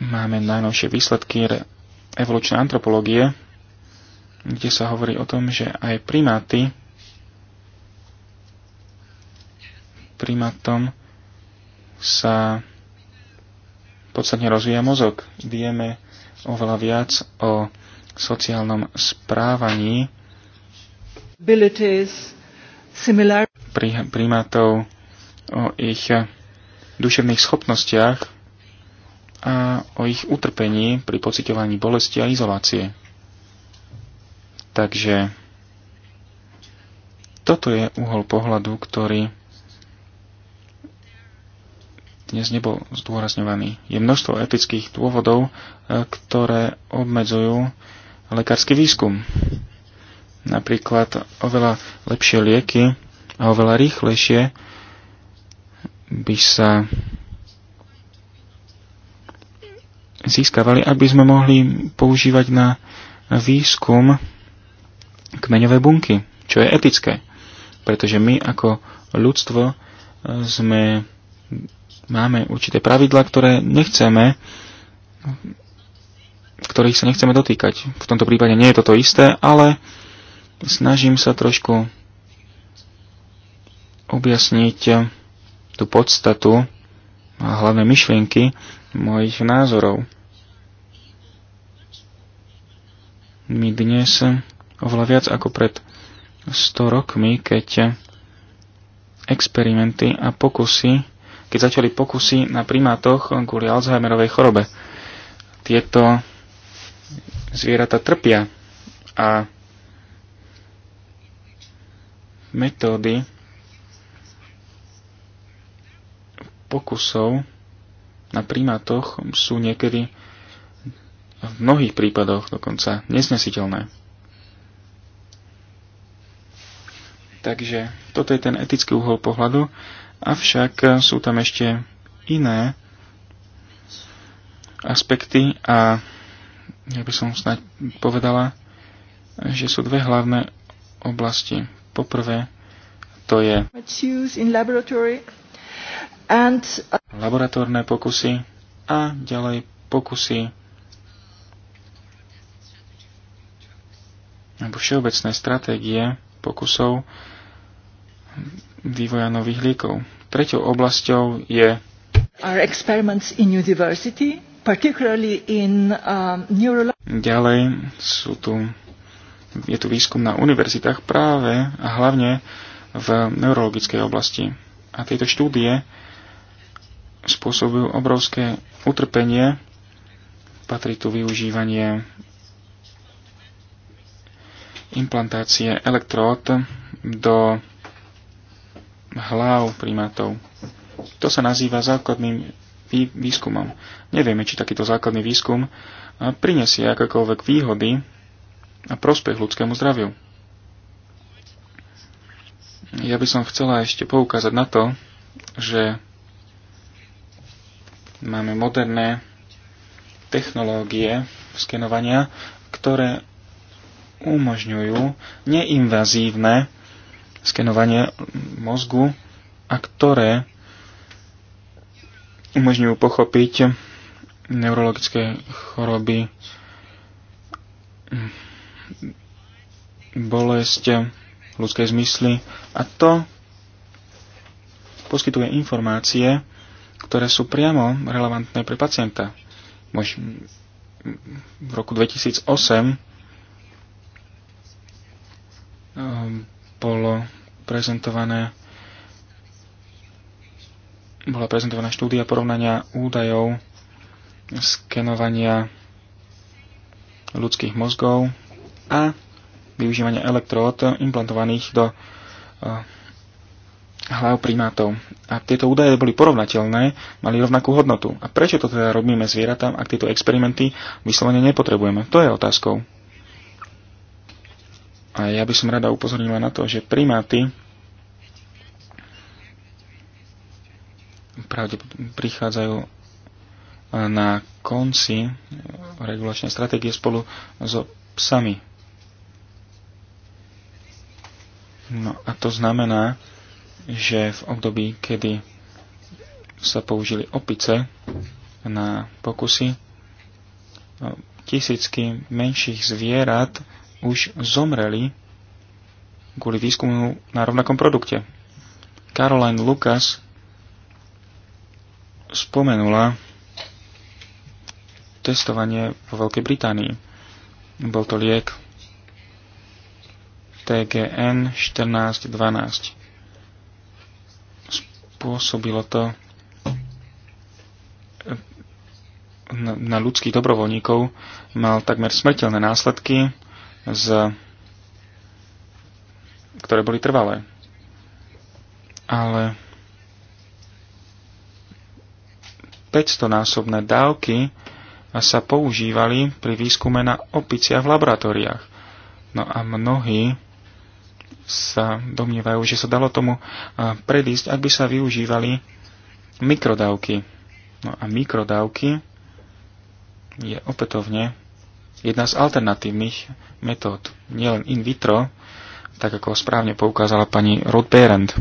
máme najnovšie výsledky evolučnej antropológie, kde sa hovorí o tom, že aj primáty primátom sa podstatne rozvíja mozog. Vieme oveľa viac o sociálnom správaní primátov, o ich duševných schopnostiach, a o ich utrpení pri pocitovaní bolesti a izolácie. Takže toto je uhol pohľadu, ktorý dnes nebol zdôrazňovaný. Je množstvo etických dôvodov, e, ktoré obmedzujú lekársky výskum. Napríklad oveľa lepšie lieky a oveľa rýchlejšie by sa získavali, aby sme mohli používať na výskum kmeňové bunky, čo je etické. Pretože my ako ľudstvo e, sme, máme určité pravidla, ktoré nechceme, ktorých sa nechceme dotýkať. V tomto prípade nie je toto isté, ale snažím sa trošku objasniť e, tú podstatu a hlavné myšlienky mojich názorov. My dnes oveľa viac ako pred 100 rokmi, keď experimenty a pokusy, keď začali pokusy na primátoch kvôli Alzheimerovej chorobe. Tieto zvieratá trpia a metódy pokusov na primátoch sú niekedy v mnohých prípadoch dokonca nesnesiteľné. Takže toto je ten etický uhol pohľadu, avšak sú tam ešte iné aspekty a ja by som snáď povedala, že sú dve hlavné oblasti. Poprvé, to je and laboratórne pokusy a ďalej pokusy alebo všeobecné stratégie pokusov vývoja nových liekov. Tretou oblasťou je Our experiments in university, particularly in, um, neurolo- Ďalej sú tu, je tu výskum na univerzitách práve a hlavne v neurologickej oblasti. A tieto štúdie spôsobujú obrovské utrpenie. Patrí tu využívanie implantácie elektród do hlav primátov. To sa nazýva základným výskumom. Nevieme, či takýto základný výskum prinesie akékoľvek výhody a prospech ľudskému zdraviu. Ja by som chcela ešte poukázať na to, že Máme moderné technológie skenovania, ktoré umožňujú neinvazívne skenovanie mozgu a ktoré umožňujú pochopiť neurologické choroby, bolesť ľudskej zmysly a to poskytuje informácie ktoré sú priamo relevantné pre pacienta. v roku 2008 ehm, bolo prezentované bola prezentovaná štúdia porovnania údajov skenovania ľudských mozgov a využívania elektrod implantovaných do eh, hlav primátov. A tieto údaje boli porovnateľné, mali rovnakú hodnotu. A prečo to teda robíme zvieratám, ak tieto experimenty vyslovene nepotrebujeme? To je otázkou. A ja by som rada upozornila na to, že primáty pravde prichádzajú e, na konci regulačnej stratégie spolu so psami. No a to znamená, že v období, kedy sa použili opice na pokusy, tisícky menších zvierat už zomreli kvôli výskumu na rovnakom produkte. Caroline Lucas spomenula testovanie vo Veľkej Británii. Bol to liek TGN 1412. Spôsobilo to na, na ľudských dobrovoľníkov mal takmer smrteľné následky, z, ktoré boli trvalé. Ale 500-násobné dávky sa používali pri výskume na opiciach v laboratóriách. No a mnohí sa domnievajú, že sa dalo tomu predísť, ak by sa využívali mikrodávky. No a mikrodávky je opätovne jedna z alternatívnych metód, nielen in vitro, tak ako správne poukázala pani Behrendt.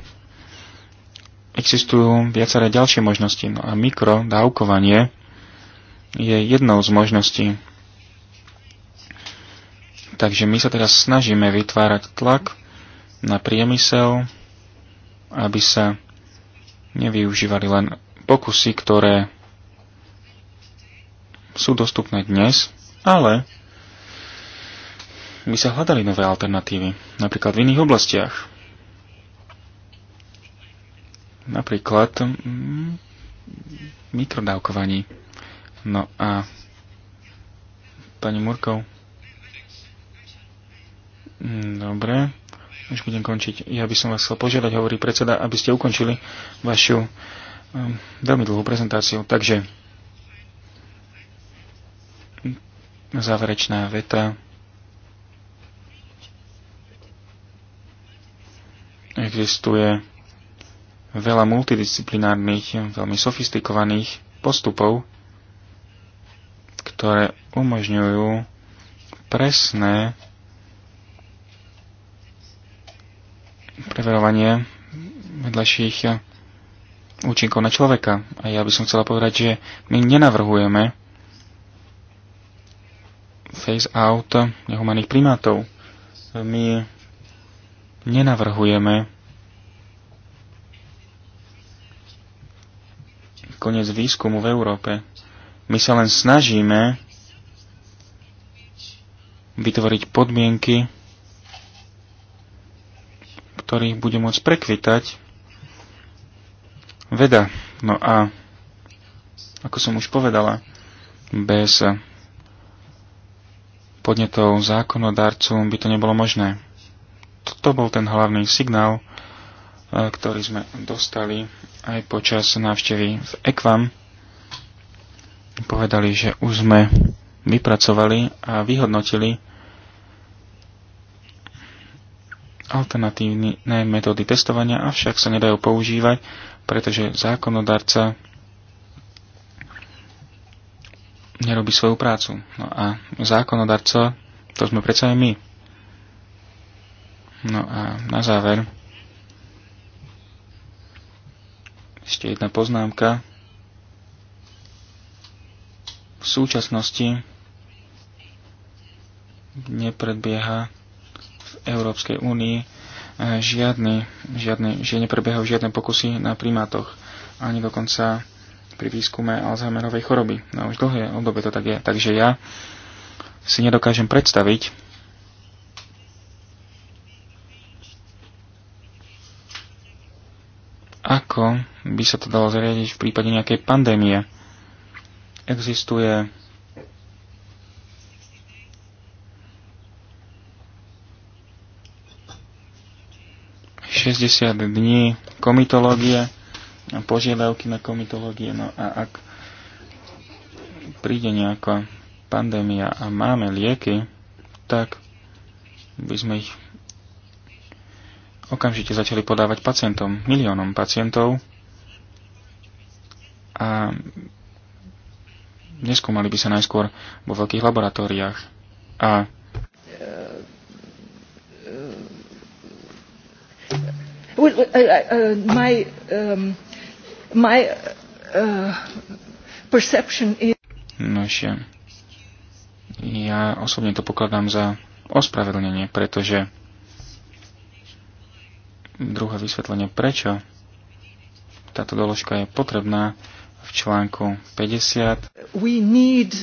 Existujú viaceré ďalšie možnosti, no a mikrodávkovanie je jednou z možností. Takže my sa teraz snažíme vytvárať tlak na priemysel, aby sa nevyužívali len pokusy, ktoré sú dostupné dnes, ale by sa hľadali nové alternatívy, napríklad v iných oblastiach. Napríklad mm, mikrodávkovaní. No a pani Murkov. Dobre už budem končiť. Ja by som vás chcel požiadať, hovorí predseda, aby ste ukončili vašu um, veľmi dlhú prezentáciu. Takže záverečná veta. Existuje veľa multidisciplinárnych, veľmi sofistikovaných postupov, ktoré umožňujú presné preverovanie vedľajších eh, účinkov na človeka. A ja by som chcela povedať, že my nenavrhujeme face out nehumaných primátov. My nenavrhujeme koniec výskumu v Európe. My sa len snažíme vytvoriť podmienky, ktorých bude môcť prekvitať veda. No a ako som už povedala, bez podnetov zákonodarcu by to nebolo možné. Toto bol ten hlavný signál, e, ktorý sme dostali aj počas návštevy v Ekvam. Povedali, že už sme vypracovali a vyhodnotili alternatívne metódy testovania avšak sa nedajú používať, pretože zákonodarca nerobí svoju prácu. No a zákonodarca, to sme predsa aj my. No a na záver ešte jedna poznámka. V súčasnosti nepredbieha Európskej únii e, žiadny, žiadny, že neprebiehajú žiadne pokusy na primátoch, ani dokonca pri výskume Alzheimerovej choroby. No už dlhé obdobie to tak je. Takže ja si nedokážem predstaviť, ako by sa to dalo zariadiť v prípade nejakej pandémie. Existuje 60 dní komitológie a požiadavky na komitológie. No a ak príde nejaká pandémia a máme lieky, tak by sme ich okamžite začali podávať pacientom, miliónom pacientov a neskúmali by sa najskôr vo veľkých laboratóriách. A would, uh, uh, uh, my, um, my uh, perception is... No, ešte, ja osobne to pokladám za ospravedlnenie, pretože druhé vysvetlenie, prečo táto doložka je potrebná v článku 50, We need,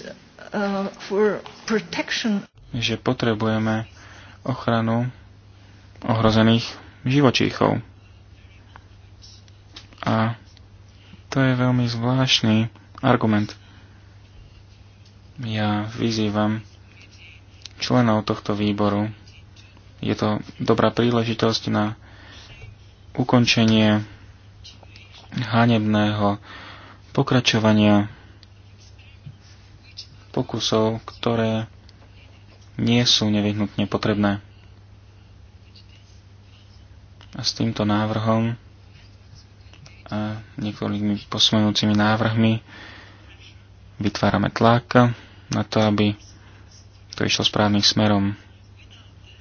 uh, for protection. že potrebujeme ochranu ohrozených živočíchov. A to je veľmi zvláštny argument. Ja vyzývam členov tohto výboru. Je to dobrá príležitosť na ukončenie hanebného pokračovania pokusov, ktoré nie sú nevyhnutne potrebné. A s týmto návrhom a niekoľkými posunujúcimi návrhmi vytvárame tlak na to, aby to išlo správnym smerom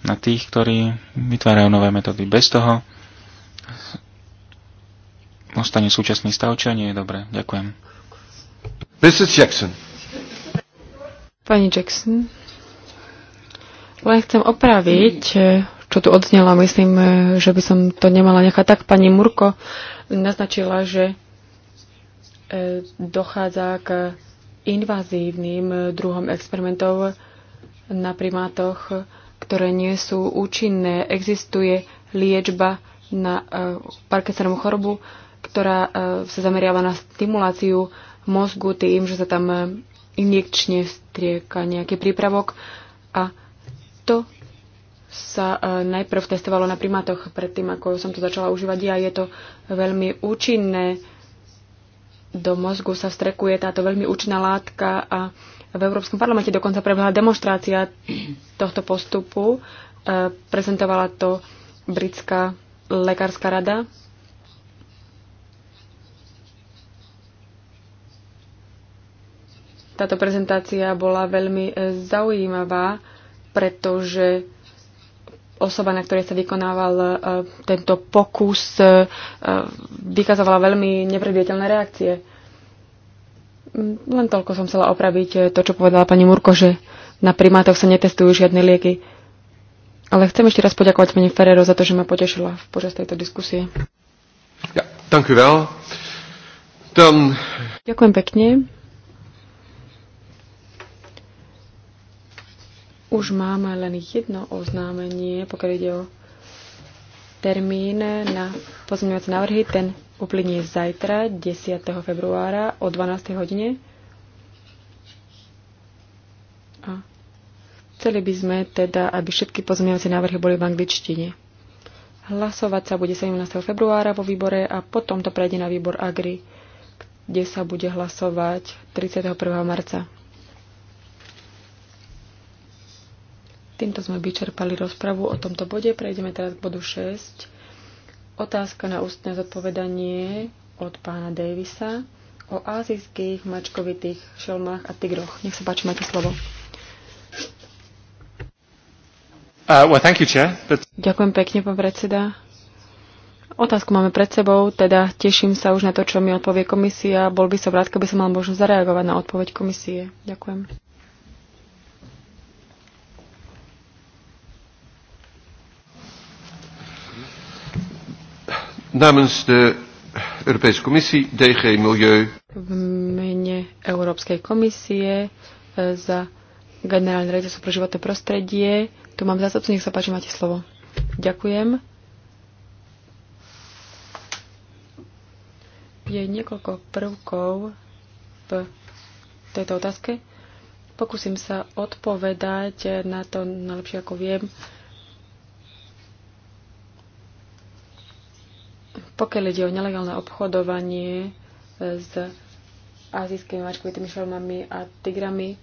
na tých, ktorí vytvárajú nové metódy. Bez toho ostane súčasný stav, čo nie je dobré. Ďakujem. Mrs. Jackson. Pani Jackson, len chcem opraviť čo tu odznelo. Myslím, e, že by som to nemala nechať tak. Pani Murko naznačila, že e, dochádza k invazívnym e, druhom experimentov na primátoch, ktoré nie sú účinné. Existuje liečba na Parkinsonovú chorobu, ktorá sa zameriava na stimuláciu mozgu tým, že sa tam injekčne strieka nejaký prípravok a to sa e, najprv testovalo na primátoch predtým, ako som to začala užívať a je to veľmi účinné. Do mozgu sa vstrekuje táto veľmi účinná látka a v Európskom parlamente dokonca prebehla demonstrácia tohto postupu. E, prezentovala to britská lekárska rada. Táto prezentácia bola veľmi e, zaujímavá, pretože osoba, na ktorej sa vykonával e, tento pokus, e, e, vykazovala veľmi nepredviateľné reakcie. Mm, len toľko som chcela opraviť to, čo povedala pani Murko, že na primátoch sa netestujú žiadne lieky. Ale chcem ešte raz poďakovať pani Ferrero za to, že ma potešila v počas tejto diskusie. Ja, Dan... Ďakujem pekne. Už máme len jedno oznámenie, pokiaľ ide o termín na pozmeňovacie návrhy. Ten uplynie zajtra, 10. februára o 12. hodine. A chceli by sme teda, aby všetky pozmeňovacie návrhy boli v angličtine. Hlasovať sa bude 17. februára vo výbore a potom to prejde na výbor Agri, kde sa bude hlasovať 31. marca. Týmto sme vyčerpali rozpravu o tomto bode. Prejdeme teraz k bodu 6. Otázka na ústne zodpovedanie od pána Davisa o azijských mačkovitých šelmách a tigroch. Nech sa páči, máte slovo. Uh, well, thank you, chair, but... Ďakujem pekne, pán predseda. Otázku máme pred sebou, teda teším sa už na to, čo mi odpovie komisia. Bol by som rád, keby som mal možnosť zareagovať na odpoveď komisie. Ďakujem. Namens de Europese Commissie, DG Milieu. V mene Európskej komisie e, za generálne rejtosť pro životné prostredie. Tu mám zástupcu, nech sa páči, máte slovo. Ďakujem. Je niekoľko prvkov v tejto otázke. Pokúsim sa odpovedať na to najlepšie, ako viem. Pokiaľ ide o nelegálne obchodovanie e, s azijskými mačkovitými šelmami a tigrami,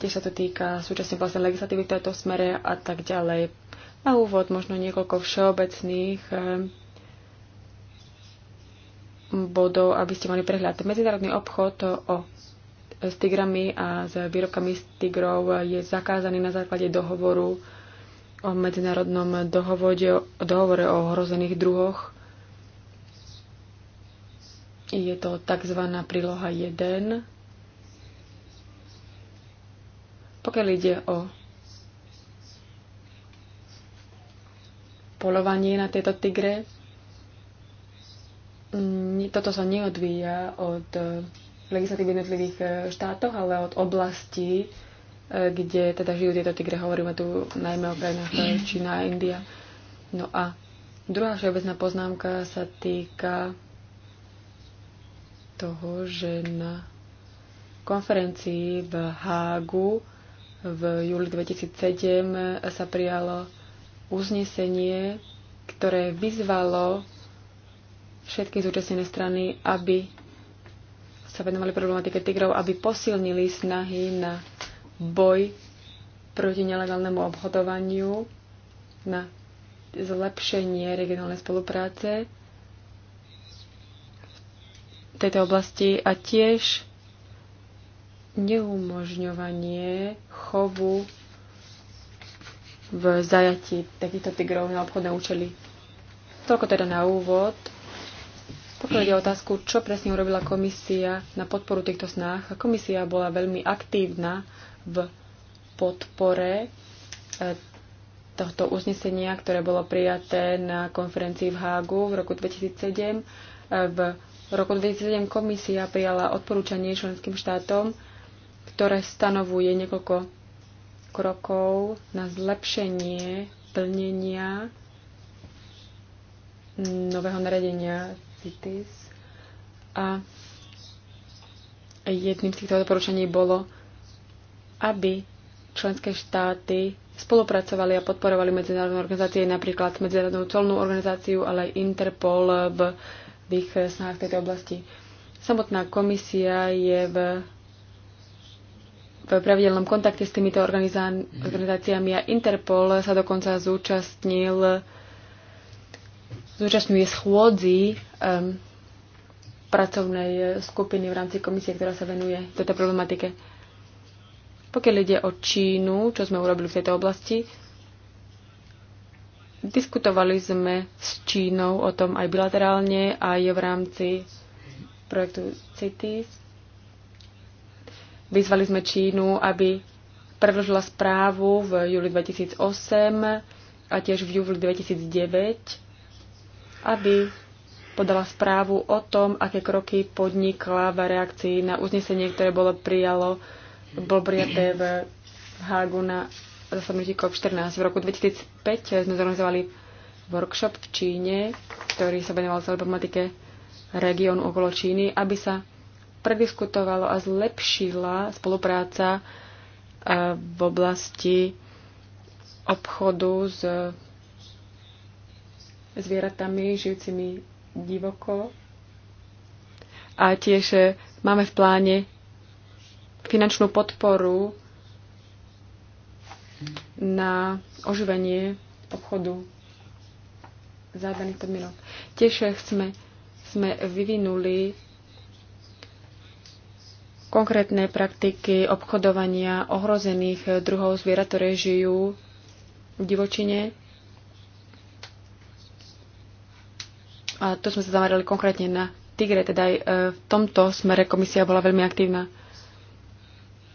tiež sa to týka súčasne vlastnej legislatívy v tejto smere a tak ďalej. Na úvod možno niekoľko všeobecných e, bodov, aby ste mali prehľad. Medzinárodný obchod o e, s tigrami a s výrobkami z tigrov je zakázaný na základe dohovoru o medzinárodnom dohovode, o dohovore o ohrozených druhoch. Je to tzv. príloha 1. Pokiaľ ide o polovanie na tieto tigre, mm, toto sa neodvíja od legislatívy jednotlivých e, štátoch, ale od oblastí, kde teda žijú tieto tigre. Hovoríme tu najmä o krajinách Čína a India. No a druhá všeobecná poznámka sa týka toho, že na konferencii v Hágu v júli 2007 sa prijalo uznesenie, ktoré vyzvalo všetky zúčastnené strany, aby sa venovali problematike tigrov, aby posilnili snahy na boj proti nelegálnemu obchodovaniu, na zlepšenie regionálnej spolupráce v tejto oblasti a tiež neumožňovanie chovu v zajati takýchto tigrov na obchodné účely. Toľko teda na úvod. Pokiaľ ide otázku, čo presne urobila komisia na podporu týchto snách, komisia bola veľmi aktívna v podpore e, tohto uznesenia, ktoré bolo prijaté na konferencii v Hágu v roku 2007. E, v roku 2007 komisia prijala odporúčanie členským štátom, ktoré stanovuje niekoľko krokov na zlepšenie plnenia nového naredenia Citis, A jedným z týchto odporúčaní bolo aby členské štáty spolupracovali a podporovali medzinárodné organizácie, napríklad Medzinárodnú colnú organizáciu, ale aj Interpol v, v ich snahách tejto oblasti. Samotná komisia je v, v pravidelnom kontakte s týmito organizáciami a Interpol sa dokonca zúčastnil zúčastňuje schôdzi um, pracovnej skupiny v rámci komisie, ktorá sa venuje tejto problematike. Pokiaľ ide o Čínu, čo sme urobili v tejto oblasti, diskutovali sme s Čínou o tom aj bilaterálne, aj v rámci projektu CITES. Vyzvali sme Čínu, aby predložila správu v júli 2008 a tiež v júli 2009, aby podala správu o tom, aké kroky podnikla v reakcii na uznesenie, ktoré bolo prijalo Bobria TV v Hágu na zasadnutí COP14. V roku 2005 sme zorganizovali workshop v Číne, ktorý sa venoval celé problematike regiónu okolo Číny, aby sa prediskutovalo a zlepšila spolupráca e, v oblasti obchodu s zvieratami žijúcimi divoko. A tiež e, máme v pláne finančnú podporu na oživenie obchodu za daných podmienok. Tiež sme, sme vyvinuli konkrétne praktiky obchodovania ohrozených druhov zvierat, ktoré žijú v divočine. A to sme sa zamerali konkrétne na tigre, teda aj e, v tomto smere komisia bola veľmi aktívna.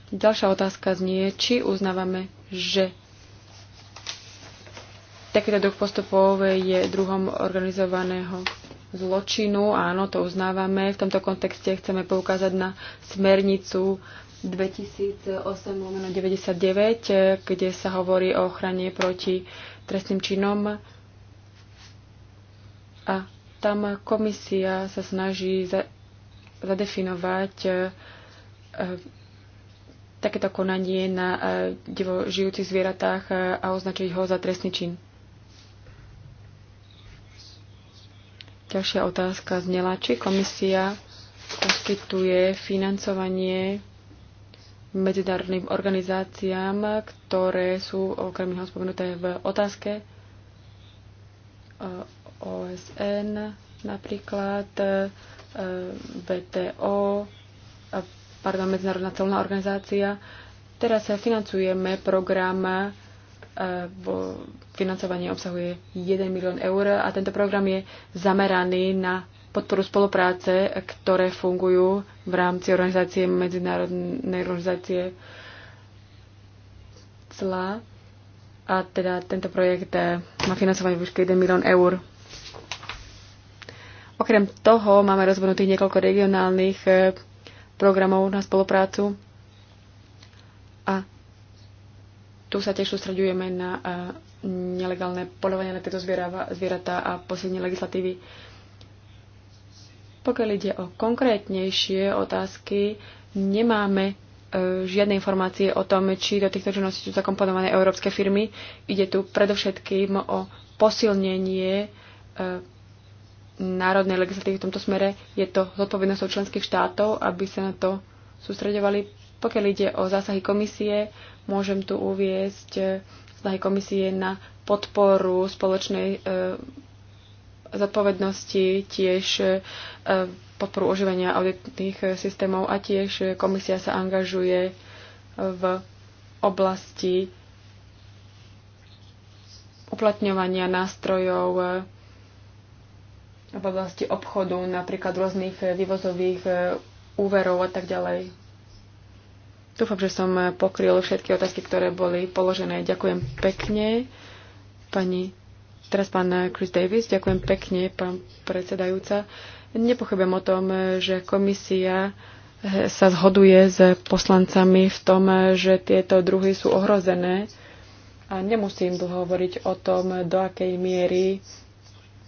Ďalšia otázka znie, či uznávame, že takýto druh postupov je druhom organizovaného zločinu. Áno, to uznávame. V tomto kontexte chceme poukázať na smernicu 2008-99, kde sa hovorí o ochrane proti trestným činom. A tam komisia sa snaží zadefinovať eh, takéto konanie na e, divo žijúcich zvieratách e, a označiť ho za trestný čin. Ďalšia otázka znela, či komisia poskytuje financovanie medzinárodným organizáciám, ktoré sú okrem iného spomenuté v otázke e, OSN napríklad, VTO, pardon, Medzinárodná celná organizácia. Teraz financujeme program, bo e, financovanie obsahuje 1 milión eur a tento program je zameraný na podporu spolupráce, ktoré fungujú v rámci organizácie Medzinárodnej organizácie cla. A teda tento projekt e, má financovanie výške 1 milión eur. Okrem toho máme rozvinutých niekoľko regionálnych e, programov na spoluprácu. A tu sa tiež sústredujeme na e, nelegálne polovanie na tieto zvieratá a posilnenie legislatívy. Pokiaľ ide o konkrétnejšie otázky, nemáme e, žiadne informácie o tom, či do týchto činností sú zakomponované európske firmy. Ide tu predovšetkým o posilnenie e, národnej legislatívy v tomto smere, je to zodpovednosťou členských štátov, aby sa na to sústredovali. Pokiaľ ide o zásahy komisie, môžem tu uviesť e, zásahy komisie na podporu spoločnej e, zodpovednosti, tiež e, podporu oživenia auditných systémov a tiež komisia sa angažuje v oblasti uplatňovania nástrojov e, v oblasti obchodu, napríklad rôznych eh, vývozových eh, úverov a tak ďalej. Dúfam, že som eh, pokryl všetky otázky, ktoré boli položené. Ďakujem pekne, pani. Teraz pán Chris Davis, ďakujem pekne, pán predsedajúca. Nepochybujem o tom, že komisia sa zhoduje s poslancami v tom, že tieto druhy sú ohrozené. A nemusím dlho hovoriť o tom, do akej miery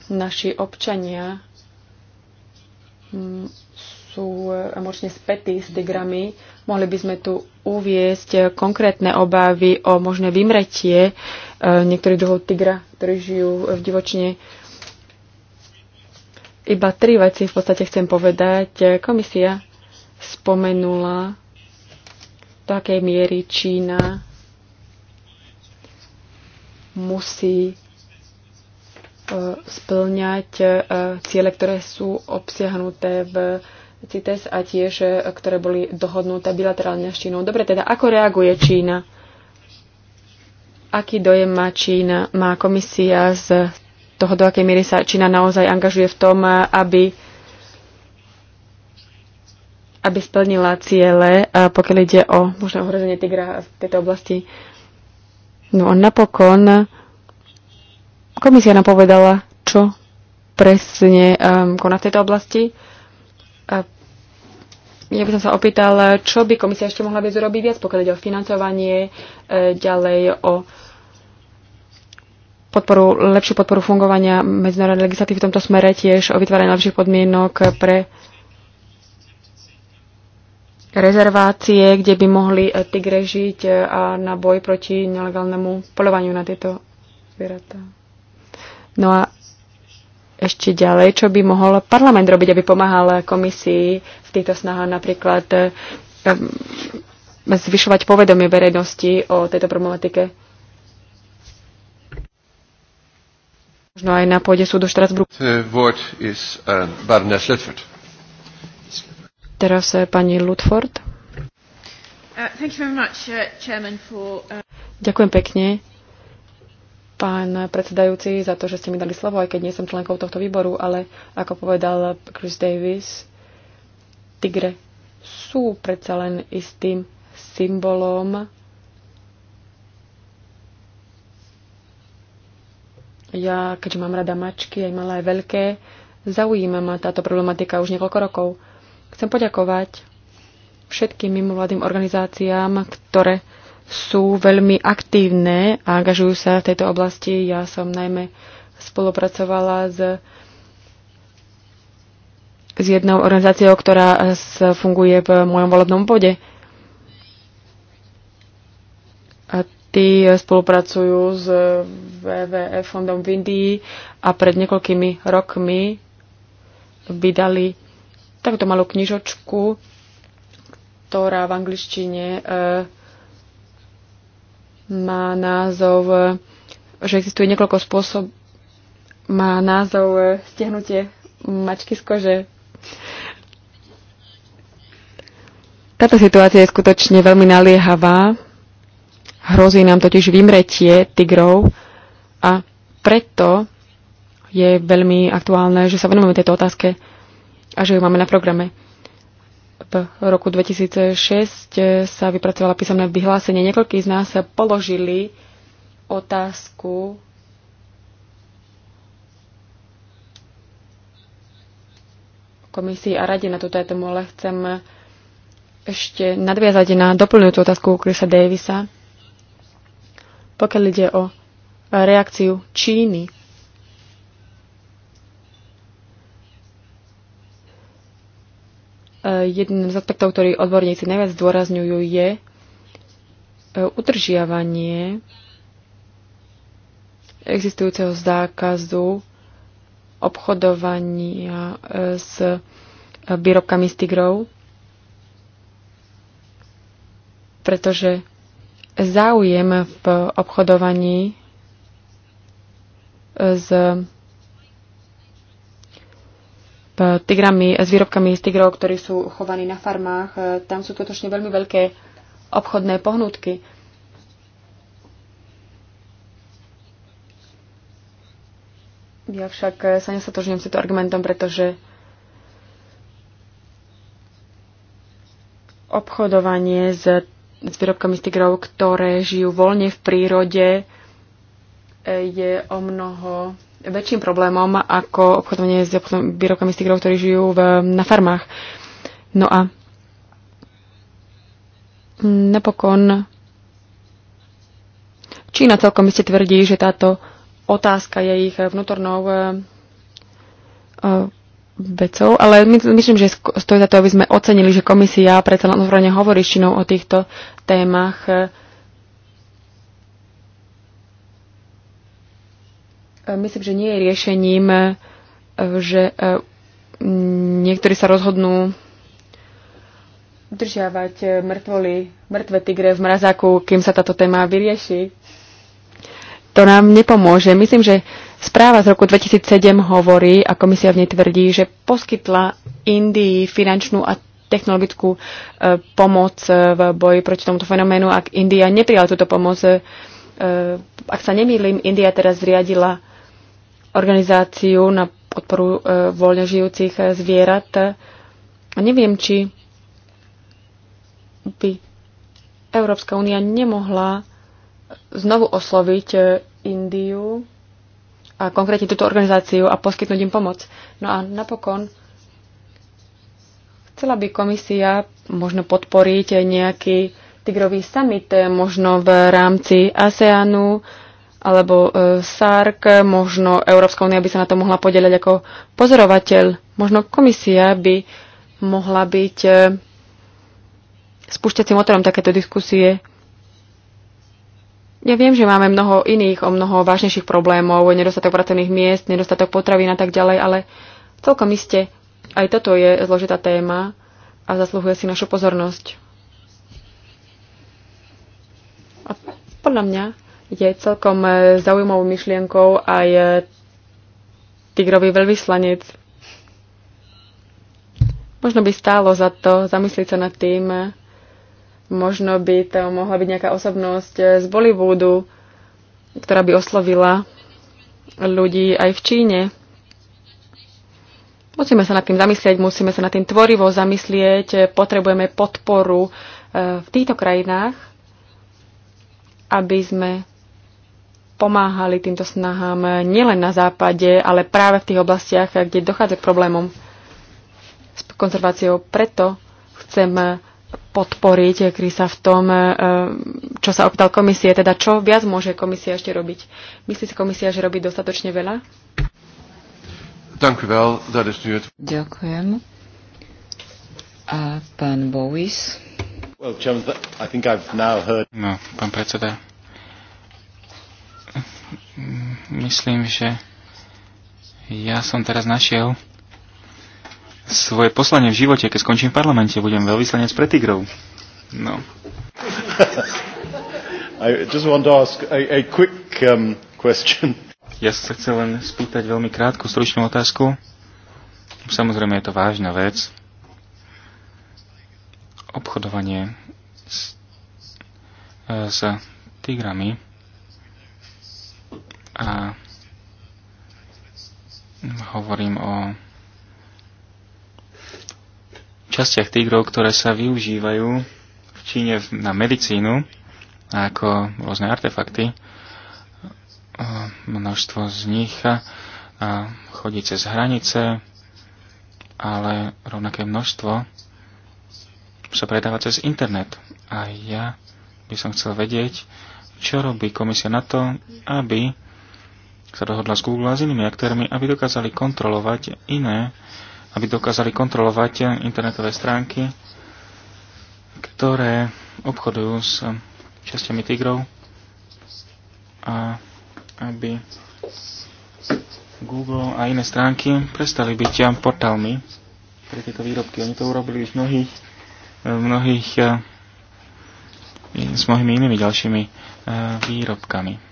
Naši občania mm, sú emočne spätí s tigrami. Mohli by sme tu uviesť konkrétne obavy o možné vymretie e, niektorých druhov tigra, ktorí žijú v divočine. Iba tri veci v podstate chcem povedať. Komisia spomenula do akej miery Čína musí E, splňať e, ciele, ktoré sú obsiahnuté v CITES a tiež, e, ktoré boli dohodnuté bilaterálne s Čínou. Dobre, teda ako reaguje Čína? Aký dojem má Čína, má komisia z toho, do akej miery sa Čína naozaj angažuje v tom, aby, aby splnila ciele, pokiaľ ide o možné ohrozenie tigra v tejto oblasti. No a napokon Komisia nám povedala, čo presne um, koná v tejto oblasti. A ja by som sa opýtal, čo by komisia ešte mohla viac urobiť viac, pokiaľ ide o financovanie, e, ďalej o podporu, lepšiu podporu fungovania medzinárodnej legislatívy v tomto smere, tiež o vytváranie lepších podmienok pre rezervácie, kde by mohli e, tigre žiť e, a na boj proti nelegálnemu polovaniu na tieto zvieratá. No a ešte ďalej, čo by mohol parlament robiť, aby pomáhal komisii v týchto snahách napríklad ehm, zvyšovať povedomie verejnosti o tejto problematike? Možno aj na pôde súdu Štrasburgu. Uh, Teraz eh, pani Ludford. Uh, much, uh, for, uh... Ďakujem pekne pán predsedajúci, za to, že ste mi dali slovo, aj keď nie som členkou tohto výboru, ale ako povedal Chris Davis, tigre sú predsa len istým symbolom Ja, keďže mám rada mačky, aj malé, aj veľké, zaujíma ma táto problematika už niekoľko rokov. Chcem poďakovať všetkým mimovládnym organizáciám, ktoré sú veľmi aktívne a angažujú sa v tejto oblasti. Ja som najmä spolupracovala s, s jednou organizáciou, ktorá funguje v mojom volebnom bode. A tí spolupracujú s WWF fondom v Indii a pred niekoľkými rokmi vydali takúto malú knižočku, ktorá v angličtine uh, má názov, že existuje niekoľko spôsob, má názov e, stiahnutie mačky z kože. Táto situácia je skutočne veľmi naliehavá. Hrozí nám totiž vymretie tigrov a preto je veľmi aktuálne, že sa venujeme tejto otázke a že ju máme na programe. V roku 2006 eh, sa vypracovala písomné vyhlásenie. Niekoľkí z nás položili otázku komisii a rade na túto tému, ale chcem ešte nadviazať na doplňujúcu otázku Krisa Davisa. Pokiaľ ide o reakciu Číny Eh, jedným z aspektov, ktorý odborníci najviac zdôrazňujú, je eh, udržiavanie existujúceho zákazu obchodovania eh, s výrobkami z tigrov, pretože záujem v obchodovaní s E, tigrami, e, s výrobkami z tigrov, ktorí sú chovaní na farmách. E, tam sú skutočne veľmi veľké obchodné pohnutky. Ja však sa nesatožňujem s týmto argumentom, pretože obchodovanie s, s výrobkami z tigrov, ktoré žijú voľne v prírode, je o mnoho väčším problémom ako obchodovanie s výrobkami z tigrov, ktorí žijú v, na farmách. No a napokon Čína celkom iste tvrdí, že táto otázka je ich vnútornou eh, eh, vecou, ale my, myslím, že stojí za to, aby sme ocenili, že komisia predsa len hovorí s Čínou o týchto témach eh, E, myslím, že nie je riešením, e, že e, niektorí sa rozhodnú udržiavať mŕtvoly, mŕtve tigre v mrazáku, kým sa táto téma vyrieši. To nám nepomôže. Myslím, že správa z roku 2007 hovorí, a komisia v nej tvrdí, že poskytla Indii finančnú a technologickú pomoc v boji proti tomuto fenoménu. Ak India neprijala túto pomoc, ak sa nemýlim, India teraz zriadila organizáciu na podporu e, voľne žijúcich e, zvierat. A neviem, či by Európska únia nemohla znovu osloviť e, Indiu a konkrétne túto organizáciu a poskytnúť im pomoc. No a napokon chcela by komisia možno podporiť nejaký tigrový summit, možno v rámci ASEANu, alebo e, SARK, možno Európska únia by sa na to mohla podeliať ako pozorovateľ, možno komisia by mohla byť e, spúšťacím motorom takéto diskusie. Ja viem, že máme mnoho iných, o mnoho vážnejších problémov, nedostatok pracovných miest, nedostatok potravín a tak ďalej, ale celkom iste aj toto je zložitá téma a zasluhuje si našu pozornosť. A podľa mňa je celkom e, zaujímavou myšlienkou aj e, tigrový veľvyslanec. Možno by stálo za to zamyslieť sa nad tým, e, možno by to mohla byť nejaká osobnosť z Bollywoodu, ktorá by oslovila ľudí aj v Číne. Musíme sa nad tým zamyslieť, musíme sa nad tým tvorivo zamyslieť, potrebujeme podporu v týchto krajinách, aby sme pomáhali týmto snahám nielen na západe, ale práve v tých oblastiach, kde dochádza k problémom s konzerváciou. Preto chcem podporiť Krisa v tom, e, čo sa opýtal komisie, teda čo viac môže komisia ešte robiť. Myslí si komisia, že robí dostatočne veľa? Ďakujem. A pán Bowis? No, pán predseda, myslím, že ja som teraz našiel svoje poslanie v živote, keď skončím v parlamente, budem veľvyslanec pre tigrov. No. I just want to ask a, a quick um, question. Ja som sa chcel len spýtať veľmi krátku, stručnú otázku. Samozrejme je to vážna vec. Obchodovanie s, e, s tigrami a hovorím o častiach tigrov, ktoré sa využívajú v Číne na medicínu ako rôzne artefakty. Množstvo z nich chodí cez hranice, ale rovnaké množstvo sa predáva cez internet. A ja by som chcel vedieť, čo robí komisia na to, aby sa dohodla s Google a s inými aktérmi, aby dokázali kontrolovať iné, aby dokázali kontrolovať internetové stránky, ktoré obchodujú s častiami tigrov a aby Google a iné stránky prestali byť portálmi pre tieto výrobky. Oni to urobili v mnohých, v mnohých s mnohými inými ďalšími eh, výrobkami.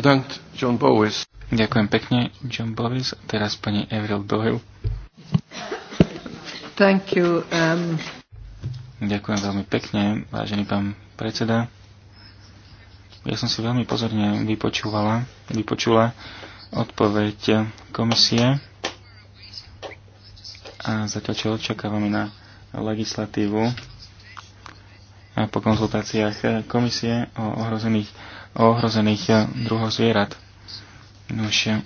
Bedankt, John Bowis. Ďakujem pekne, John Bowis. Teraz pani Avril Doyle. Thank you. Um... Ďakujem veľmi pekne, vážený pán predseda. Ja som si veľmi pozorne vypočúvala, vypočula odpoveď komisie a zatiaľ čo očakávame na legislatívu a po konzultáciách komisie o ohrozených o ohrozených eh, druhoch zvierat. Nože.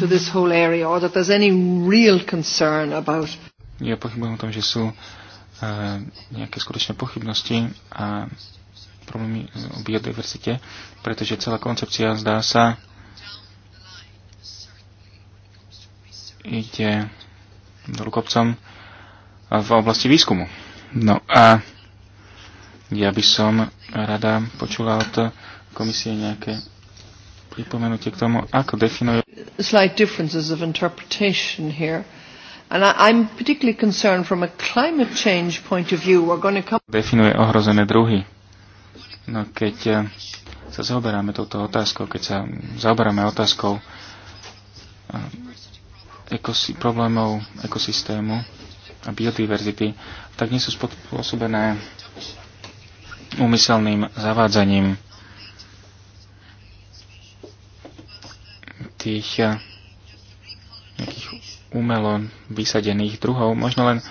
To this whole area, or that there's any real concern about... Ja pochybujem o tom, že sú uh, nejaké skutočné pochybnosti a problémy eh, o biodiverzite, pretože celá koncepcia zdá sa ide do rukopcom v oblasti výskumu. No a uh, ja by som rada počula od komisie nejaké pripomenutie k tomu, ako definuje... Slight differences of interpretation here. And I, I'm particularly concerned from a climate change point of view. We're going to come... Definuje ohrozené druhy. No keď eh, sa zaoberáme touto otázkou, keď sa zaoberáme otázkou eh, ekosy, problémov ekosystému a biodiverzity, tak nie sú spôsobené úmyselným zavádzaním tých eh, nejakých umelo vysadených druhov, možno len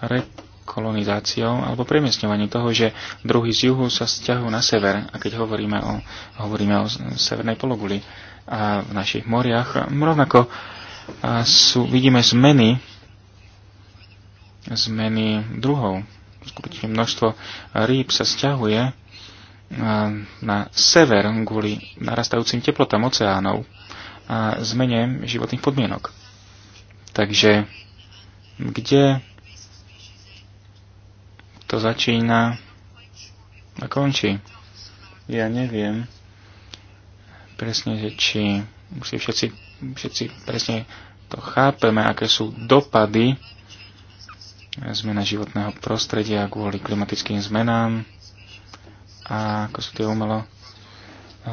rekolonizáciou alebo premiesňovaním toho, že druhy z juhu sa stiahujú na sever. A keď hovoríme o, hovoríme o severnej pologuli a v našich moriach, rovnako eh, sú, vidíme zmeny, zmeny druhov skutočne množstvo rýb sa stiahuje e, na sever kvôli narastajúcim teplotám oceánov a zmene životných podmienok. Takže kde to začína a končí? Ja neviem presne, že či si všetci, všetci presne to chápeme, aké sú dopady zmena životného prostredia kvôli klimatickým zmenám a ako sú tie umelo, e,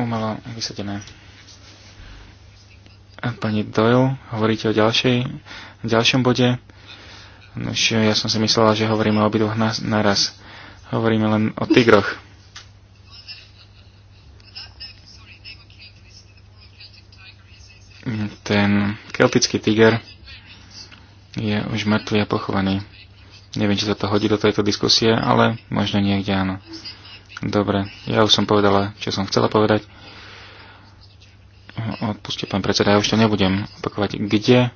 umelo vysadené. Pani Doyle, hovoríte o ďalšej, ďalšom bode. Už no, ja som si myslela, že hovoríme o obidvoch naraz. Hovoríme len o tigroch. Ten keltický tiger je už mŕtvy a pochovaný. Neviem, či sa to hodí do tejto diskusie, ale možno niekde áno. Dobre, ja už som povedala, čo som chcela povedať. Odpustite, pán predseda, ja už to nebudem opakovať. Kde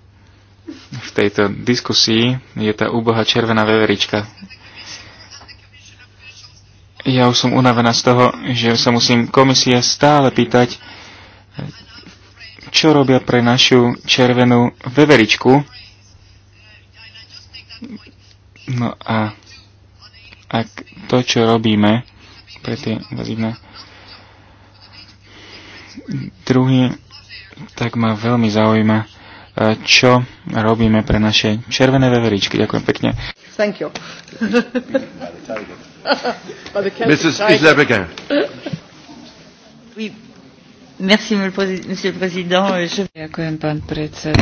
v tejto diskusii je tá úboha červená veverička? Ja už som unavená z toho, že sa musím komisie stále pýtať, čo robia pre našu červenú veveričku, No a ak to, čo robíme pre tie invazívne druhy, tak ma veľmi zaujíma, e, čo robíme pre naše červené veveričky. Ďakujem pekne. Thank you. Mrs. Isla Merci, monsieur le président. Ďakujem, pán predseda.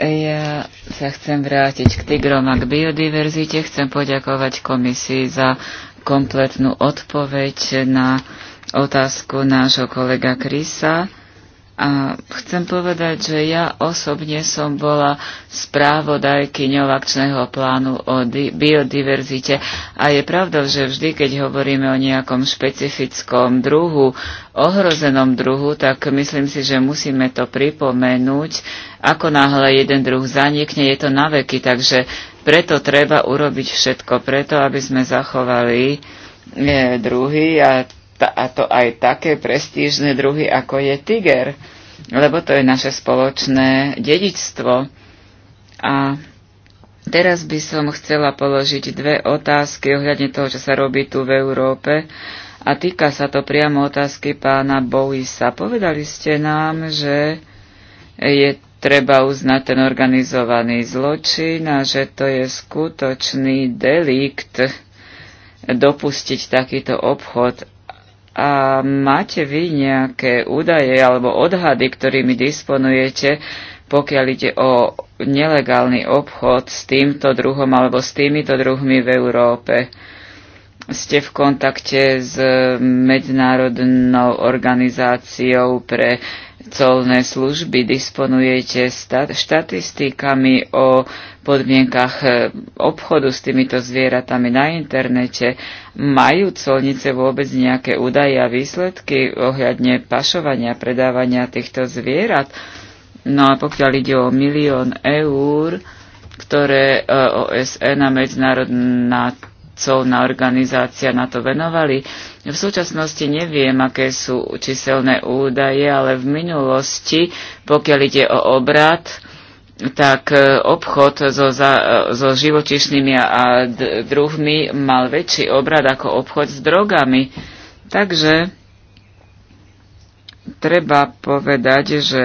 Ja sa chcem vrátiť k tigrom a k biodiverzite. Chcem poďakovať komisii za kompletnú odpoveď na otázku nášho kolega Krisa a chcem povedať, že ja osobne som bola správodajkyňou akčného plánu o biodiverzite a je pravdou, že vždy, keď hovoríme o nejakom špecifickom druhu, ohrozenom druhu, tak myslím si, že musíme to pripomenúť. Ako náhle jeden druh zanikne, je to na veky, takže preto treba urobiť všetko preto, aby sme zachovali e, druhy a a to aj také prestížne druhy, ako je tiger, lebo to je naše spoločné dedičstvo. A teraz by som chcela položiť dve otázky ohľadne toho, čo sa robí tu v Európe. A týka sa to priamo otázky pána Bowisa. Povedali ste nám, že je treba uznať ten organizovaný zločin a že to je skutočný delikt dopustiť takýto obchod. A máte vy nejaké údaje alebo odhady, ktorými disponujete, pokiaľ ide o nelegálny obchod s týmto druhom alebo s týmito druhmi v Európe? Ste v kontakte s Medzinárodnou organizáciou pre colné služby, disponujete štatistikami o podmienkach e, obchodu s týmito zvieratami na internete? Majú colnice vôbec nejaké údaje a výsledky ohľadne pašovania, predávania týchto zvierat? No a pokiaľ ide o milión eur, ktoré e, OSN a medzinárodná colná organizácia na to venovali. V súčasnosti neviem, aké sú číselné údaje, ale v minulosti, pokiaľ ide o obrad, tak e, obchod so, za, e, so živočišnými a druhmi mal väčší obrad ako obchod s drogami. Takže Treba povedať, že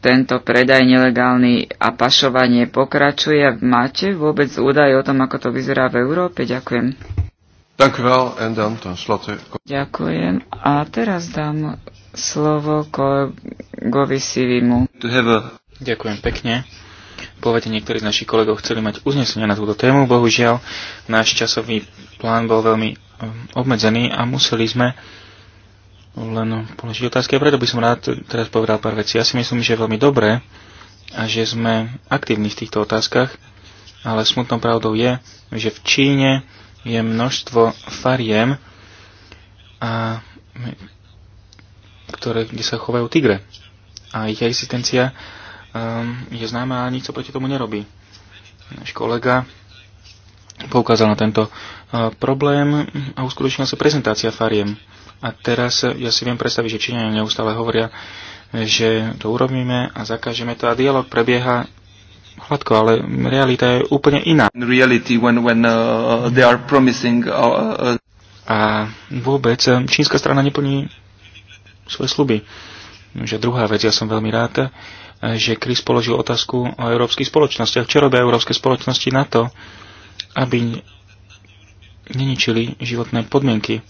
tento predaj nelegálny a pašovanie pokračuje. Máte vôbec údaj o tom, ako to vyzerá v Európe? Ďakujem. Ďakujem. A teraz dám slovo kolegovi Sivimu. Ďakujem pekne. Povede niektorí z našich kolegov chceli mať uznesenie na túto tému. Bohužiaľ, náš časový plán bol veľmi um, obmedzený a museli sme len položiť otázky a preto by som rád teraz povedal pár vecí. Ja si myslím, že je veľmi dobré a že sme aktívni v týchto otázkach, ale smutnou pravdou je, že v Číne je množstvo fariem, a, ktoré, kde sa chovajú tigre. A ich existencia um, je známa a nikto proti tomu nerobí. Náš kolega poukázal na tento uh, problém a uskutočnila sa prezentácia fariem. A teraz eh, ja si viem predstaviť, že Číňania neustále hovoria, eh, že to urobíme a zakážeme to a dialog prebieha hladko, ale realita je úplne iná. Reality, when, when, uh, they are promising, uh, uh, a vôbec eh, čínska strana neplní svoje sluby. Že druhá vec, ja som veľmi rád, že Chris položil otázku o európskych spoločnostiach. Čo robia európske spoločnosti na to, aby neničili životné podmienky?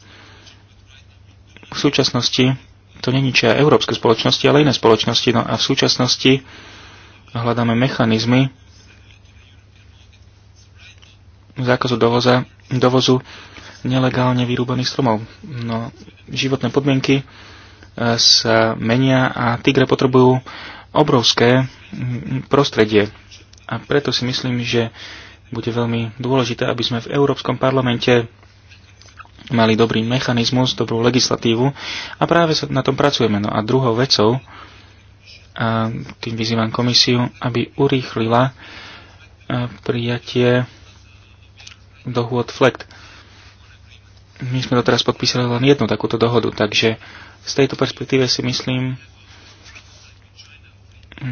v súčasnosti to neničia európske spoločnosti, ale iné spoločnosti. No a v súčasnosti hľadáme mechanizmy zákazu dovoza, dovozu nelegálne vyrúbaných stromov. No, životné podmienky e, sa menia a tigre potrebujú obrovské prostredie. A preto si myslím, že bude veľmi dôležité, aby sme v Európskom parlamente mali dobrý mechanizmus, dobrú legislatívu a práve na tom pracujeme. No a druhou vecou, a tým vyzývam komisiu, aby urýchlila prijatie dohôd FLECT. My sme doteraz podpísali len jednu takúto dohodu, takže z tejto perspektíve si myslím,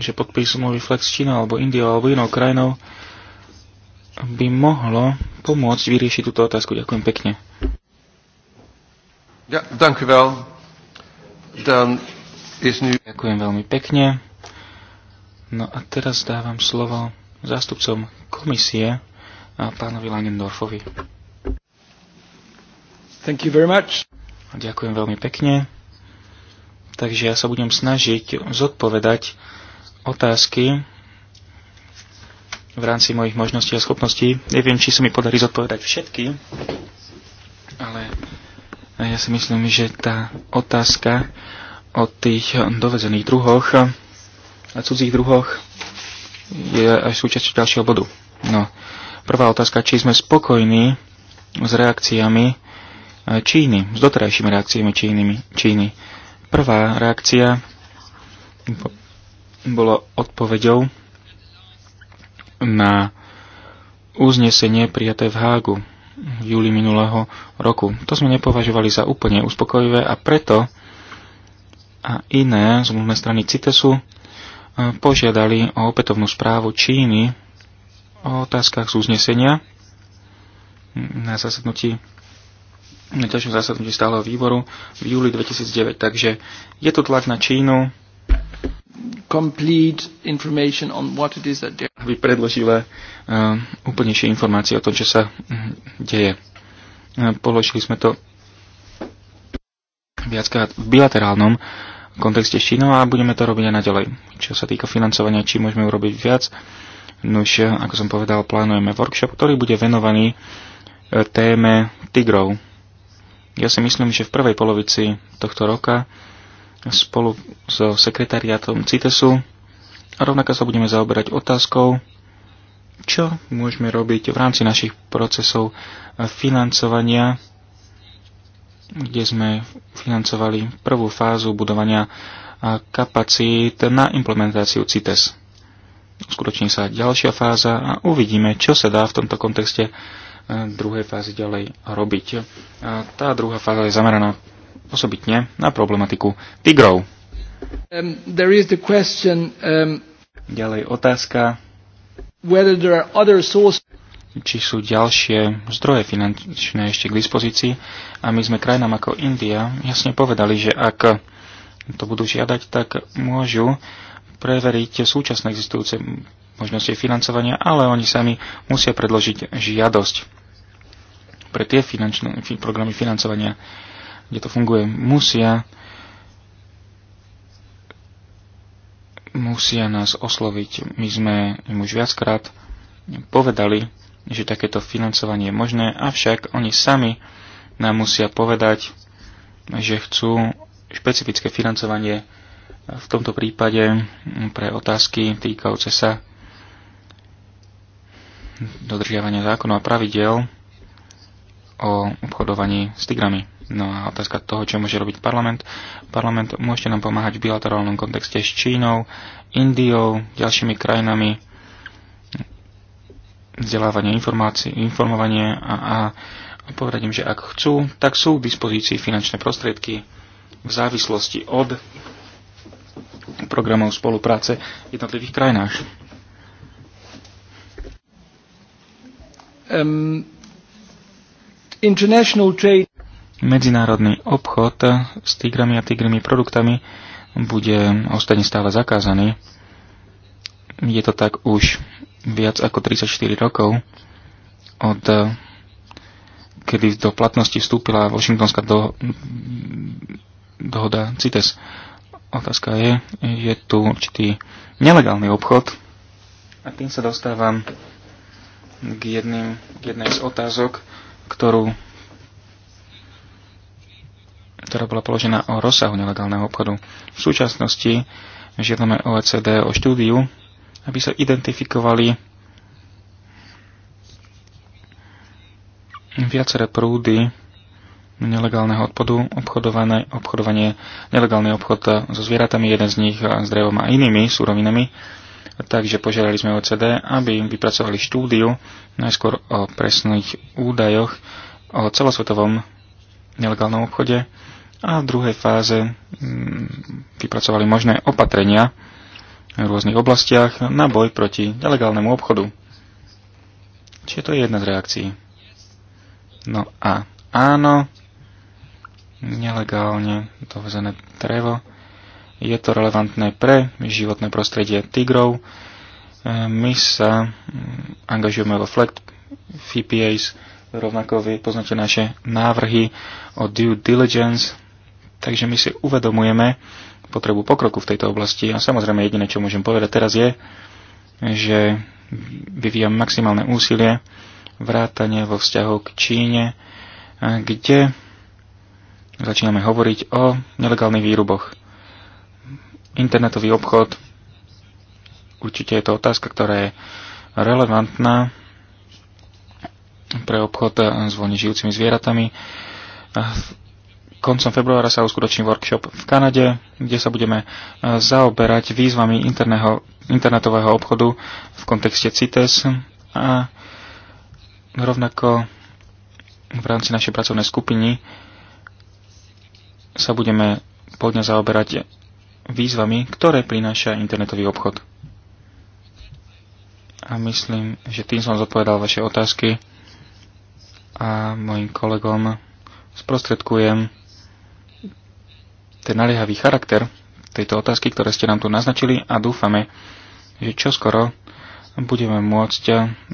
že podpis zmluvy FLEX s Čínou alebo Indiou alebo inou krajinou by mohlo pomôcť vyriešiť túto otázku. Ďakujem pekne. Ja, dank u wel. Dan is nu... Ďakujem veľmi pekne. No a teraz dávam slovo zástupcom komisie a pánovi Langendorfovi. Thank you very much. Ďakujem veľmi pekne. Takže ja sa budem snažiť zodpovedať otázky v rámci mojich možností a schopností. Neviem, či sa mi podarí zodpovedať všetky, ale a Ja si myslím, že tá otázka o tých dovezených druhoch a cudzích druhoch je aj súčasťou ďalšieho bodu. No, prvá otázka, či sme spokojní s reakciami Číny, s doterajšími reakciami Číny. Číny. Prvá reakcia bolo odpoveďou na uznesenie prijaté v Hágu v júli minulého roku. To sme nepovažovali za úplne uspokojivé a preto a iné z zmluvné strany CITESu e, požiadali o opätovnú správu Číny o otázkach z uznesenia na zasadnutí na ďalšom zasadnutí stáleho výboru v júli 2009. Takže je tu tlak na Čínu, aby predložila eh, úplnejšie informácie o tom, čo sa mm, deje. Eh, Položili sme to viackrát v bilaterálnom kontexte s Čínou a budeme to robiť aj naďalej. Čo sa týka financovania, či môžeme urobiť viac, no už, eh, ako som povedal, plánujeme workshop, ktorý bude venovaný téme tigrov. Ja si myslím, že v prvej polovici tohto roka spolu so sekretariátom CITESu a rovnako sa budeme zaoberať otázkou, čo môžeme robiť v rámci našich procesov financovania, kde sme financovali prvú fázu budovania kapacít na implementáciu CITES. Skutočne sa ďalšia fáza a uvidíme, čo sa dá v tomto kontexte druhej fázy ďalej robiť. A tá druhá fáza je zameraná osobitne na problematiku tigrov. Um, there is the question, um, Ďalej otázka, there are other či sú ďalšie zdroje finančné ešte k dispozícii. A my sme krajinám ako India jasne povedali, že ak to budú žiadať, tak môžu preveriť súčasné existujúce možnosti financovania, ale oni sami musia predložiť žiadosť pre tie finančné, programy financovania kde to funguje, musia musia nás osloviť. My sme im už viackrát povedali, že takéto financovanie je možné, avšak oni sami nám musia povedať, že chcú špecifické financovanie v tomto prípade pre otázky týkajúce sa dodržiavania zákonov a pravidel o obchodovaní s tigrami. No a otázka toho, čo môže robiť parlament. Parlament môžete nám pomáhať v bilaterálnom kontexte s Čínou, Indiou, ďalšími krajinami, vzdelávanie informácií, informovanie a, a, a povedať im, že ak chcú, tak sú k dispozícii finančné prostriedky v závislosti od programov spolupráce v jednotlivých krajinách. Um, international trade medzinárodný obchod s tigrami a tigrými produktami bude ostane stále zakázaný. Je to tak už viac ako 34 rokov od eh, kedy do platnosti vstúpila Washingtonská do, dohoda CITES. Otázka je, je tu určitý nelegálny obchod a tým sa dostávam k, jedným, k jednej z otázok, ktorú ktorá bola položená o rozsahu nelegálneho obchodu. V súčasnosti žiadame OECD o štúdiu, aby sa identifikovali viaceré prúdy nelegálneho odpadu, obchodované, obchodovanie, nelegálny obchod so zvieratami, jeden z nich s drevom a inými súrovinami. Takže požiadali sme OCD, e aby vypracovali štúdiu najskôr o presných údajoch o celosvetovom nelegálnom obchode a v druhej fáze mm, vypracovali možné opatrenia v rôznych oblastiach na boj proti nelegálnemu obchodu. Čiže to je jedna z reakcií. No a áno, nelegálne dovezené drevo. Je to relevantné pre životné prostredie tigrov. E, my sa mm, angažujeme vo FLECT VPAs rovnako vy poznáte naše návrhy o due diligence, Takže my si uvedomujeme potrebu pokroku v tejto oblasti a samozrejme jediné, čo môžem povedať teraz je, že vyvíjam maximálne úsilie vrátane vo vzťahu k Číne, kde začíname hovoriť o nelegálnych výruboch. Internetový obchod, určite je to otázka, ktorá je relevantná pre obchod s voľne žijúcimi zvieratami koncom februára sa uskutoční workshop v Kanade, kde sa budeme e, zaoberať výzvami interného, internetového obchodu v kontexte CITES a rovnako v rámci našej pracovnej skupiny sa budeme podňa zaoberať výzvami, ktoré prináša internetový obchod. A myslím, že tým som zodpovedal vaše otázky a mojim kolegom sprostredkujem ten naliehavý charakter tejto otázky, ktoré ste nám tu naznačili a dúfame, že čoskoro budeme môcť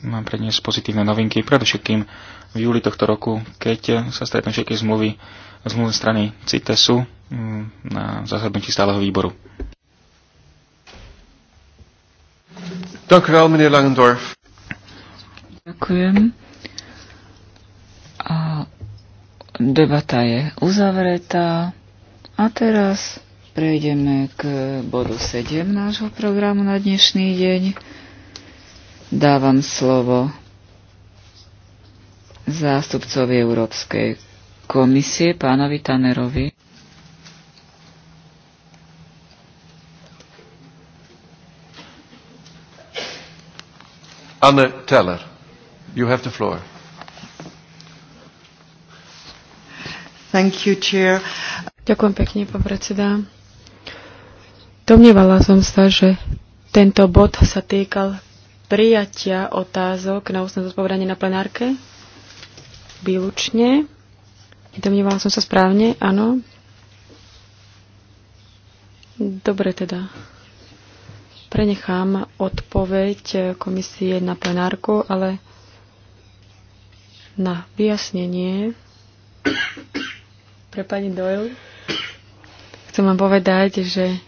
mám eh, predniesť pozitívne novinky, predovšetkým v júli tohto roku, keď sa stretnú všetky zmluvy z mluvy strany CITESu mm, na zasadnutí stáleho výboru. Ďakujem, meneer Langendorf. Ďakujem. A debata je uzavretá. A teraz prejdeme k bodu 7 nášho programu na dnešný deň. Dávam slovo zástupcovi Európskej komisie, pánovi Tanerovi. Anne Teller, you have the floor. Thank you, Chair. Ďakujem pekne, pán predseda. Domnievala som sa, že tento bod sa týkal prijatia otázok na ústne zodpovedanie na plenárke. Výlučne. Domnievala som sa správne, áno. Dobre teda. Prenechám odpoveď komisie na plenárku, ale na vyjasnenie pre pani Doyle. Chcem vám povedať, že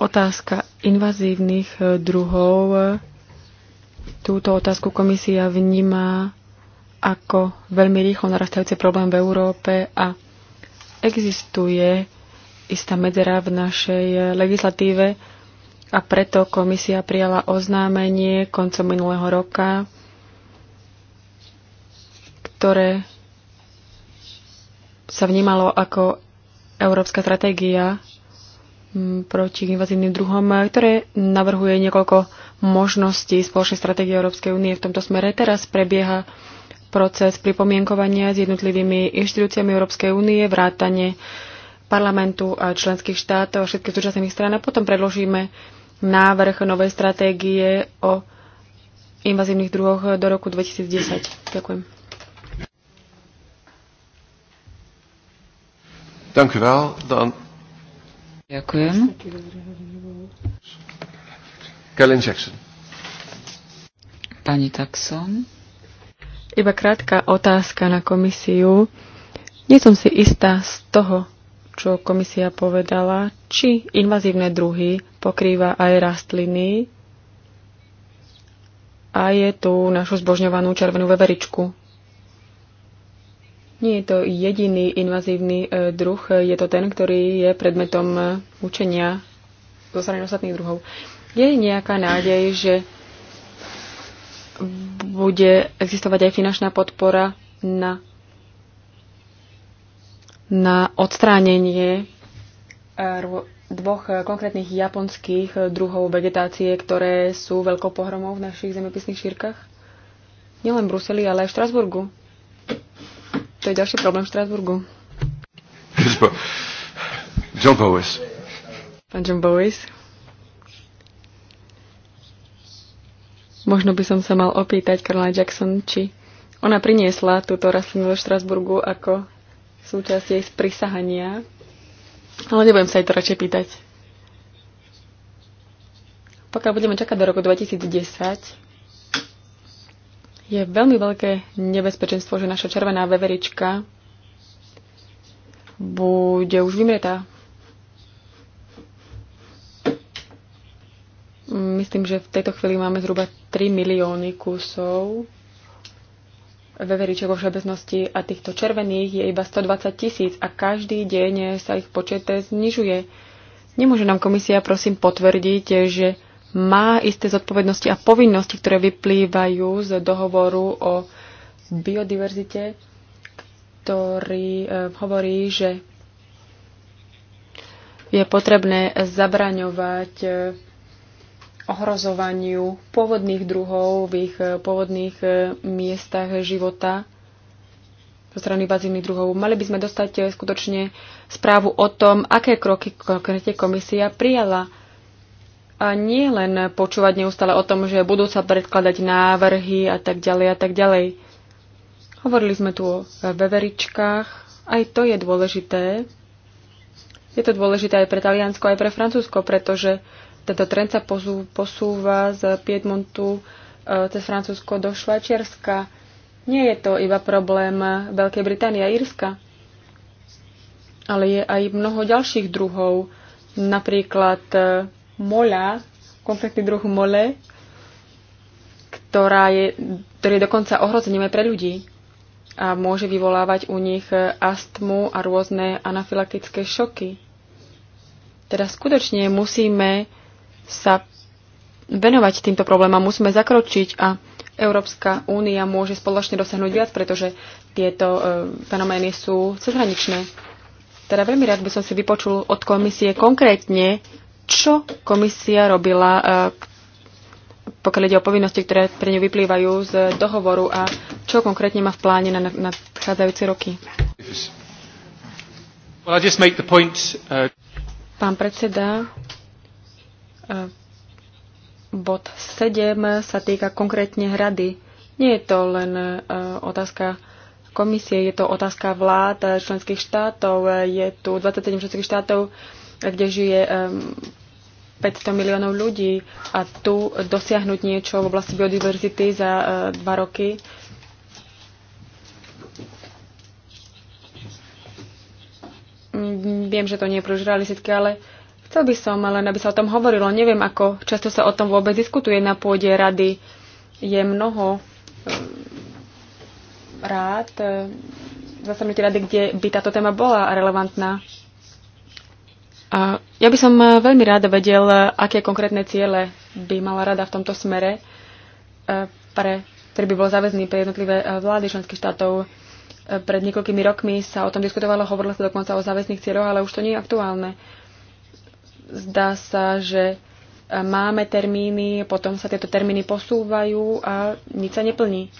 otázka invazívnych e, druhov, e, túto otázku komisia vníma ako veľmi rýchlo narastajúci problém v Európe a existuje istá medzera v našej e, legislatíve a preto komisia prijala oznámenie koncom minulého roka, ktoré sa vnímalo ako Európska stratégia mm, proti invazívnym druhom, ktoré navrhuje niekoľko možností spoločnej stratégie Európskej únie v tomto smere. Teraz prebieha proces pripomienkovania s jednotlivými inštitúciami Európskej únie, vrátane parlamentu a členských štátov a všetkých súčasných strán a potom predložíme návrh novej stratégie o invazívnych druhoch do roku 2010. Ďakujem. Dank u wel. Dan... Ďakujem. Kellen Jackson. Pani Taxon. Iba krátka otázka na komisiu. Nie som si istá z toho, čo komisia povedala, či invazívne druhy pokrýva aj rastliny a je tu našu zbožňovanú červenú veveričku. Nie je to jediný invazívny e, druh, e, je to ten, ktorý je predmetom e, učenia zo strany ostatných druhov. Je nejaká nádej, že bude existovať aj finančná podpora na, na odstránenie dvoch konkrétnych japonských druhov vegetácie, ktoré sú veľkou pohromou v našich zemepisných šírkach? Nielen v Bruseli, ale aj v Štrasburgu. To je ďalší problém v Štrasburgu. John Bowis. Pán John Bowis. Možno by som sa mal opýtať Karla Jackson, či ona priniesla túto rastlinu do Štrasburgu ako súčasť jej sprisahania. Ale nebudem sa jej to radšej pýtať. Pokiaľ budeme čakať do roku 2010, je veľmi veľké nebezpečenstvo, že naša červená veverička bude už vymretá. Myslím, že v tejto chvíli máme zhruba 3 milióny kusov veveriček vo všeobecnosti a týchto červených je iba 120 tisíc a každý deň sa ich počet znižuje. Nemôže nám komisia prosím potvrdiť, že má isté zodpovednosti a povinnosti, ktoré vyplývajú z dohovoru o biodiverzite, ktorý e, hovorí, že je potrebné zabraňovať e, ohrozovaniu pôvodných druhov v ich e, pôvodných miestach života zo strany invazívnych druhov. Mali by sme dostať skutočne správu o tom, aké kroky konkrétne komisia prijala a nie len počúvať neustále o tom, že budú sa predkladať návrhy a tak ďalej a tak ďalej. Hovorili sme tu o veveričkách, aj to je dôležité. Je to dôležité aj pre Taliansko, aj pre Francúzsko, pretože tento trend sa posúva z Piedmontu e, cez Francúzsko do Švajčiarska. Nie je to iba problém Veľkej Británie a Írska, ale je aj mnoho ďalších druhov, napríklad e, mola, konkrétny druh mole, ktorá je, ktorý je dokonca ohrozením aj pre ľudí a môže vyvolávať u nich e, astmu a rôzne anafylaktické šoky. Teda skutočne musíme sa venovať týmto problémom, musíme zakročiť a Európska únia môže spoločne dosiahnuť viac, pretože tieto e, fenomény sú cezhraničné. Teda veľmi rád by som si vypočul od komisie konkrétne, čo komisia robila, e, pokiaľ ide o povinnosti, ktoré pre ňu vyplývajú z dohovoru a čo konkrétne má v pláne na nadchádzajúce roky. Well, point, uh... Pán predseda, uh, bod 7 sa týka konkrétne hrady. Nie je to len uh, otázka komisie, je to otázka vlád členských štátov. Je tu 27 členských štátov, kde žije um, 500 miliónov ľudí a tu dosiahnuť niečo v oblasti biodiverzity za e, dva roky. Mm, viem, že to nie je príliš realistické, ale chcel by som, len aby sa o tom hovorilo. Neviem, ako často sa o tom vôbec diskutuje na pôde rady. Je mnoho e, rád e, zasadnutí rady, kde by táto téma bola relevantná. A ja by som eh, veľmi ráda vedel, eh, aké konkrétne ciele by mala rada v tomto smere, eh, pre, ktorý by bol záväzný pre jednotlivé vlády členských štátov. Pred niekoľkými rokmi sa o tom diskutovalo, hovorilo sa dokonca o záväzných cieľoch, ale už to nie je aktuálne. Zdá sa, že máme termíny, potom sa tieto termíny posúvajú a nič sa neplní.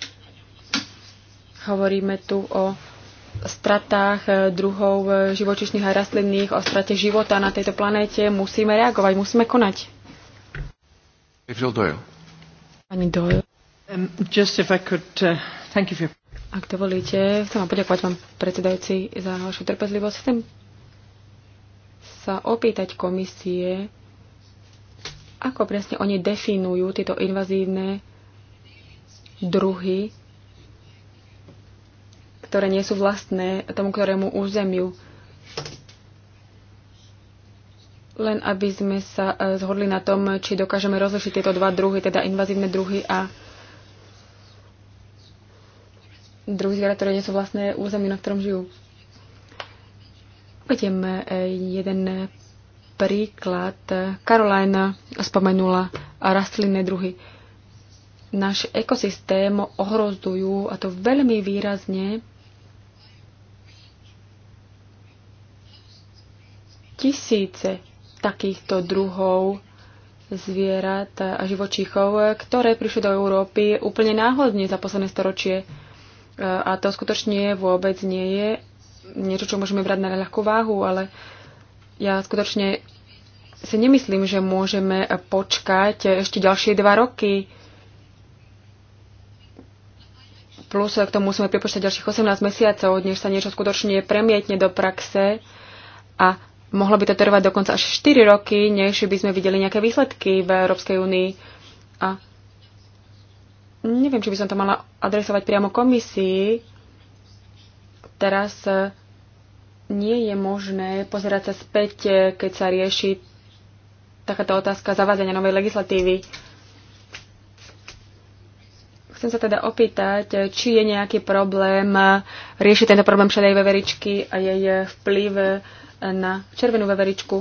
Hovoríme tu o stratách eh, druhov eh, živočišných a rastlinných, o strate života na tejto planéte, musíme reagovať, musíme konať. Pani Doyle. Um, uh, Ak dovolíte, chcem vám poďakovať vám, predsedajúci, za vašu trpezlivosť. Chcem sa opýtať komisie, ako presne oni definujú tieto invazívne druhy ktoré nie sú vlastné tomu ktorému územiu. Len aby sme sa e, zhodli na tom, či dokážeme rozlišiť tieto dva druhy, teda invazívne druhy a druhy zviera, ktoré nie sú vlastné území, na ktorom žijú. Uvediem e, jeden príklad. Karolajna spomenula rastlinné druhy. Náš ekosystém ohrozujú, a to veľmi výrazne, tisíce takýchto druhov zvierat a živočíchov, ktoré prišli do Európy úplne náhodne za posledné storočie. A to skutočne vôbec nie je niečo, čo môžeme brať na ľahkú váhu, ale ja skutočne si nemyslím, že môžeme počkať ešte ďalšie dva roky. Plus k tomu musíme pripočítať ďalších 18 mesiacov, než sa niečo skutočne premietne do praxe a Mohlo by to trvať dokonca až 4 roky, než by sme videli nejaké výsledky v Európskej únii. A neviem, či by som to mala adresovať priamo komisii. Teraz e, nie je možné pozerať sa späť, e, keď sa rieši takáto otázka zavádzania novej legislatívy. Chcem sa teda opýtať, či je nejaký problém eh, riešiť tento problém šedej veveričky a jej eh, vplyv eh, na červenú veveričku.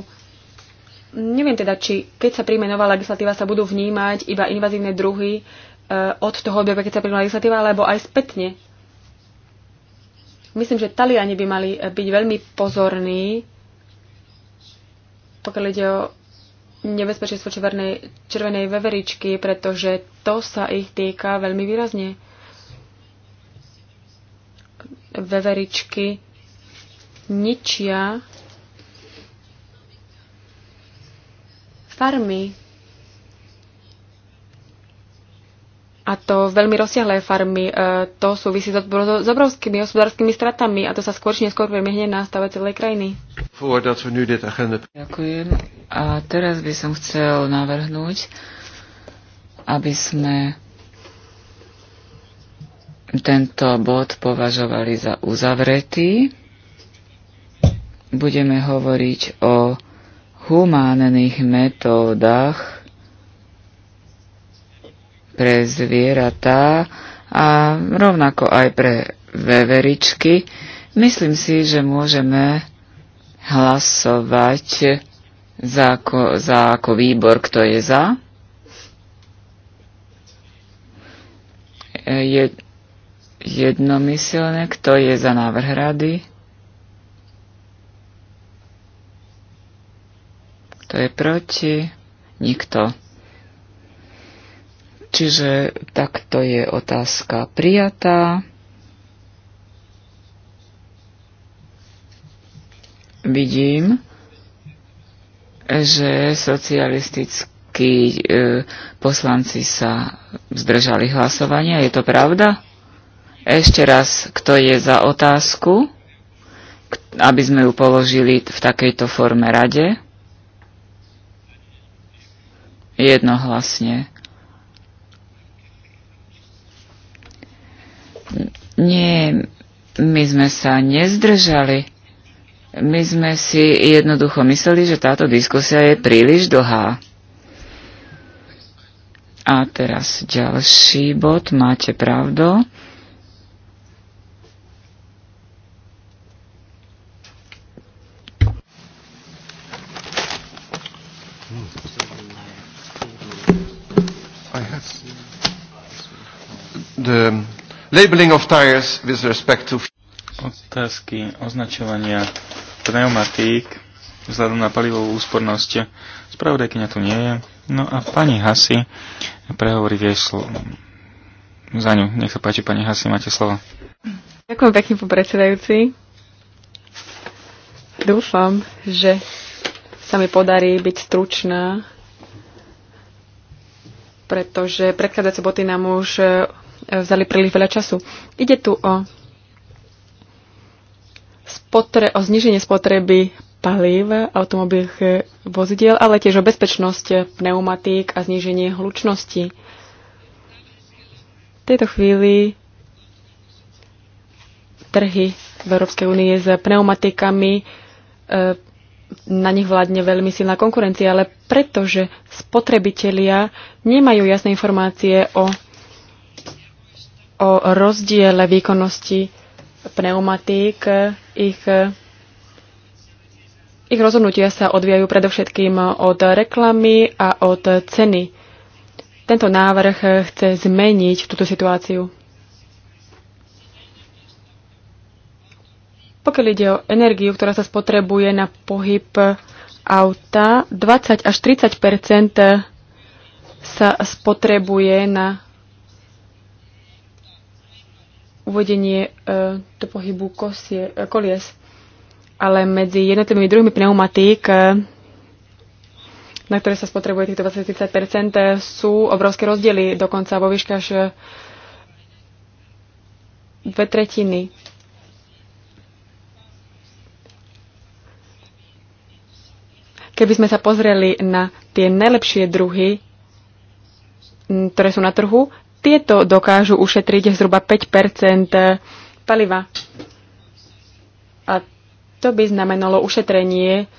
Neviem teda, či keď sa príjme nová legislatíva, sa budú vnímať iba invazívne druhy od toho obdobia, keď sa príjme legislatíva, alebo aj spätne. Myslím, že Taliani by mali byť veľmi pozorní, pokiaľ ide o nebezpečenstvo červenej, červenej veveričky, pretože to sa ich týka veľmi výrazne. Veveričky ničia farmy a to veľmi rozsiahlé farmy. E, to súvisí s obrovskými hospodárskymi stratami a to sa skôr či neskôr premiehne na stave celej krajiny. Ďakujem. A teraz by som chcel navrhnúť, aby sme tento bod považovali za uzavretý. Budeme hovoriť o humánnych metódach pre zvieratá a rovnako aj pre veveričky, myslím si, že môžeme hlasovať za ako, za ako výbor, kto je za. Je jednomyselné, kto je za návrh rady. Kto je proti? Nikto. Čiže takto je otázka prijatá. Vidím, že socialistickí e, poslanci sa zdržali hlasovania. Je to pravda? Ešte raz, kto je za otázku, aby sme ju položili v takejto forme rade? Jednohlasne. Nie, my sme sa nezdržali. My sme si jednoducho mysleli, že táto diskusia je príliš dlhá. A teraz ďalší bod, máte pravdu. The Labeling of tires with respect to... Otázky označovania pneumatík vzhľadom na palivovú úspornosť. Spravodajkyňa tu nie je. No a pani Hasi prehovorí tiež za ňu. Nech sa páči, pani Hasi, máte slovo. Ďakujem pekne, pán predsedajúci. Dúfam, že sa mi podarí byť stručná, pretože predchádzajúce boty nám už E, vzali príliš veľa času. Ide tu o, spotre, o zniženie spotreby palív automobilových e, vozidiel, ale tiež o bezpečnosť pneumatík a zníženie hlučnosti. V tejto chvíli trhy v Európskej únie s pneumatikami, e, na nich vládne veľmi silná konkurencia, ale pretože spotrebitelia nemajú jasné informácie o o rozdiele výkonnosti pneumatík. Ich, ich rozhodnutia sa odvíjajú predovšetkým od reklamy a od ceny. Tento návrh chce zmeniť túto situáciu. Pokiaľ ide o energiu, ktorá sa spotrebuje na pohyb auta, 20 až 30 sa spotrebuje na uvedenie e, do pohybu kosie, e, kolies. Ale medzi jednotlivými druhmi pneumatík, e, na ktoré sa spotrebuje týchto 20-30%, sú obrovské rozdiely, dokonca vo výške až dve tretiny. Keby sme sa pozreli na tie najlepšie druhy, ktoré sú na trhu, tieto dokážu ušetriť zhruba 5 paliva. A to by znamenalo ušetrenie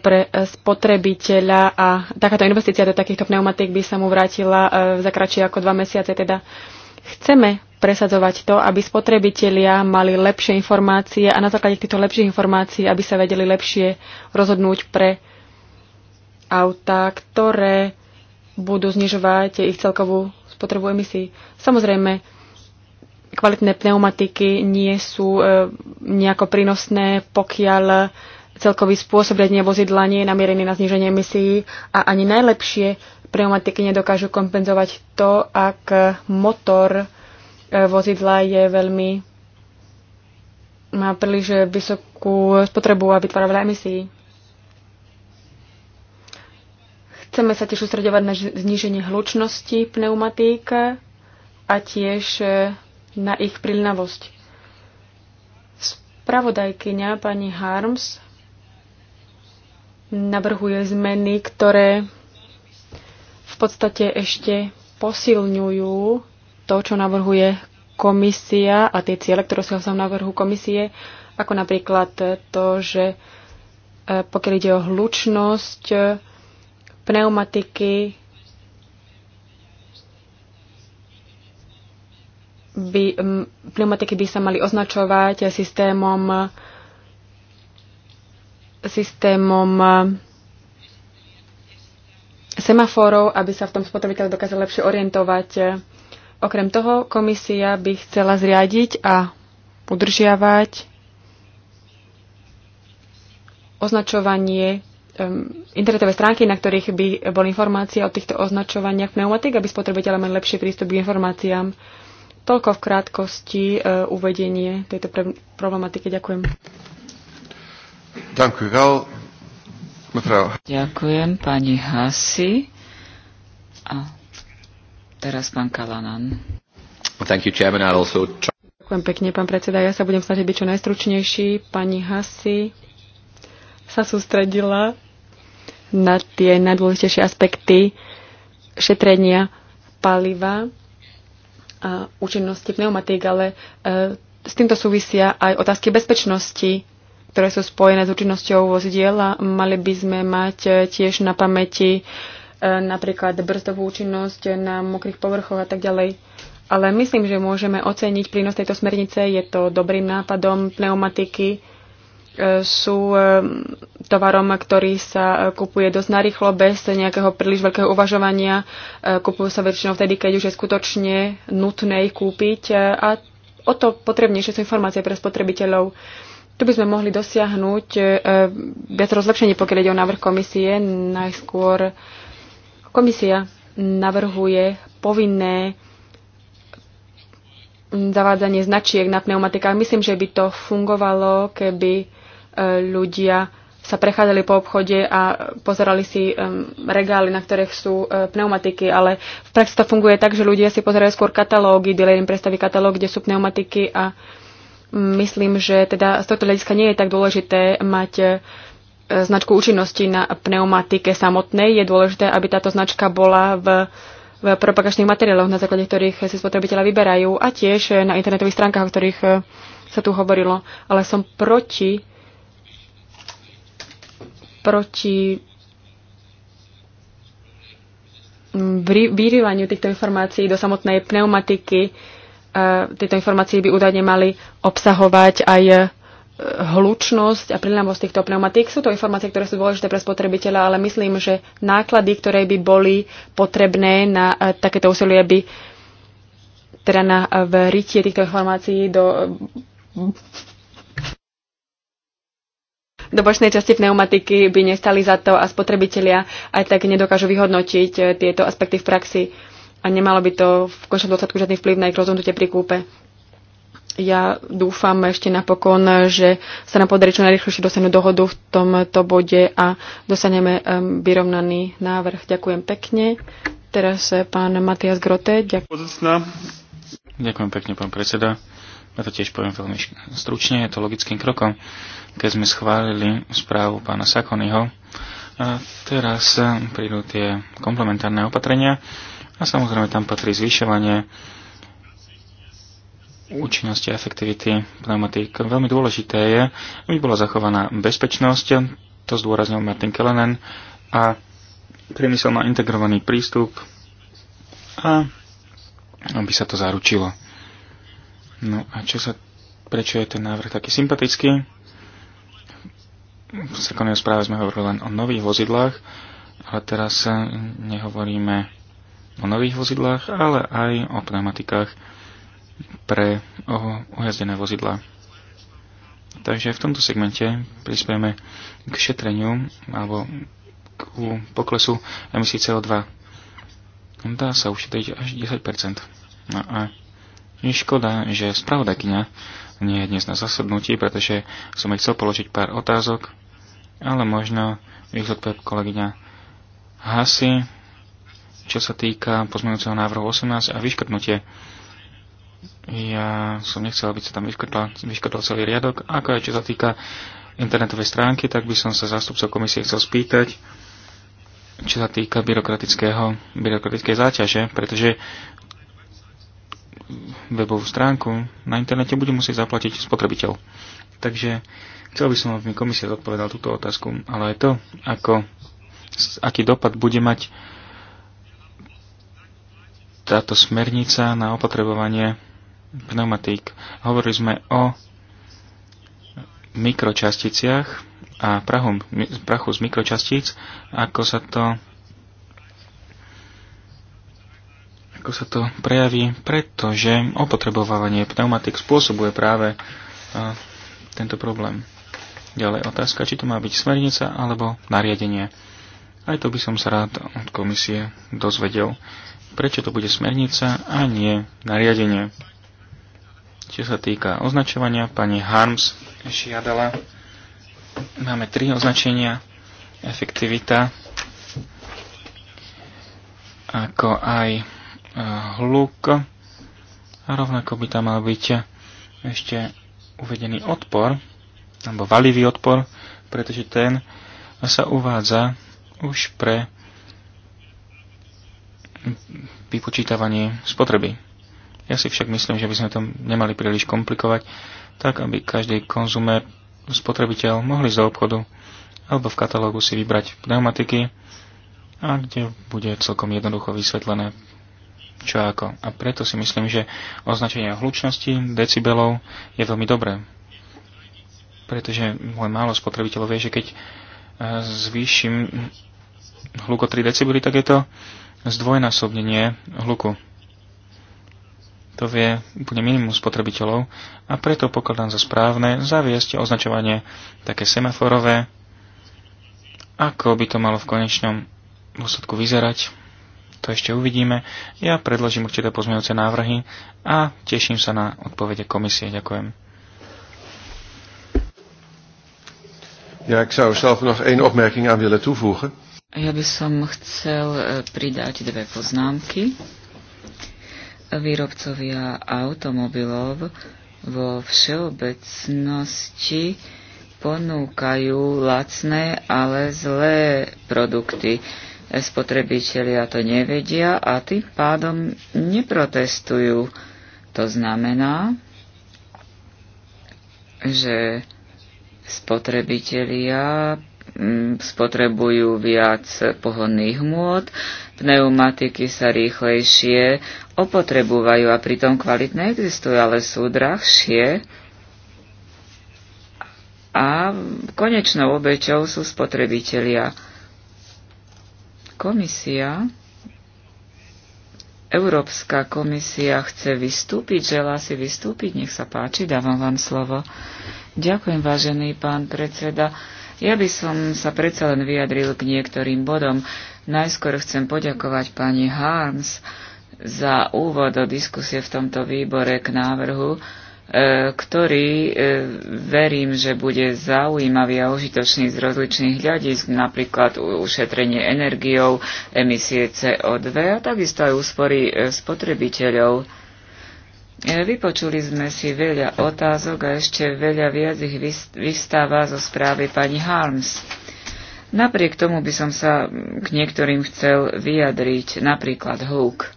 pre spotrebiteľa a takáto investícia do takýchto pneumatík by sa mu vrátila e, za kratšie ako dva mesiace. Teda chceme presadzovať to, aby spotrebitelia mali lepšie informácie a na základe týchto lepších informácií, aby sa vedeli lepšie rozhodnúť pre auta, ktoré budú znižovať ich celkovú potrebujeme si Samozrejme, kvalitné pneumatiky nie sú e, nejako prínosné, pokiaľ celkový spôsob riadenia vozidla nie je namierený na zníženie emisí a ani najlepšie pneumatiky nedokážu kompenzovať to, ak motor e, vozidla je veľmi má príliš vysokú spotrebu a vytvára veľa emisí. Chceme sa tiež sústredovať na zníženie hlučnosti pneumatík a tiež e, na ich prilnavosť. Spravodajkyňa pani Harms navrhuje zmeny, ktoré v podstate ešte posilňujú to, čo navrhuje komisia a tie ciele, ktoré sú v návrhu komisie, ako napríklad to, že e, pokiaľ ide o hlučnosť, pneumatiky by, pneumatiky by sa mali označovať systémom systémom e, semaforov, aby sa v tom spotrebiteľ dokázal lepšie orientovať. Okrem toho, komisia by chcela zriadiť a udržiavať označovanie internetové stránky, na ktorých by boli informácie o týchto označovaniach pneumatik, aby spotrebiteľe mali lepší prístup k informáciám. Toľko v krátkosti eh, uvedenie tejto problematiky. Ďakujem. Ďakujem pani Hasi. A teraz pán Kalanan. Thank you, Chairman. I'll also try... Ďakujem pekne, pán predseda. Ja sa budem snažiť byť čo najstručnejší. Pani Hasi sa sústredila na tie najdôležitejšie aspekty šetrenia paliva a účinnosti pneumatík, ale e, s týmto súvisia aj otázky bezpečnosti, ktoré sú spojené s účinnosťou vozidiel a mali by sme mať e, tiež na pamäti e, napríklad brzdovú účinnosť na mokrých povrchoch a tak ďalej. Ale myslím, že môžeme oceniť prínos tejto smernice. Je to dobrým nápadom pneumatiky sú e, tovarom, ktorý sa e, kupuje dosť narýchlo, bez nejakého príliš veľkého uvažovania. E, kupujú sa väčšinou vtedy, keď už je skutočne nutné ich kúpiť a o to potrebnejšie sú informácie pre spotrebiteľov. Tu by sme mohli dosiahnuť viac rozlepšenie, pokiaľ ide o návrh komisie. Najskôr komisia navrhuje povinné zavádzanie značiek na pneumatikách. Myslím, že by to fungovalo, keby ľudia sa prechádzali po obchode a pozerali si um, regály, na ktorých sú uh, pneumatiky, ale v praxi to funguje tak, že ľudia si pozerajú skôr katalógy, dealer im predstaví katalóg, kde sú pneumatiky a mm, myslím, že teda z tohto hľadiska nie je tak dôležité mať uh, značku účinnosti na pneumatike samotnej. Je dôležité, aby táto značka bola v v propagačných materiáloch, na základe ktorých si spotrebiteľa vyberajú a tiež na internetových stránkach, o ktorých e, sa tu hovorilo. Ale som proti proti vyrývaniu týchto informácií do samotnej pneumatiky. E, tieto informácie by údajne mali obsahovať aj e, hlučnosť a prilnavosť týchto pneumatík. Sú to informácie, ktoré sú dôležité pre spotrebiteľa, ale myslím, že náklady, ktoré by boli potrebné na e, takéto úsilie, by teda na vrytie týchto informácií do do bočnej časti pneumatiky by nestali za to a spotrebitelia aj tak nedokážu vyhodnotiť e, tieto aspekty v praxi a nemalo by to v končnom dôsledku žiadny vplyv na ich rozhodnutie pri kúpe. Ja dúfam ešte napokon, že sa nám podarí čo najrychlejšie dosiahnuť dohodu v tomto bode a dosaneme vyrovnaný návrh. Ďakujem pekne. Teraz e, pán Matias Grote. Ďakujem. Ďakujem pekne, pán predseda. Ja to tiež poviem veľmi stručne, je to logickým krokom keď sme schválili správu pána Sakonyho. A teraz e, prídu tie komplementárne opatrenia a samozrejme tam patrí zvyšovanie účinnosti a efektivity pneumatík. Veľmi dôležité je, aby bola zachovaná bezpečnosť, to zdôraznil Martin Kellenen, a priemysel má integrovaný prístup a aby sa to zaručilo. No a čo sa, prečo je ten návrh taký sympatický? v sekunnej správe sme hovorili len o nových vozidlách, ale teraz nehovoríme o nových vozidlách, ale aj o pneumatikách pre ujazdené vozidlá. Takže v tomto segmente prispieme k šetreniu alebo k poklesu emisí CO2. Dá sa ušetriť až 10%. No a je škoda, že spravodajkyňa nie je dnes na zasadnutí, pretože som chcel položiť pár otázok, ale možno ich zodpovie kolegyňa Hasi, čo sa týka pozmeňujúceho návrhu 18 a vyškrtnutie. Ja som nechcel, aby sa tam vyškrtol, celý riadok. Ako aj čo sa týka internetovej stránky, tak by som sa zástupcov komisie chcel spýtať, čo sa týka byrokratického, byrokratické záťaže, pretože webovú stránku na internete, bude musieť zaplatiť spotrebiteľ. Takže chcel by som, aby mi komisia zodpovedal túto otázku, ale aj to, ako, aký dopad bude mať táto smernica na opotrebovanie pneumatík. Hovorili sme o mikročasticiach a prahu, prachu z mikročastíc, ako sa to ako sa to prejaví, pretože opotrebovávanie pneumatik spôsobuje práve a, tento problém. Ďalej otázka, či to má byť smernica alebo nariadenie. Aj to by som sa rád od komisie dozvedel. Prečo to bude smernica a nie nariadenie? Čo sa týka označovania, pani Harms žiadala. Máme tri označenia. Efektivita, ako aj hluk. A rovnako by tam mal byť ešte uvedený odpor, alebo valivý odpor, pretože ten sa uvádza už pre vypočítavanie spotreby. Ja si však myslím, že by sme to nemali príliš komplikovať, tak aby každý konzumer, spotrebiteľ mohli ísť do obchodu alebo v katalógu si vybrať pneumatiky, a kde bude celkom jednoducho vysvetlené, čo ako. A preto si myslím, že označenie hlučnosti decibelov je veľmi dobré. Pretože môj málo spotrebiteľov vie, že keď e, zvýšim hluk o 3 decibely, tak je to zdvojnásobnenie hluku. To vie úplne minimum spotrebiteľov a preto pokladám za správne zaviesť označovanie také semaforové, ako by to malo v konečnom dôsledku vyzerať to ešte uvidíme. Ja predložím určité pozmeňujúce návrhy a teším sa na odpovede komisie. Ďakujem. Ja, ik zou zelf nog één opmerking aan willen toevoegen. Ja by som chcel eh, pridať dve poznámky. Výrobcovia automobilov vo všeobecnosti ponúkajú lacné, ale zlé produkty. Spotrebitelia to nevedia a tým pádom neprotestujú. To znamená, že spotrebitelia mm, spotrebujú viac pohonných hmôt, pneumatiky sa rýchlejšie opotrebujú a pritom kvalitné existujú, ale sú drahšie a konečnou obeťou sú spotrebitelia. Komisia, Európska komisia chce vystúpiť, želá si vystúpiť, nech sa páči, dávam vám slovo. Ďakujem, vážený pán predseda. Ja by som sa predsa len vyjadril k niektorým bodom. Najskôr chcem poďakovať pani Harms za úvod do diskusie v tomto výbore k návrhu E, ktorý e, verím, že bude zaujímavý a užitočný z rozličných hľadisk, napríklad ušetrenie energiou, emisie CO2 a takisto aj úspory e, spotrebiteľov. Vypočuli sme si veľa otázok a ešte veľa viac ich vystáva zo správy pani Harms. Napriek tomu by som sa k niektorým chcel vyjadriť, napríklad hluk.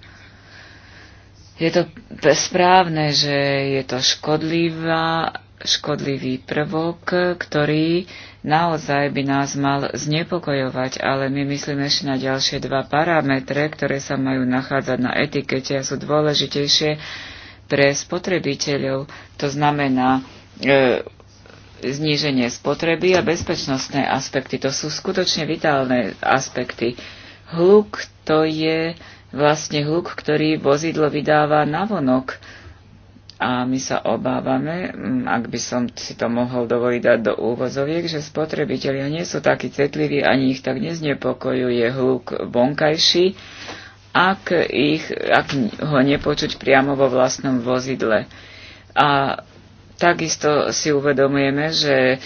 Je to správne, že je to škodlivá, škodlivý prvok, ktorý naozaj by nás mal znepokojovať, ale my myslíme ešte na ďalšie dva parametre, ktoré sa majú nachádzať na etikete a sú dôležitejšie pre spotrebiteľov. To znamená e, zníženie spotreby a bezpečnostné aspekty. To sú skutočne vitálne aspekty. Hluk to je vlastne hluk, ktorý vozidlo vydáva navonok. A my sa obávame, mm, ak by som si to mohol dovoliť dať do úvozoviek, že spotrebitelia nie sú takí citliví, ani ich tak neznepokojuje hluk vonkajší, ak, ich, ak ho nepočuť priamo vo vlastnom vozidle. A takisto si uvedomujeme, že e,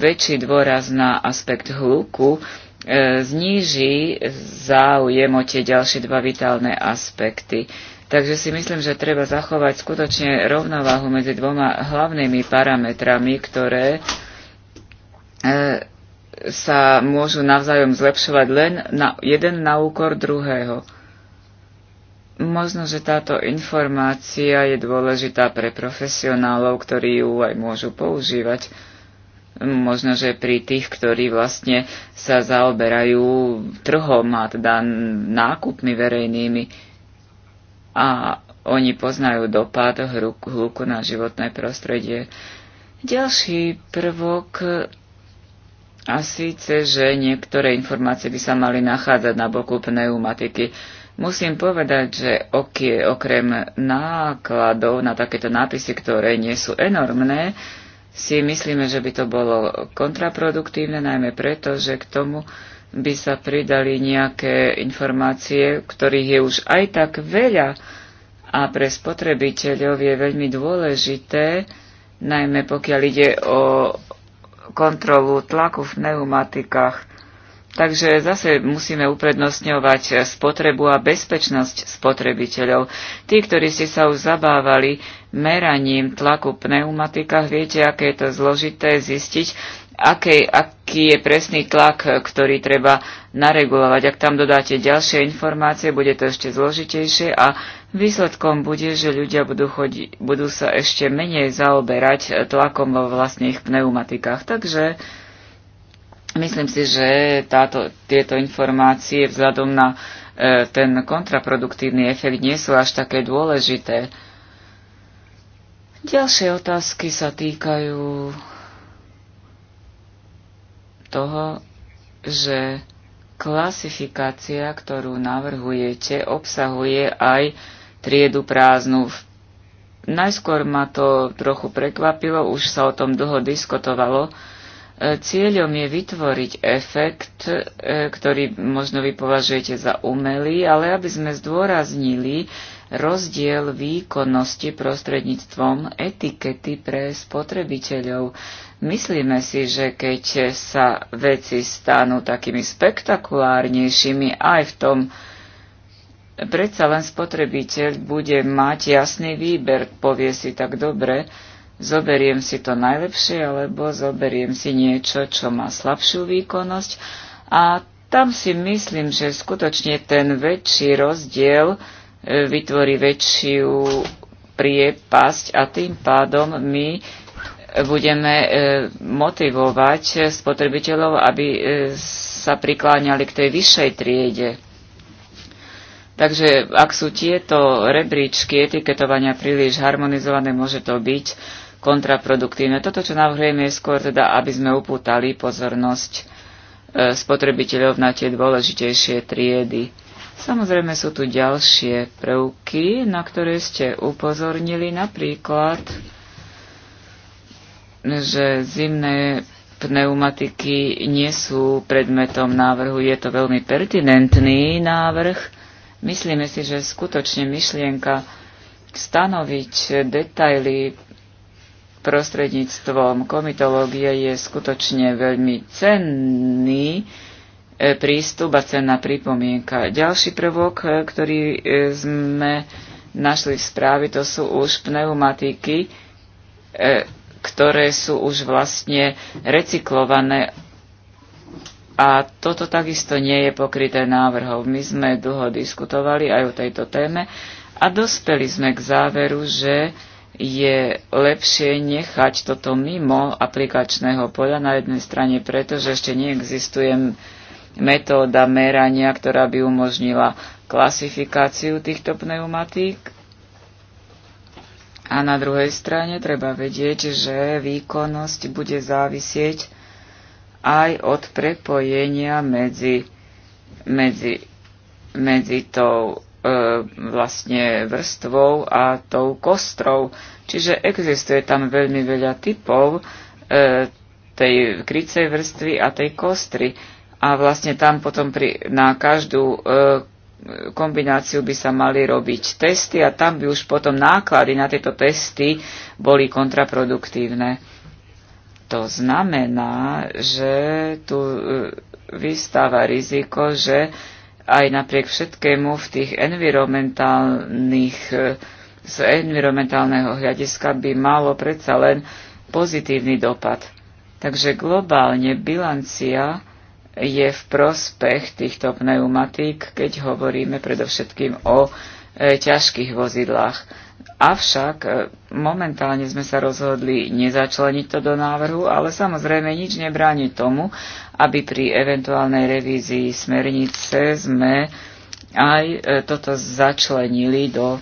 väčší dôraz na aspekt hluku E, zníži záujem o tie ďalšie dva vitálne aspekty. Takže si myslím, že treba zachovať skutočne rovnováhu medzi dvoma hlavnými parametrami, ktoré e, sa môžu navzájom zlepšovať len na, jeden na úkor druhého. Možno, že táto informácia je dôležitá pre profesionálov, ktorí ju aj môžu používať možno, že pri tých, ktorí vlastne sa zaoberajú trhom a teda nákupmi verejnými a oni poznajú dopad hluku na životné prostredie. Ďalší prvok a síce, že niektoré informácie by sa mali nachádzať na boku pneumatiky. Musím povedať, že okie, okrem nákladov na takéto nápisy, ktoré nie sú enormné, si myslíme, že by to bolo kontraproduktívne, najmä preto, že k tomu by sa pridali nejaké informácie, ktorých je už aj tak veľa a pre spotrebiteľov je veľmi dôležité, najmä pokiaľ ide o kontrolu tlaku v pneumatikách. Takže zase musíme uprednostňovať spotrebu a bezpečnosť spotrebiteľov. Tí, ktorí ste sa už zabávali meraním tlaku v pneumatikách, viete, aké je to zložité zistiť, aké, aký je presný tlak, ktorý treba naregulovať. Ak tam dodáte ďalšie informácie, bude to ešte zložitejšie a výsledkom bude, že ľudia budú, chodi- budú sa ešte menej zaoberať tlakom vo vlastných pneumatikách. Takže Myslím si, že táto, tieto informácie vzhľadom na e, ten kontraproduktívny efekt nie sú až také dôležité. Ďalšie otázky sa týkajú toho, že klasifikácia, ktorú navrhujete, obsahuje aj triedu prázdnu Najskôr ma to trochu prekvapilo, už sa o tom dlho diskutovalo, Cieľom je vytvoriť efekt, e, ktorý možno vy považujete za umelý, ale aby sme zdôraznili rozdiel výkonnosti prostredníctvom etikety pre spotrebiteľov. Myslíme si, že keď sa veci stanú takými spektakulárnejšími aj v tom, predsa len spotrebiteľ bude mať jasný výber, povie si tak dobre, zoberiem si to najlepšie, alebo zoberiem si niečo, čo má slabšiu výkonnosť. A tam si myslím, že skutočne ten väčší rozdiel e, vytvorí väčšiu priepasť a tým pádom my e, budeme e, motivovať spotrebiteľov, aby sa prikláňali k tej vyššej triede. Takže ak sú tieto rebríčky etiketovania príliš harmonizované, môže to byť kontraproduktívne. Toto, čo navrhujeme, je skôr teda, aby sme upútali pozornosť e, spotrebiteľov na tie dôležitejšie triedy. Samozrejme sú tu ďalšie prvky, na ktoré ste upozornili, napríklad, že zimné pneumatiky nie sú predmetom návrhu. Je to veľmi pertinentný návrh. Myslíme si, že skutočne myšlienka stanoviť detaily prostredníctvom komitológie je skutočne veľmi cenný e, prístup a cenná pripomienka. Ďalší prvok, e, ktorý e, sme našli v správe, to sú už pneumatiky, ktoré sú už vlastne recyklované a toto takisto nie je pokryté návrhov. My sme dlho diskutovali aj o tejto téme a dospeli sme k záveru, že je lepšie nechať toto mimo aplikačného poľa na jednej strane, pretože ešte neexistuje metóda merania, ktorá by umožnila klasifikáciu týchto pneumatík. A na druhej strane treba vedieť, že výkonnosť bude závisieť aj od prepojenia medzi, medzi, medzi tou E, vlastne vrstvou a tou kostrou. Čiže existuje tam veľmi veľa typov e, tej krycej vrstvy a tej kostry. A vlastne tam potom pri, na každú e, kombináciu by sa mali robiť testy a tam by už potom náklady na tieto testy boli kontraproduktívne. To znamená, že tu e, vystáva riziko, že aj napriek všetkému v tých environmentálnych, e, z environmentálneho hľadiska by malo predsa len pozitívny dopad. Takže globálne bilancia je v prospech týchto pneumatík, keď hovoríme predovšetkým o e, ťažkých vozidlách. Avšak e, momentálne sme sa rozhodli nezačleniť to do návrhu, ale samozrejme nič nebráni tomu, aby pri eventuálnej revízii smernice sme aj e, toto začlenili do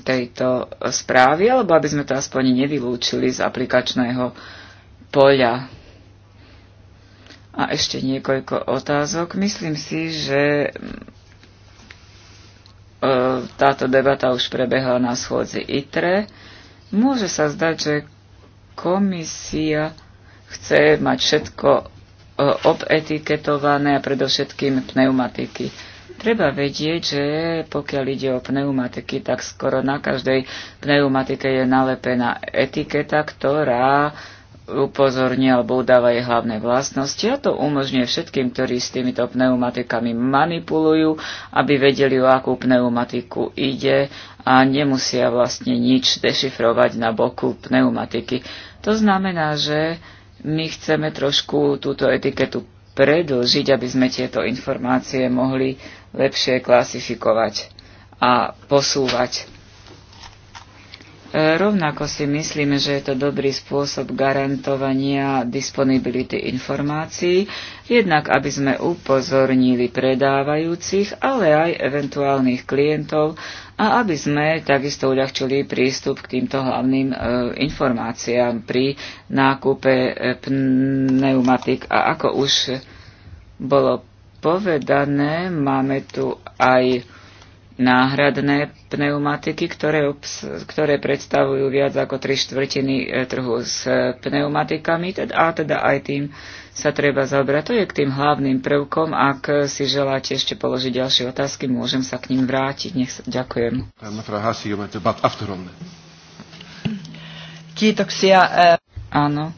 tejto správy, alebo aby sme to aspoň nevylúčili z aplikačného poľa. A ešte niekoľko otázok. Myslím si, že e, táto debata už prebehla na schôdzi ITRE. Môže sa zdať, že komisia chce mať všetko e, obetiketované a predovšetkým pneumatiky. Treba vedieť, že pokiaľ ide o pneumatiky, tak skoro na každej pneumatike je nalepená etiketa, ktorá upozorní alebo udáva jej hlavné vlastnosti a to umožňuje všetkým, ktorí s týmito pneumatikami manipulujú, aby vedeli, o akú pneumatiku ide a nemusia vlastne nič dešifrovať na boku pneumatiky. To znamená, že my chceme trošku túto etiketu predlžiť, aby sme tieto informácie mohli lepšie klasifikovať a posúvať. E, rovnako si myslíme, že je to dobrý spôsob garantovania disponibility informácií, jednak aby sme upozornili predávajúcich, ale aj eventuálnych klientov a aby sme takisto uľahčili prístup k týmto hlavným e, informáciám pri nákupe e, pneumatik. A ako už bolo povedané, máme tu aj náhradné pneumatiky, ktoré, ktoré predstavujú viac ako tri štvrtiny e, trhu s e, pneumatikami teda, a teda aj tým sa treba zabrať. To je k tým hlavným prvkom. Ak si želáte ešte položiť ďalšie otázky, môžem sa k ním vrátiť. Nech sa, ďakujem. E, Áno.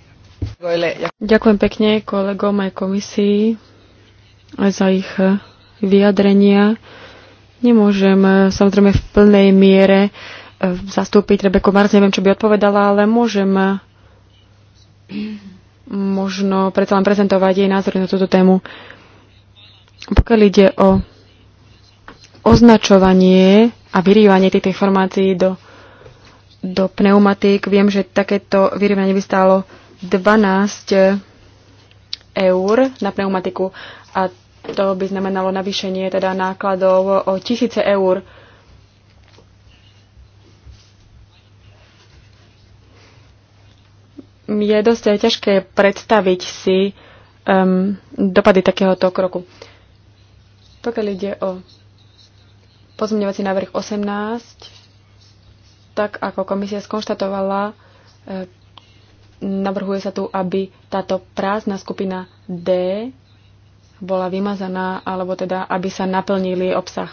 Ďakujem pekne kolegom aj komisii aj za ich vyjadrenia. Nemôžem e, samozrejme v plnej miere e, zastúpiť Rebeku Mars, neviem, čo by odpovedala, ale môžem e, možno predsa len prezentovať jej názory na túto tému. Pokiaľ ide o označovanie a vyrývanie týchto informácií do, do pneumatík, viem, že takéto vyrývanie by stálo 12 eur na pneumatiku a to by znamenalo navýšenie teda nákladov o tisíce eur. Je dosť ťažké predstaviť si um, dopady takéhoto kroku. Pokiaľ ide o pozmeňovací návrh 18, tak ako komisia skonštatovala, eh, navrhuje sa tu, aby táto prázdna skupina D bola vymazaná, alebo teda, aby sa naplnili obsah.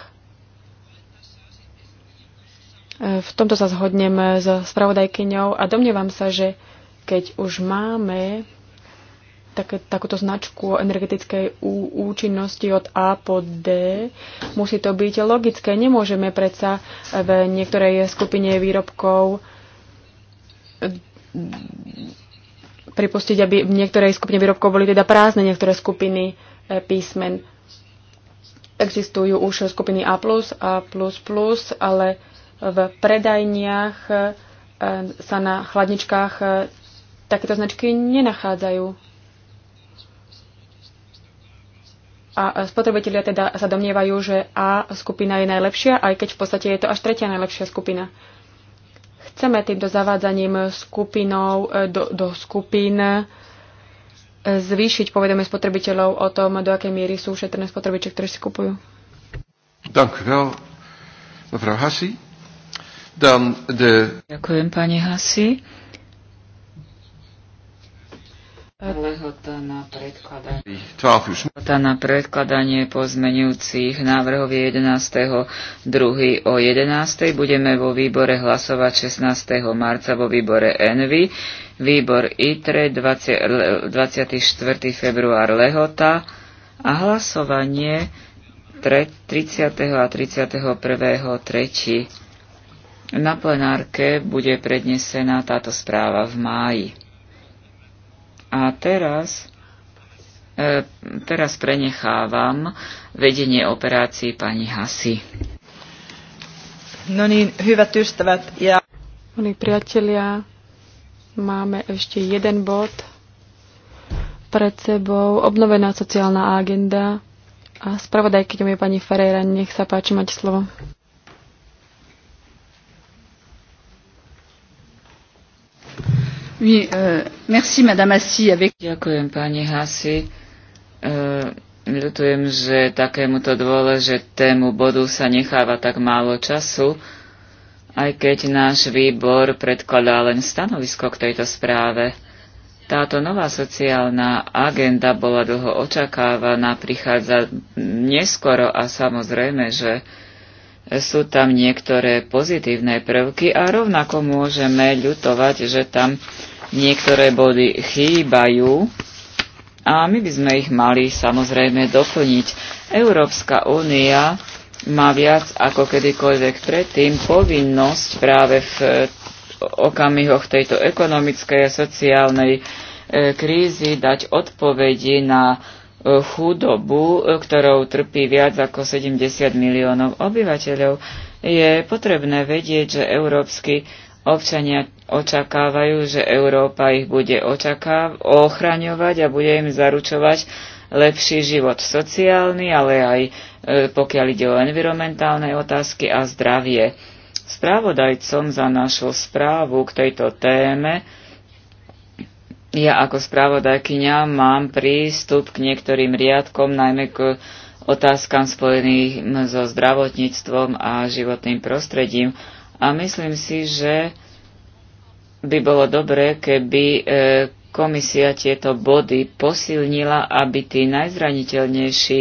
E, v tomto sa zhodnem s spravodajkyňou a domnievam sa, že keď už máme také, takúto značku energetickej účinnosti od A po D, musí to byť logické. Nemôžeme predsa v niektorej skupine výrobkov e, pripustiť, aby v niektorej skupine výrobkov boli teda prázdne niektoré skupiny písmen. Existujú už skupiny A+, A++, ale v predajniach e, sa na chladničkách e, takéto značky nenachádzajú. A spotrebitelia teda sa domnievajú, že A skupina je najlepšia, aj keď v podstate je to až tretia najlepšia skupina. Chceme týmto zavádzaním skupinov e, do, do skupín zvýšiť povedomie spotrebiteľov o tom, do akej miery sú ušetrené spotrebiče, ktoré si kupujú. Ďakujem, pani Hasi. Lehota na predkladanie, pozmenujúcich návrhov je 11. 2. o 11. Budeme vo výbore hlasovať 16. marca vo výbore ENVY. Výbor ITRE 24. február Lehota a hlasovanie 30. a 31. 3. Na plenárke bude prednesená táto správa v máji. A teraz, e, teraz prenechávam vedenie operácií pani Hasi. No niin, hyvät ystävät. Ja... Moni priatelia, máme ešte jeden bod pred sebou. Obnovená sociálna agenda. A spravodajkyňou je pani Ferreira. Nech sa páči, mať slovo. Euh, Ďakujem, pani Hasi. E, ľutujem, že takémuto dôležitému bodu sa necháva tak málo času, aj keď náš výbor predkladá len stanovisko k tejto správe. Táto nová sociálna agenda bola dlho očakávaná, prichádza neskoro a samozrejme, že sú tam niektoré pozitívne prvky a rovnako môžeme ľutovať, že tam niektoré body chýbajú a my by sme ich mali samozrejme doplniť. Európska únia má viac ako kedykoľvek predtým povinnosť práve v okamihoch tejto ekonomickej a sociálnej e, krízy dať odpovedi na e, chudobu, e, ktorou trpí viac ako 70 miliónov obyvateľov, je potrebné vedieť, že európsky Občania očakávajú, že Európa ich bude ochraňovať a bude im zaručovať lepší život sociálny, ale aj e, pokiaľ ide o environmentálne otázky a zdravie. Správodajcom za našu správu k tejto téme ja ako správodajkyňa mám prístup k niektorým riadkom, najmä k otázkam spojeným so zdravotníctvom a životným prostredím. A myslím si, že by bolo dobré, keby e, komisia tieto body posilnila, aby tí najzraniteľnejší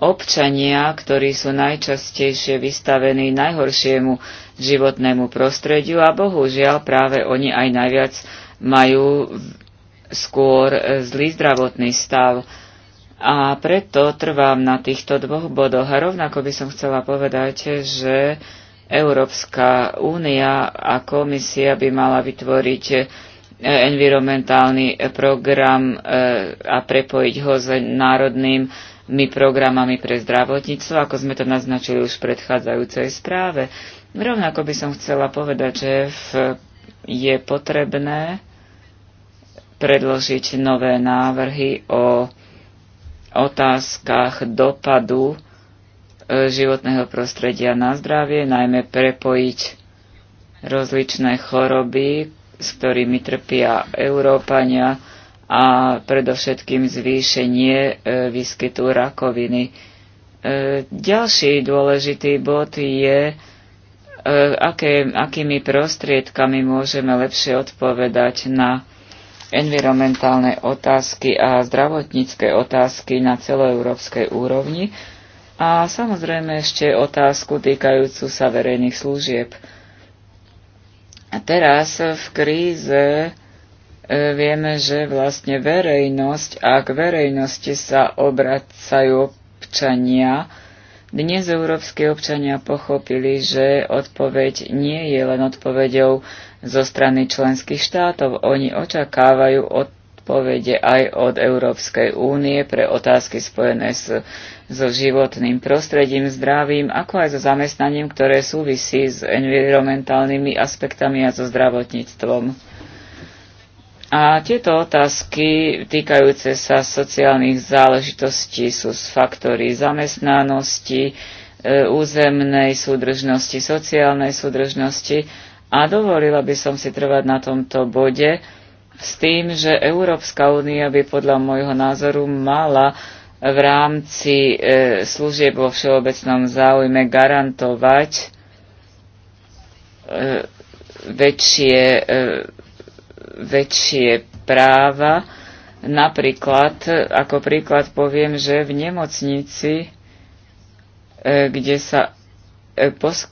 občania, ktorí sú najčastejšie vystavení najhoršiemu životnému prostrediu a bohužiaľ práve oni aj najviac majú skôr e, zlý zdravotný stav. A preto trvám na týchto dvoch bodoch. A rovnako by som chcela povedať, že Európska únia a komisia by mala vytvoriť eh, environmentálny program eh, a prepojiť ho s národnými programami pre zdravotníctvo, ako sme to naznačili už v predchádzajúcej správe. Rovnako by som chcela povedať, že v, je potrebné predložiť nové návrhy o otázkach dopadu životného prostredia na zdravie, najmä prepojiť rozličné choroby, s ktorými trpia Európania a predovšetkým zvýšenie e, výskytu rakoviny. E, ďalší dôležitý bod je, e, aké, akými prostriedkami môžeme lepšie odpovedať na environmentálne otázky a zdravotnícke otázky na celoeurópskej úrovni a samozrejme ešte otázku týkajúcu sa verejných služieb. A teraz v kríze e, vieme, že vlastne verejnosť a k verejnosti sa obracajú občania. Dnes európske občania pochopili, že odpoveď nie je len odpoveďou zo strany členských štátov. Oni očakávajú odpovede aj od Európskej únie pre otázky spojené s so životným prostredím, zdravím, ako aj so zamestnaním, ktoré súvisí s environmentálnymi aspektami a so zdravotníctvom. A tieto otázky týkajúce sa sociálnych záležitostí sú z faktory zamestnanosti, e, územnej súdržnosti, sociálnej súdržnosti a dovolila by som si trvať na tomto bode s tým, že Európska únia by podľa môjho názoru mala v rámci e, služieb vo všeobecnom záujme garantovať e, väčšie, e, väčšie práva. Napríklad, ako príklad poviem, že v nemocnici, kde sa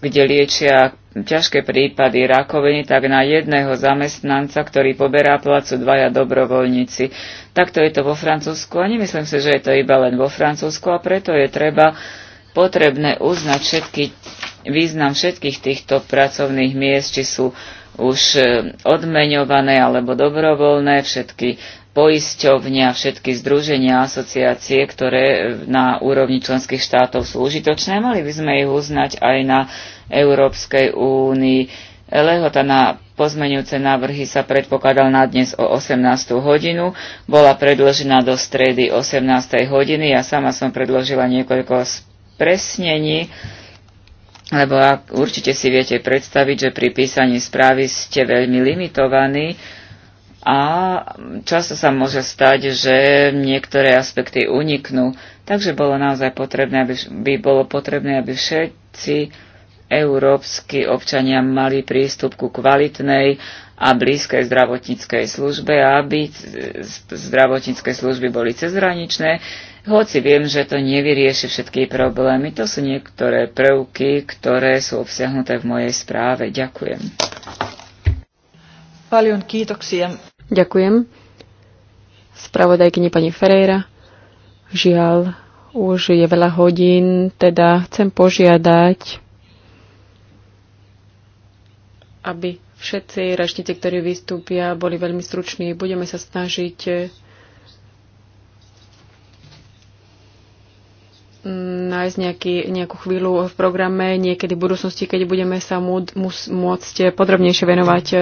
kde liečia ťažké prípady rakoviny, tak na jedného zamestnanca, ktorý poberá placu dvaja dobrovoľníci. Takto je to vo Francúzsku a nemyslím si, že je to iba len vo Francúzsku a preto je treba potrebné uznať všetky, význam všetkých týchto pracovných miest, či sú už e, odmeňované alebo dobrovoľné, všetky poisťovne a všetky združenia, asociácie, ktoré na úrovni členských štátov sú užitočné. Mali by sme ich uznať aj na Európskej únii. Lehota na pozmeňujúce návrhy sa predpokladal na dnes o 18. hodinu, bola predložená do stredy 18. hodiny. Ja sama som predložila niekoľko spresnení, lebo ak určite si viete predstaviť, že pri písaní správy ste veľmi limitovaní a často sa môže stať, že niektoré aspekty uniknú. Takže bolo naozaj potrebné, aby, by bolo potrebné, aby všetci európsky občania mali prístup ku kvalitnej a blízkej zdravotníckej službe, a aby zdravotnícke služby boli cezhraničné, hoci viem, že to nevyrieši všetky problémy. To sú niektoré prvky, ktoré sú obsiahnuté v mojej správe. Ďakujem. Ďakujem. Spravodajkyni pani Ferreira. Žiaľ, už je veľa hodín, teda chcem požiadať aby všetci rečníci, ktorí vystúpia, boli veľmi struční. Budeme sa snažiť eh, nájsť nejaký, nejakú chvíľu v programe, niekedy v budúcnosti, keď budeme sa môcť podrobnejšie venovať eh,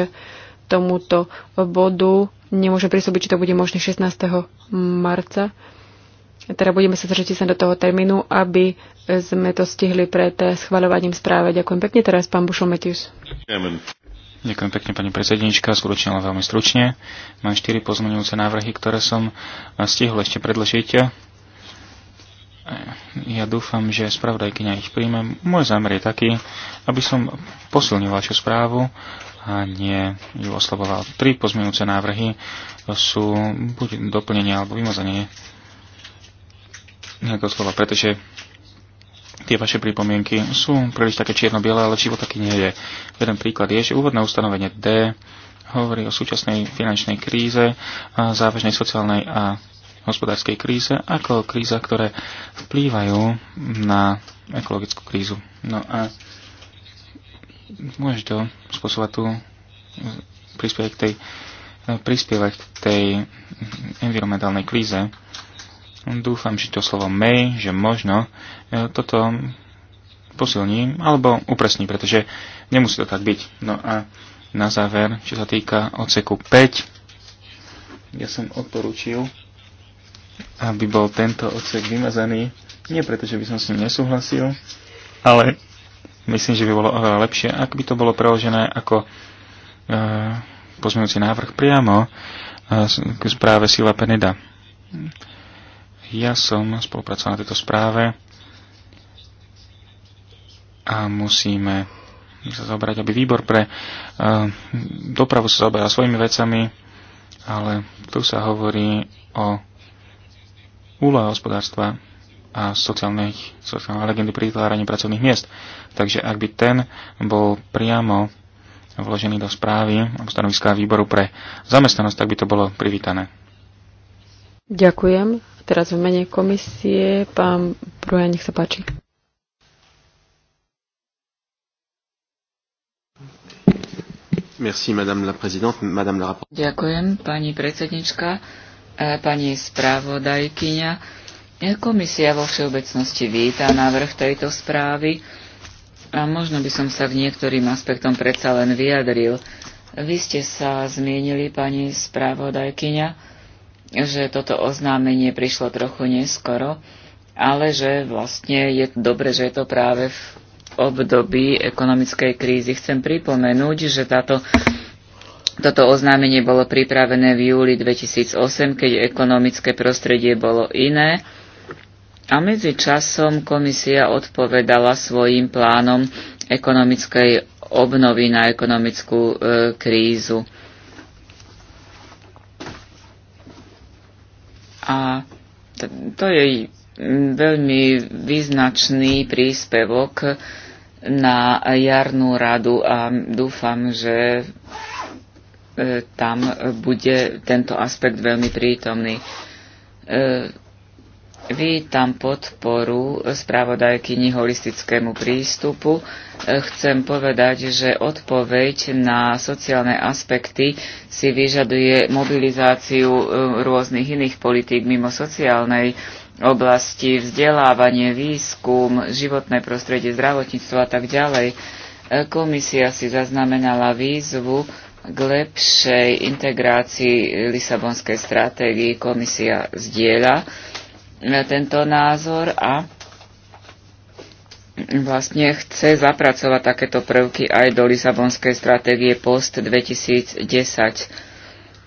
tomuto bodu. Nemôžem prisúbiť, či to bude možné 16. marca. Teda budeme sa držať sa do toho termínu, aby sme to stihli pred schvaľovaním správe. Ďakujem pekne. Teraz pán Bušel Metius. Ďakujem pekne, pani predsednička, skutočne len veľmi stručne. Mám štyri pozmeňujúce návrhy, ktoré som stihol ešte predložiť. Ja dúfam, že spravodajkyňa ich príjme. Môj zámer je taký, aby som posilnil vašu správu a nie ju oslaboval. Tri pozmeňujúce návrhy sú buď doplnenie alebo vymazanie nejakého slova, pretože tie vaše pripomienky sú príliš také čierno-biele, ale život taký nie je. Jeden príklad je, že úvodné ustanovenie D hovorí o súčasnej finančnej kríze, závažnej sociálnej a hospodárskej kríze, ako o kríza, ktoré vplývajú na ekologickú krízu. No a môžeš to spôsobať tu prispievať k tej, prispievať k tej environmentálnej kríze, Dúfam, že to slovo may, že možno e, toto posilní alebo upresní, pretože nemusí to tak byť. No a na záver, čo sa týka odseku 5, ja som odporúčil, aby bol tento odsek vymazaný. Nie preto, že by som s ním nesúhlasil, ale myslím, že by bolo oveľa lepšie, ak by to bolo preložené ako e, pozmeňujúci návrh priamo e, k správe Sila Peneda. Ja som spolupracoval na tejto správe a musíme sa zaoberať, aby výbor pre uh, dopravu sa zaoberal svojimi vecami, ale tu sa hovorí o úlohe hospodárstva a sociálnych, sociálnej legendy pri vytváraní pracovných miest. Takže ak by ten bol priamo vložený do správy alebo stanoviska výboru pre zamestnanosť, tak by to bolo privítané. Ďakujem. Teraz v mene komisie pán Bruja, nech sa páči. Merci, madame la présidente, madame la rapporteur. Ďakujem, pani predsednička, pani správodajkyňa. Komisia vo všeobecnosti víta návrh tejto správy a možno by som sa k niektorým aspektom predsa len vyjadril. Vy ste sa zmienili, pani správodajkyňa, že toto oznámenie prišlo trochu neskoro, ale že vlastne je dobre, že je to práve v období ekonomickej krízy. Chcem pripomenúť, že táto, toto oznámenie bolo pripravené v júli 2008, keď ekonomické prostredie bolo iné. A medzi časom komisia odpovedala svojim plánom ekonomickej obnovy na ekonomickú e, krízu. A to je veľmi význačný príspevok na jarnú radu a dúfam, že e, tam bude tento aspekt veľmi prítomný e, Vítam podporu spravodajkyni holistickému prístupu. Chcem povedať, že odpoveď na sociálne aspekty si vyžaduje mobilizáciu e, rôznych iných politík mimo sociálnej oblasti, vzdelávanie, výskum, životné prostredie, zdravotníctvo a tak ďalej. E, Komisia si zaznamenala výzvu k lepšej integrácii Lisabonskej stratégii. Komisia zdieľa tento názor a vlastne chce zapracovať takéto prvky aj do Lisabonskej stratégie post 2010.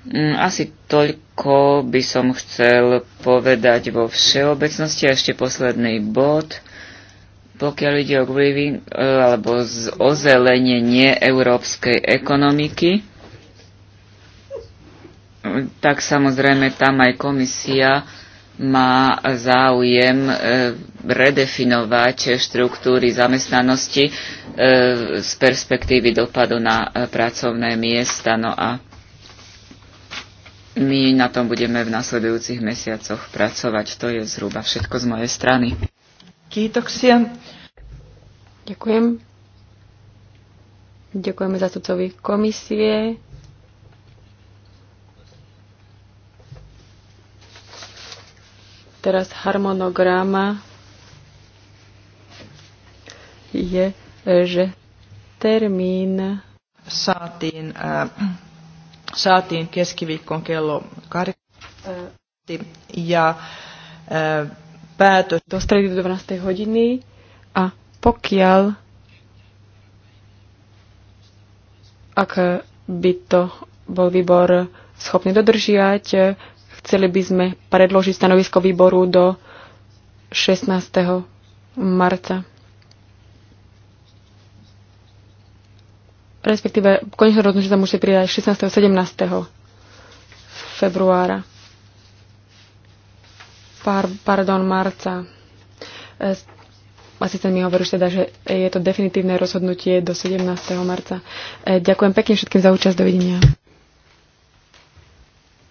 Mm, asi toľko by som chcel povedať vo všeobecnosti. ešte posledný bod. Pokiaľ ide o grieving alebo ozelenenie európskej ekonomiky, tak samozrejme tam aj komisia má záujem e, redefinovať štruktúry zamestnanosti e, z perspektívy dopadu na e, pracovné miesta. No a my na tom budeme v nasledujúcich mesiacoch pracovať. To je zhruba všetko z mojej strany. Kýtoxia. Ďakujem. Ďakujeme zástupcovi komisie. Teraz harmonograma je, že termín saatiin, äh, saatiin keskiviikkoon kello 8 ja äh, päätös do stredy do 12. hodiny a pokiaľ ak by to bol výbor schopný dodržiať, Chceli by sme predložiť stanovisko výboru do 16. marca. Respektíve, konečné rozhodnutie sa môžete pridať 16. 17. februára. Par, pardon, marca. E, Asi sa mi hovorí teda, že je to definitívne rozhodnutie do 17. marca. E, ďakujem pekne všetkým za účasť. Dovidenia.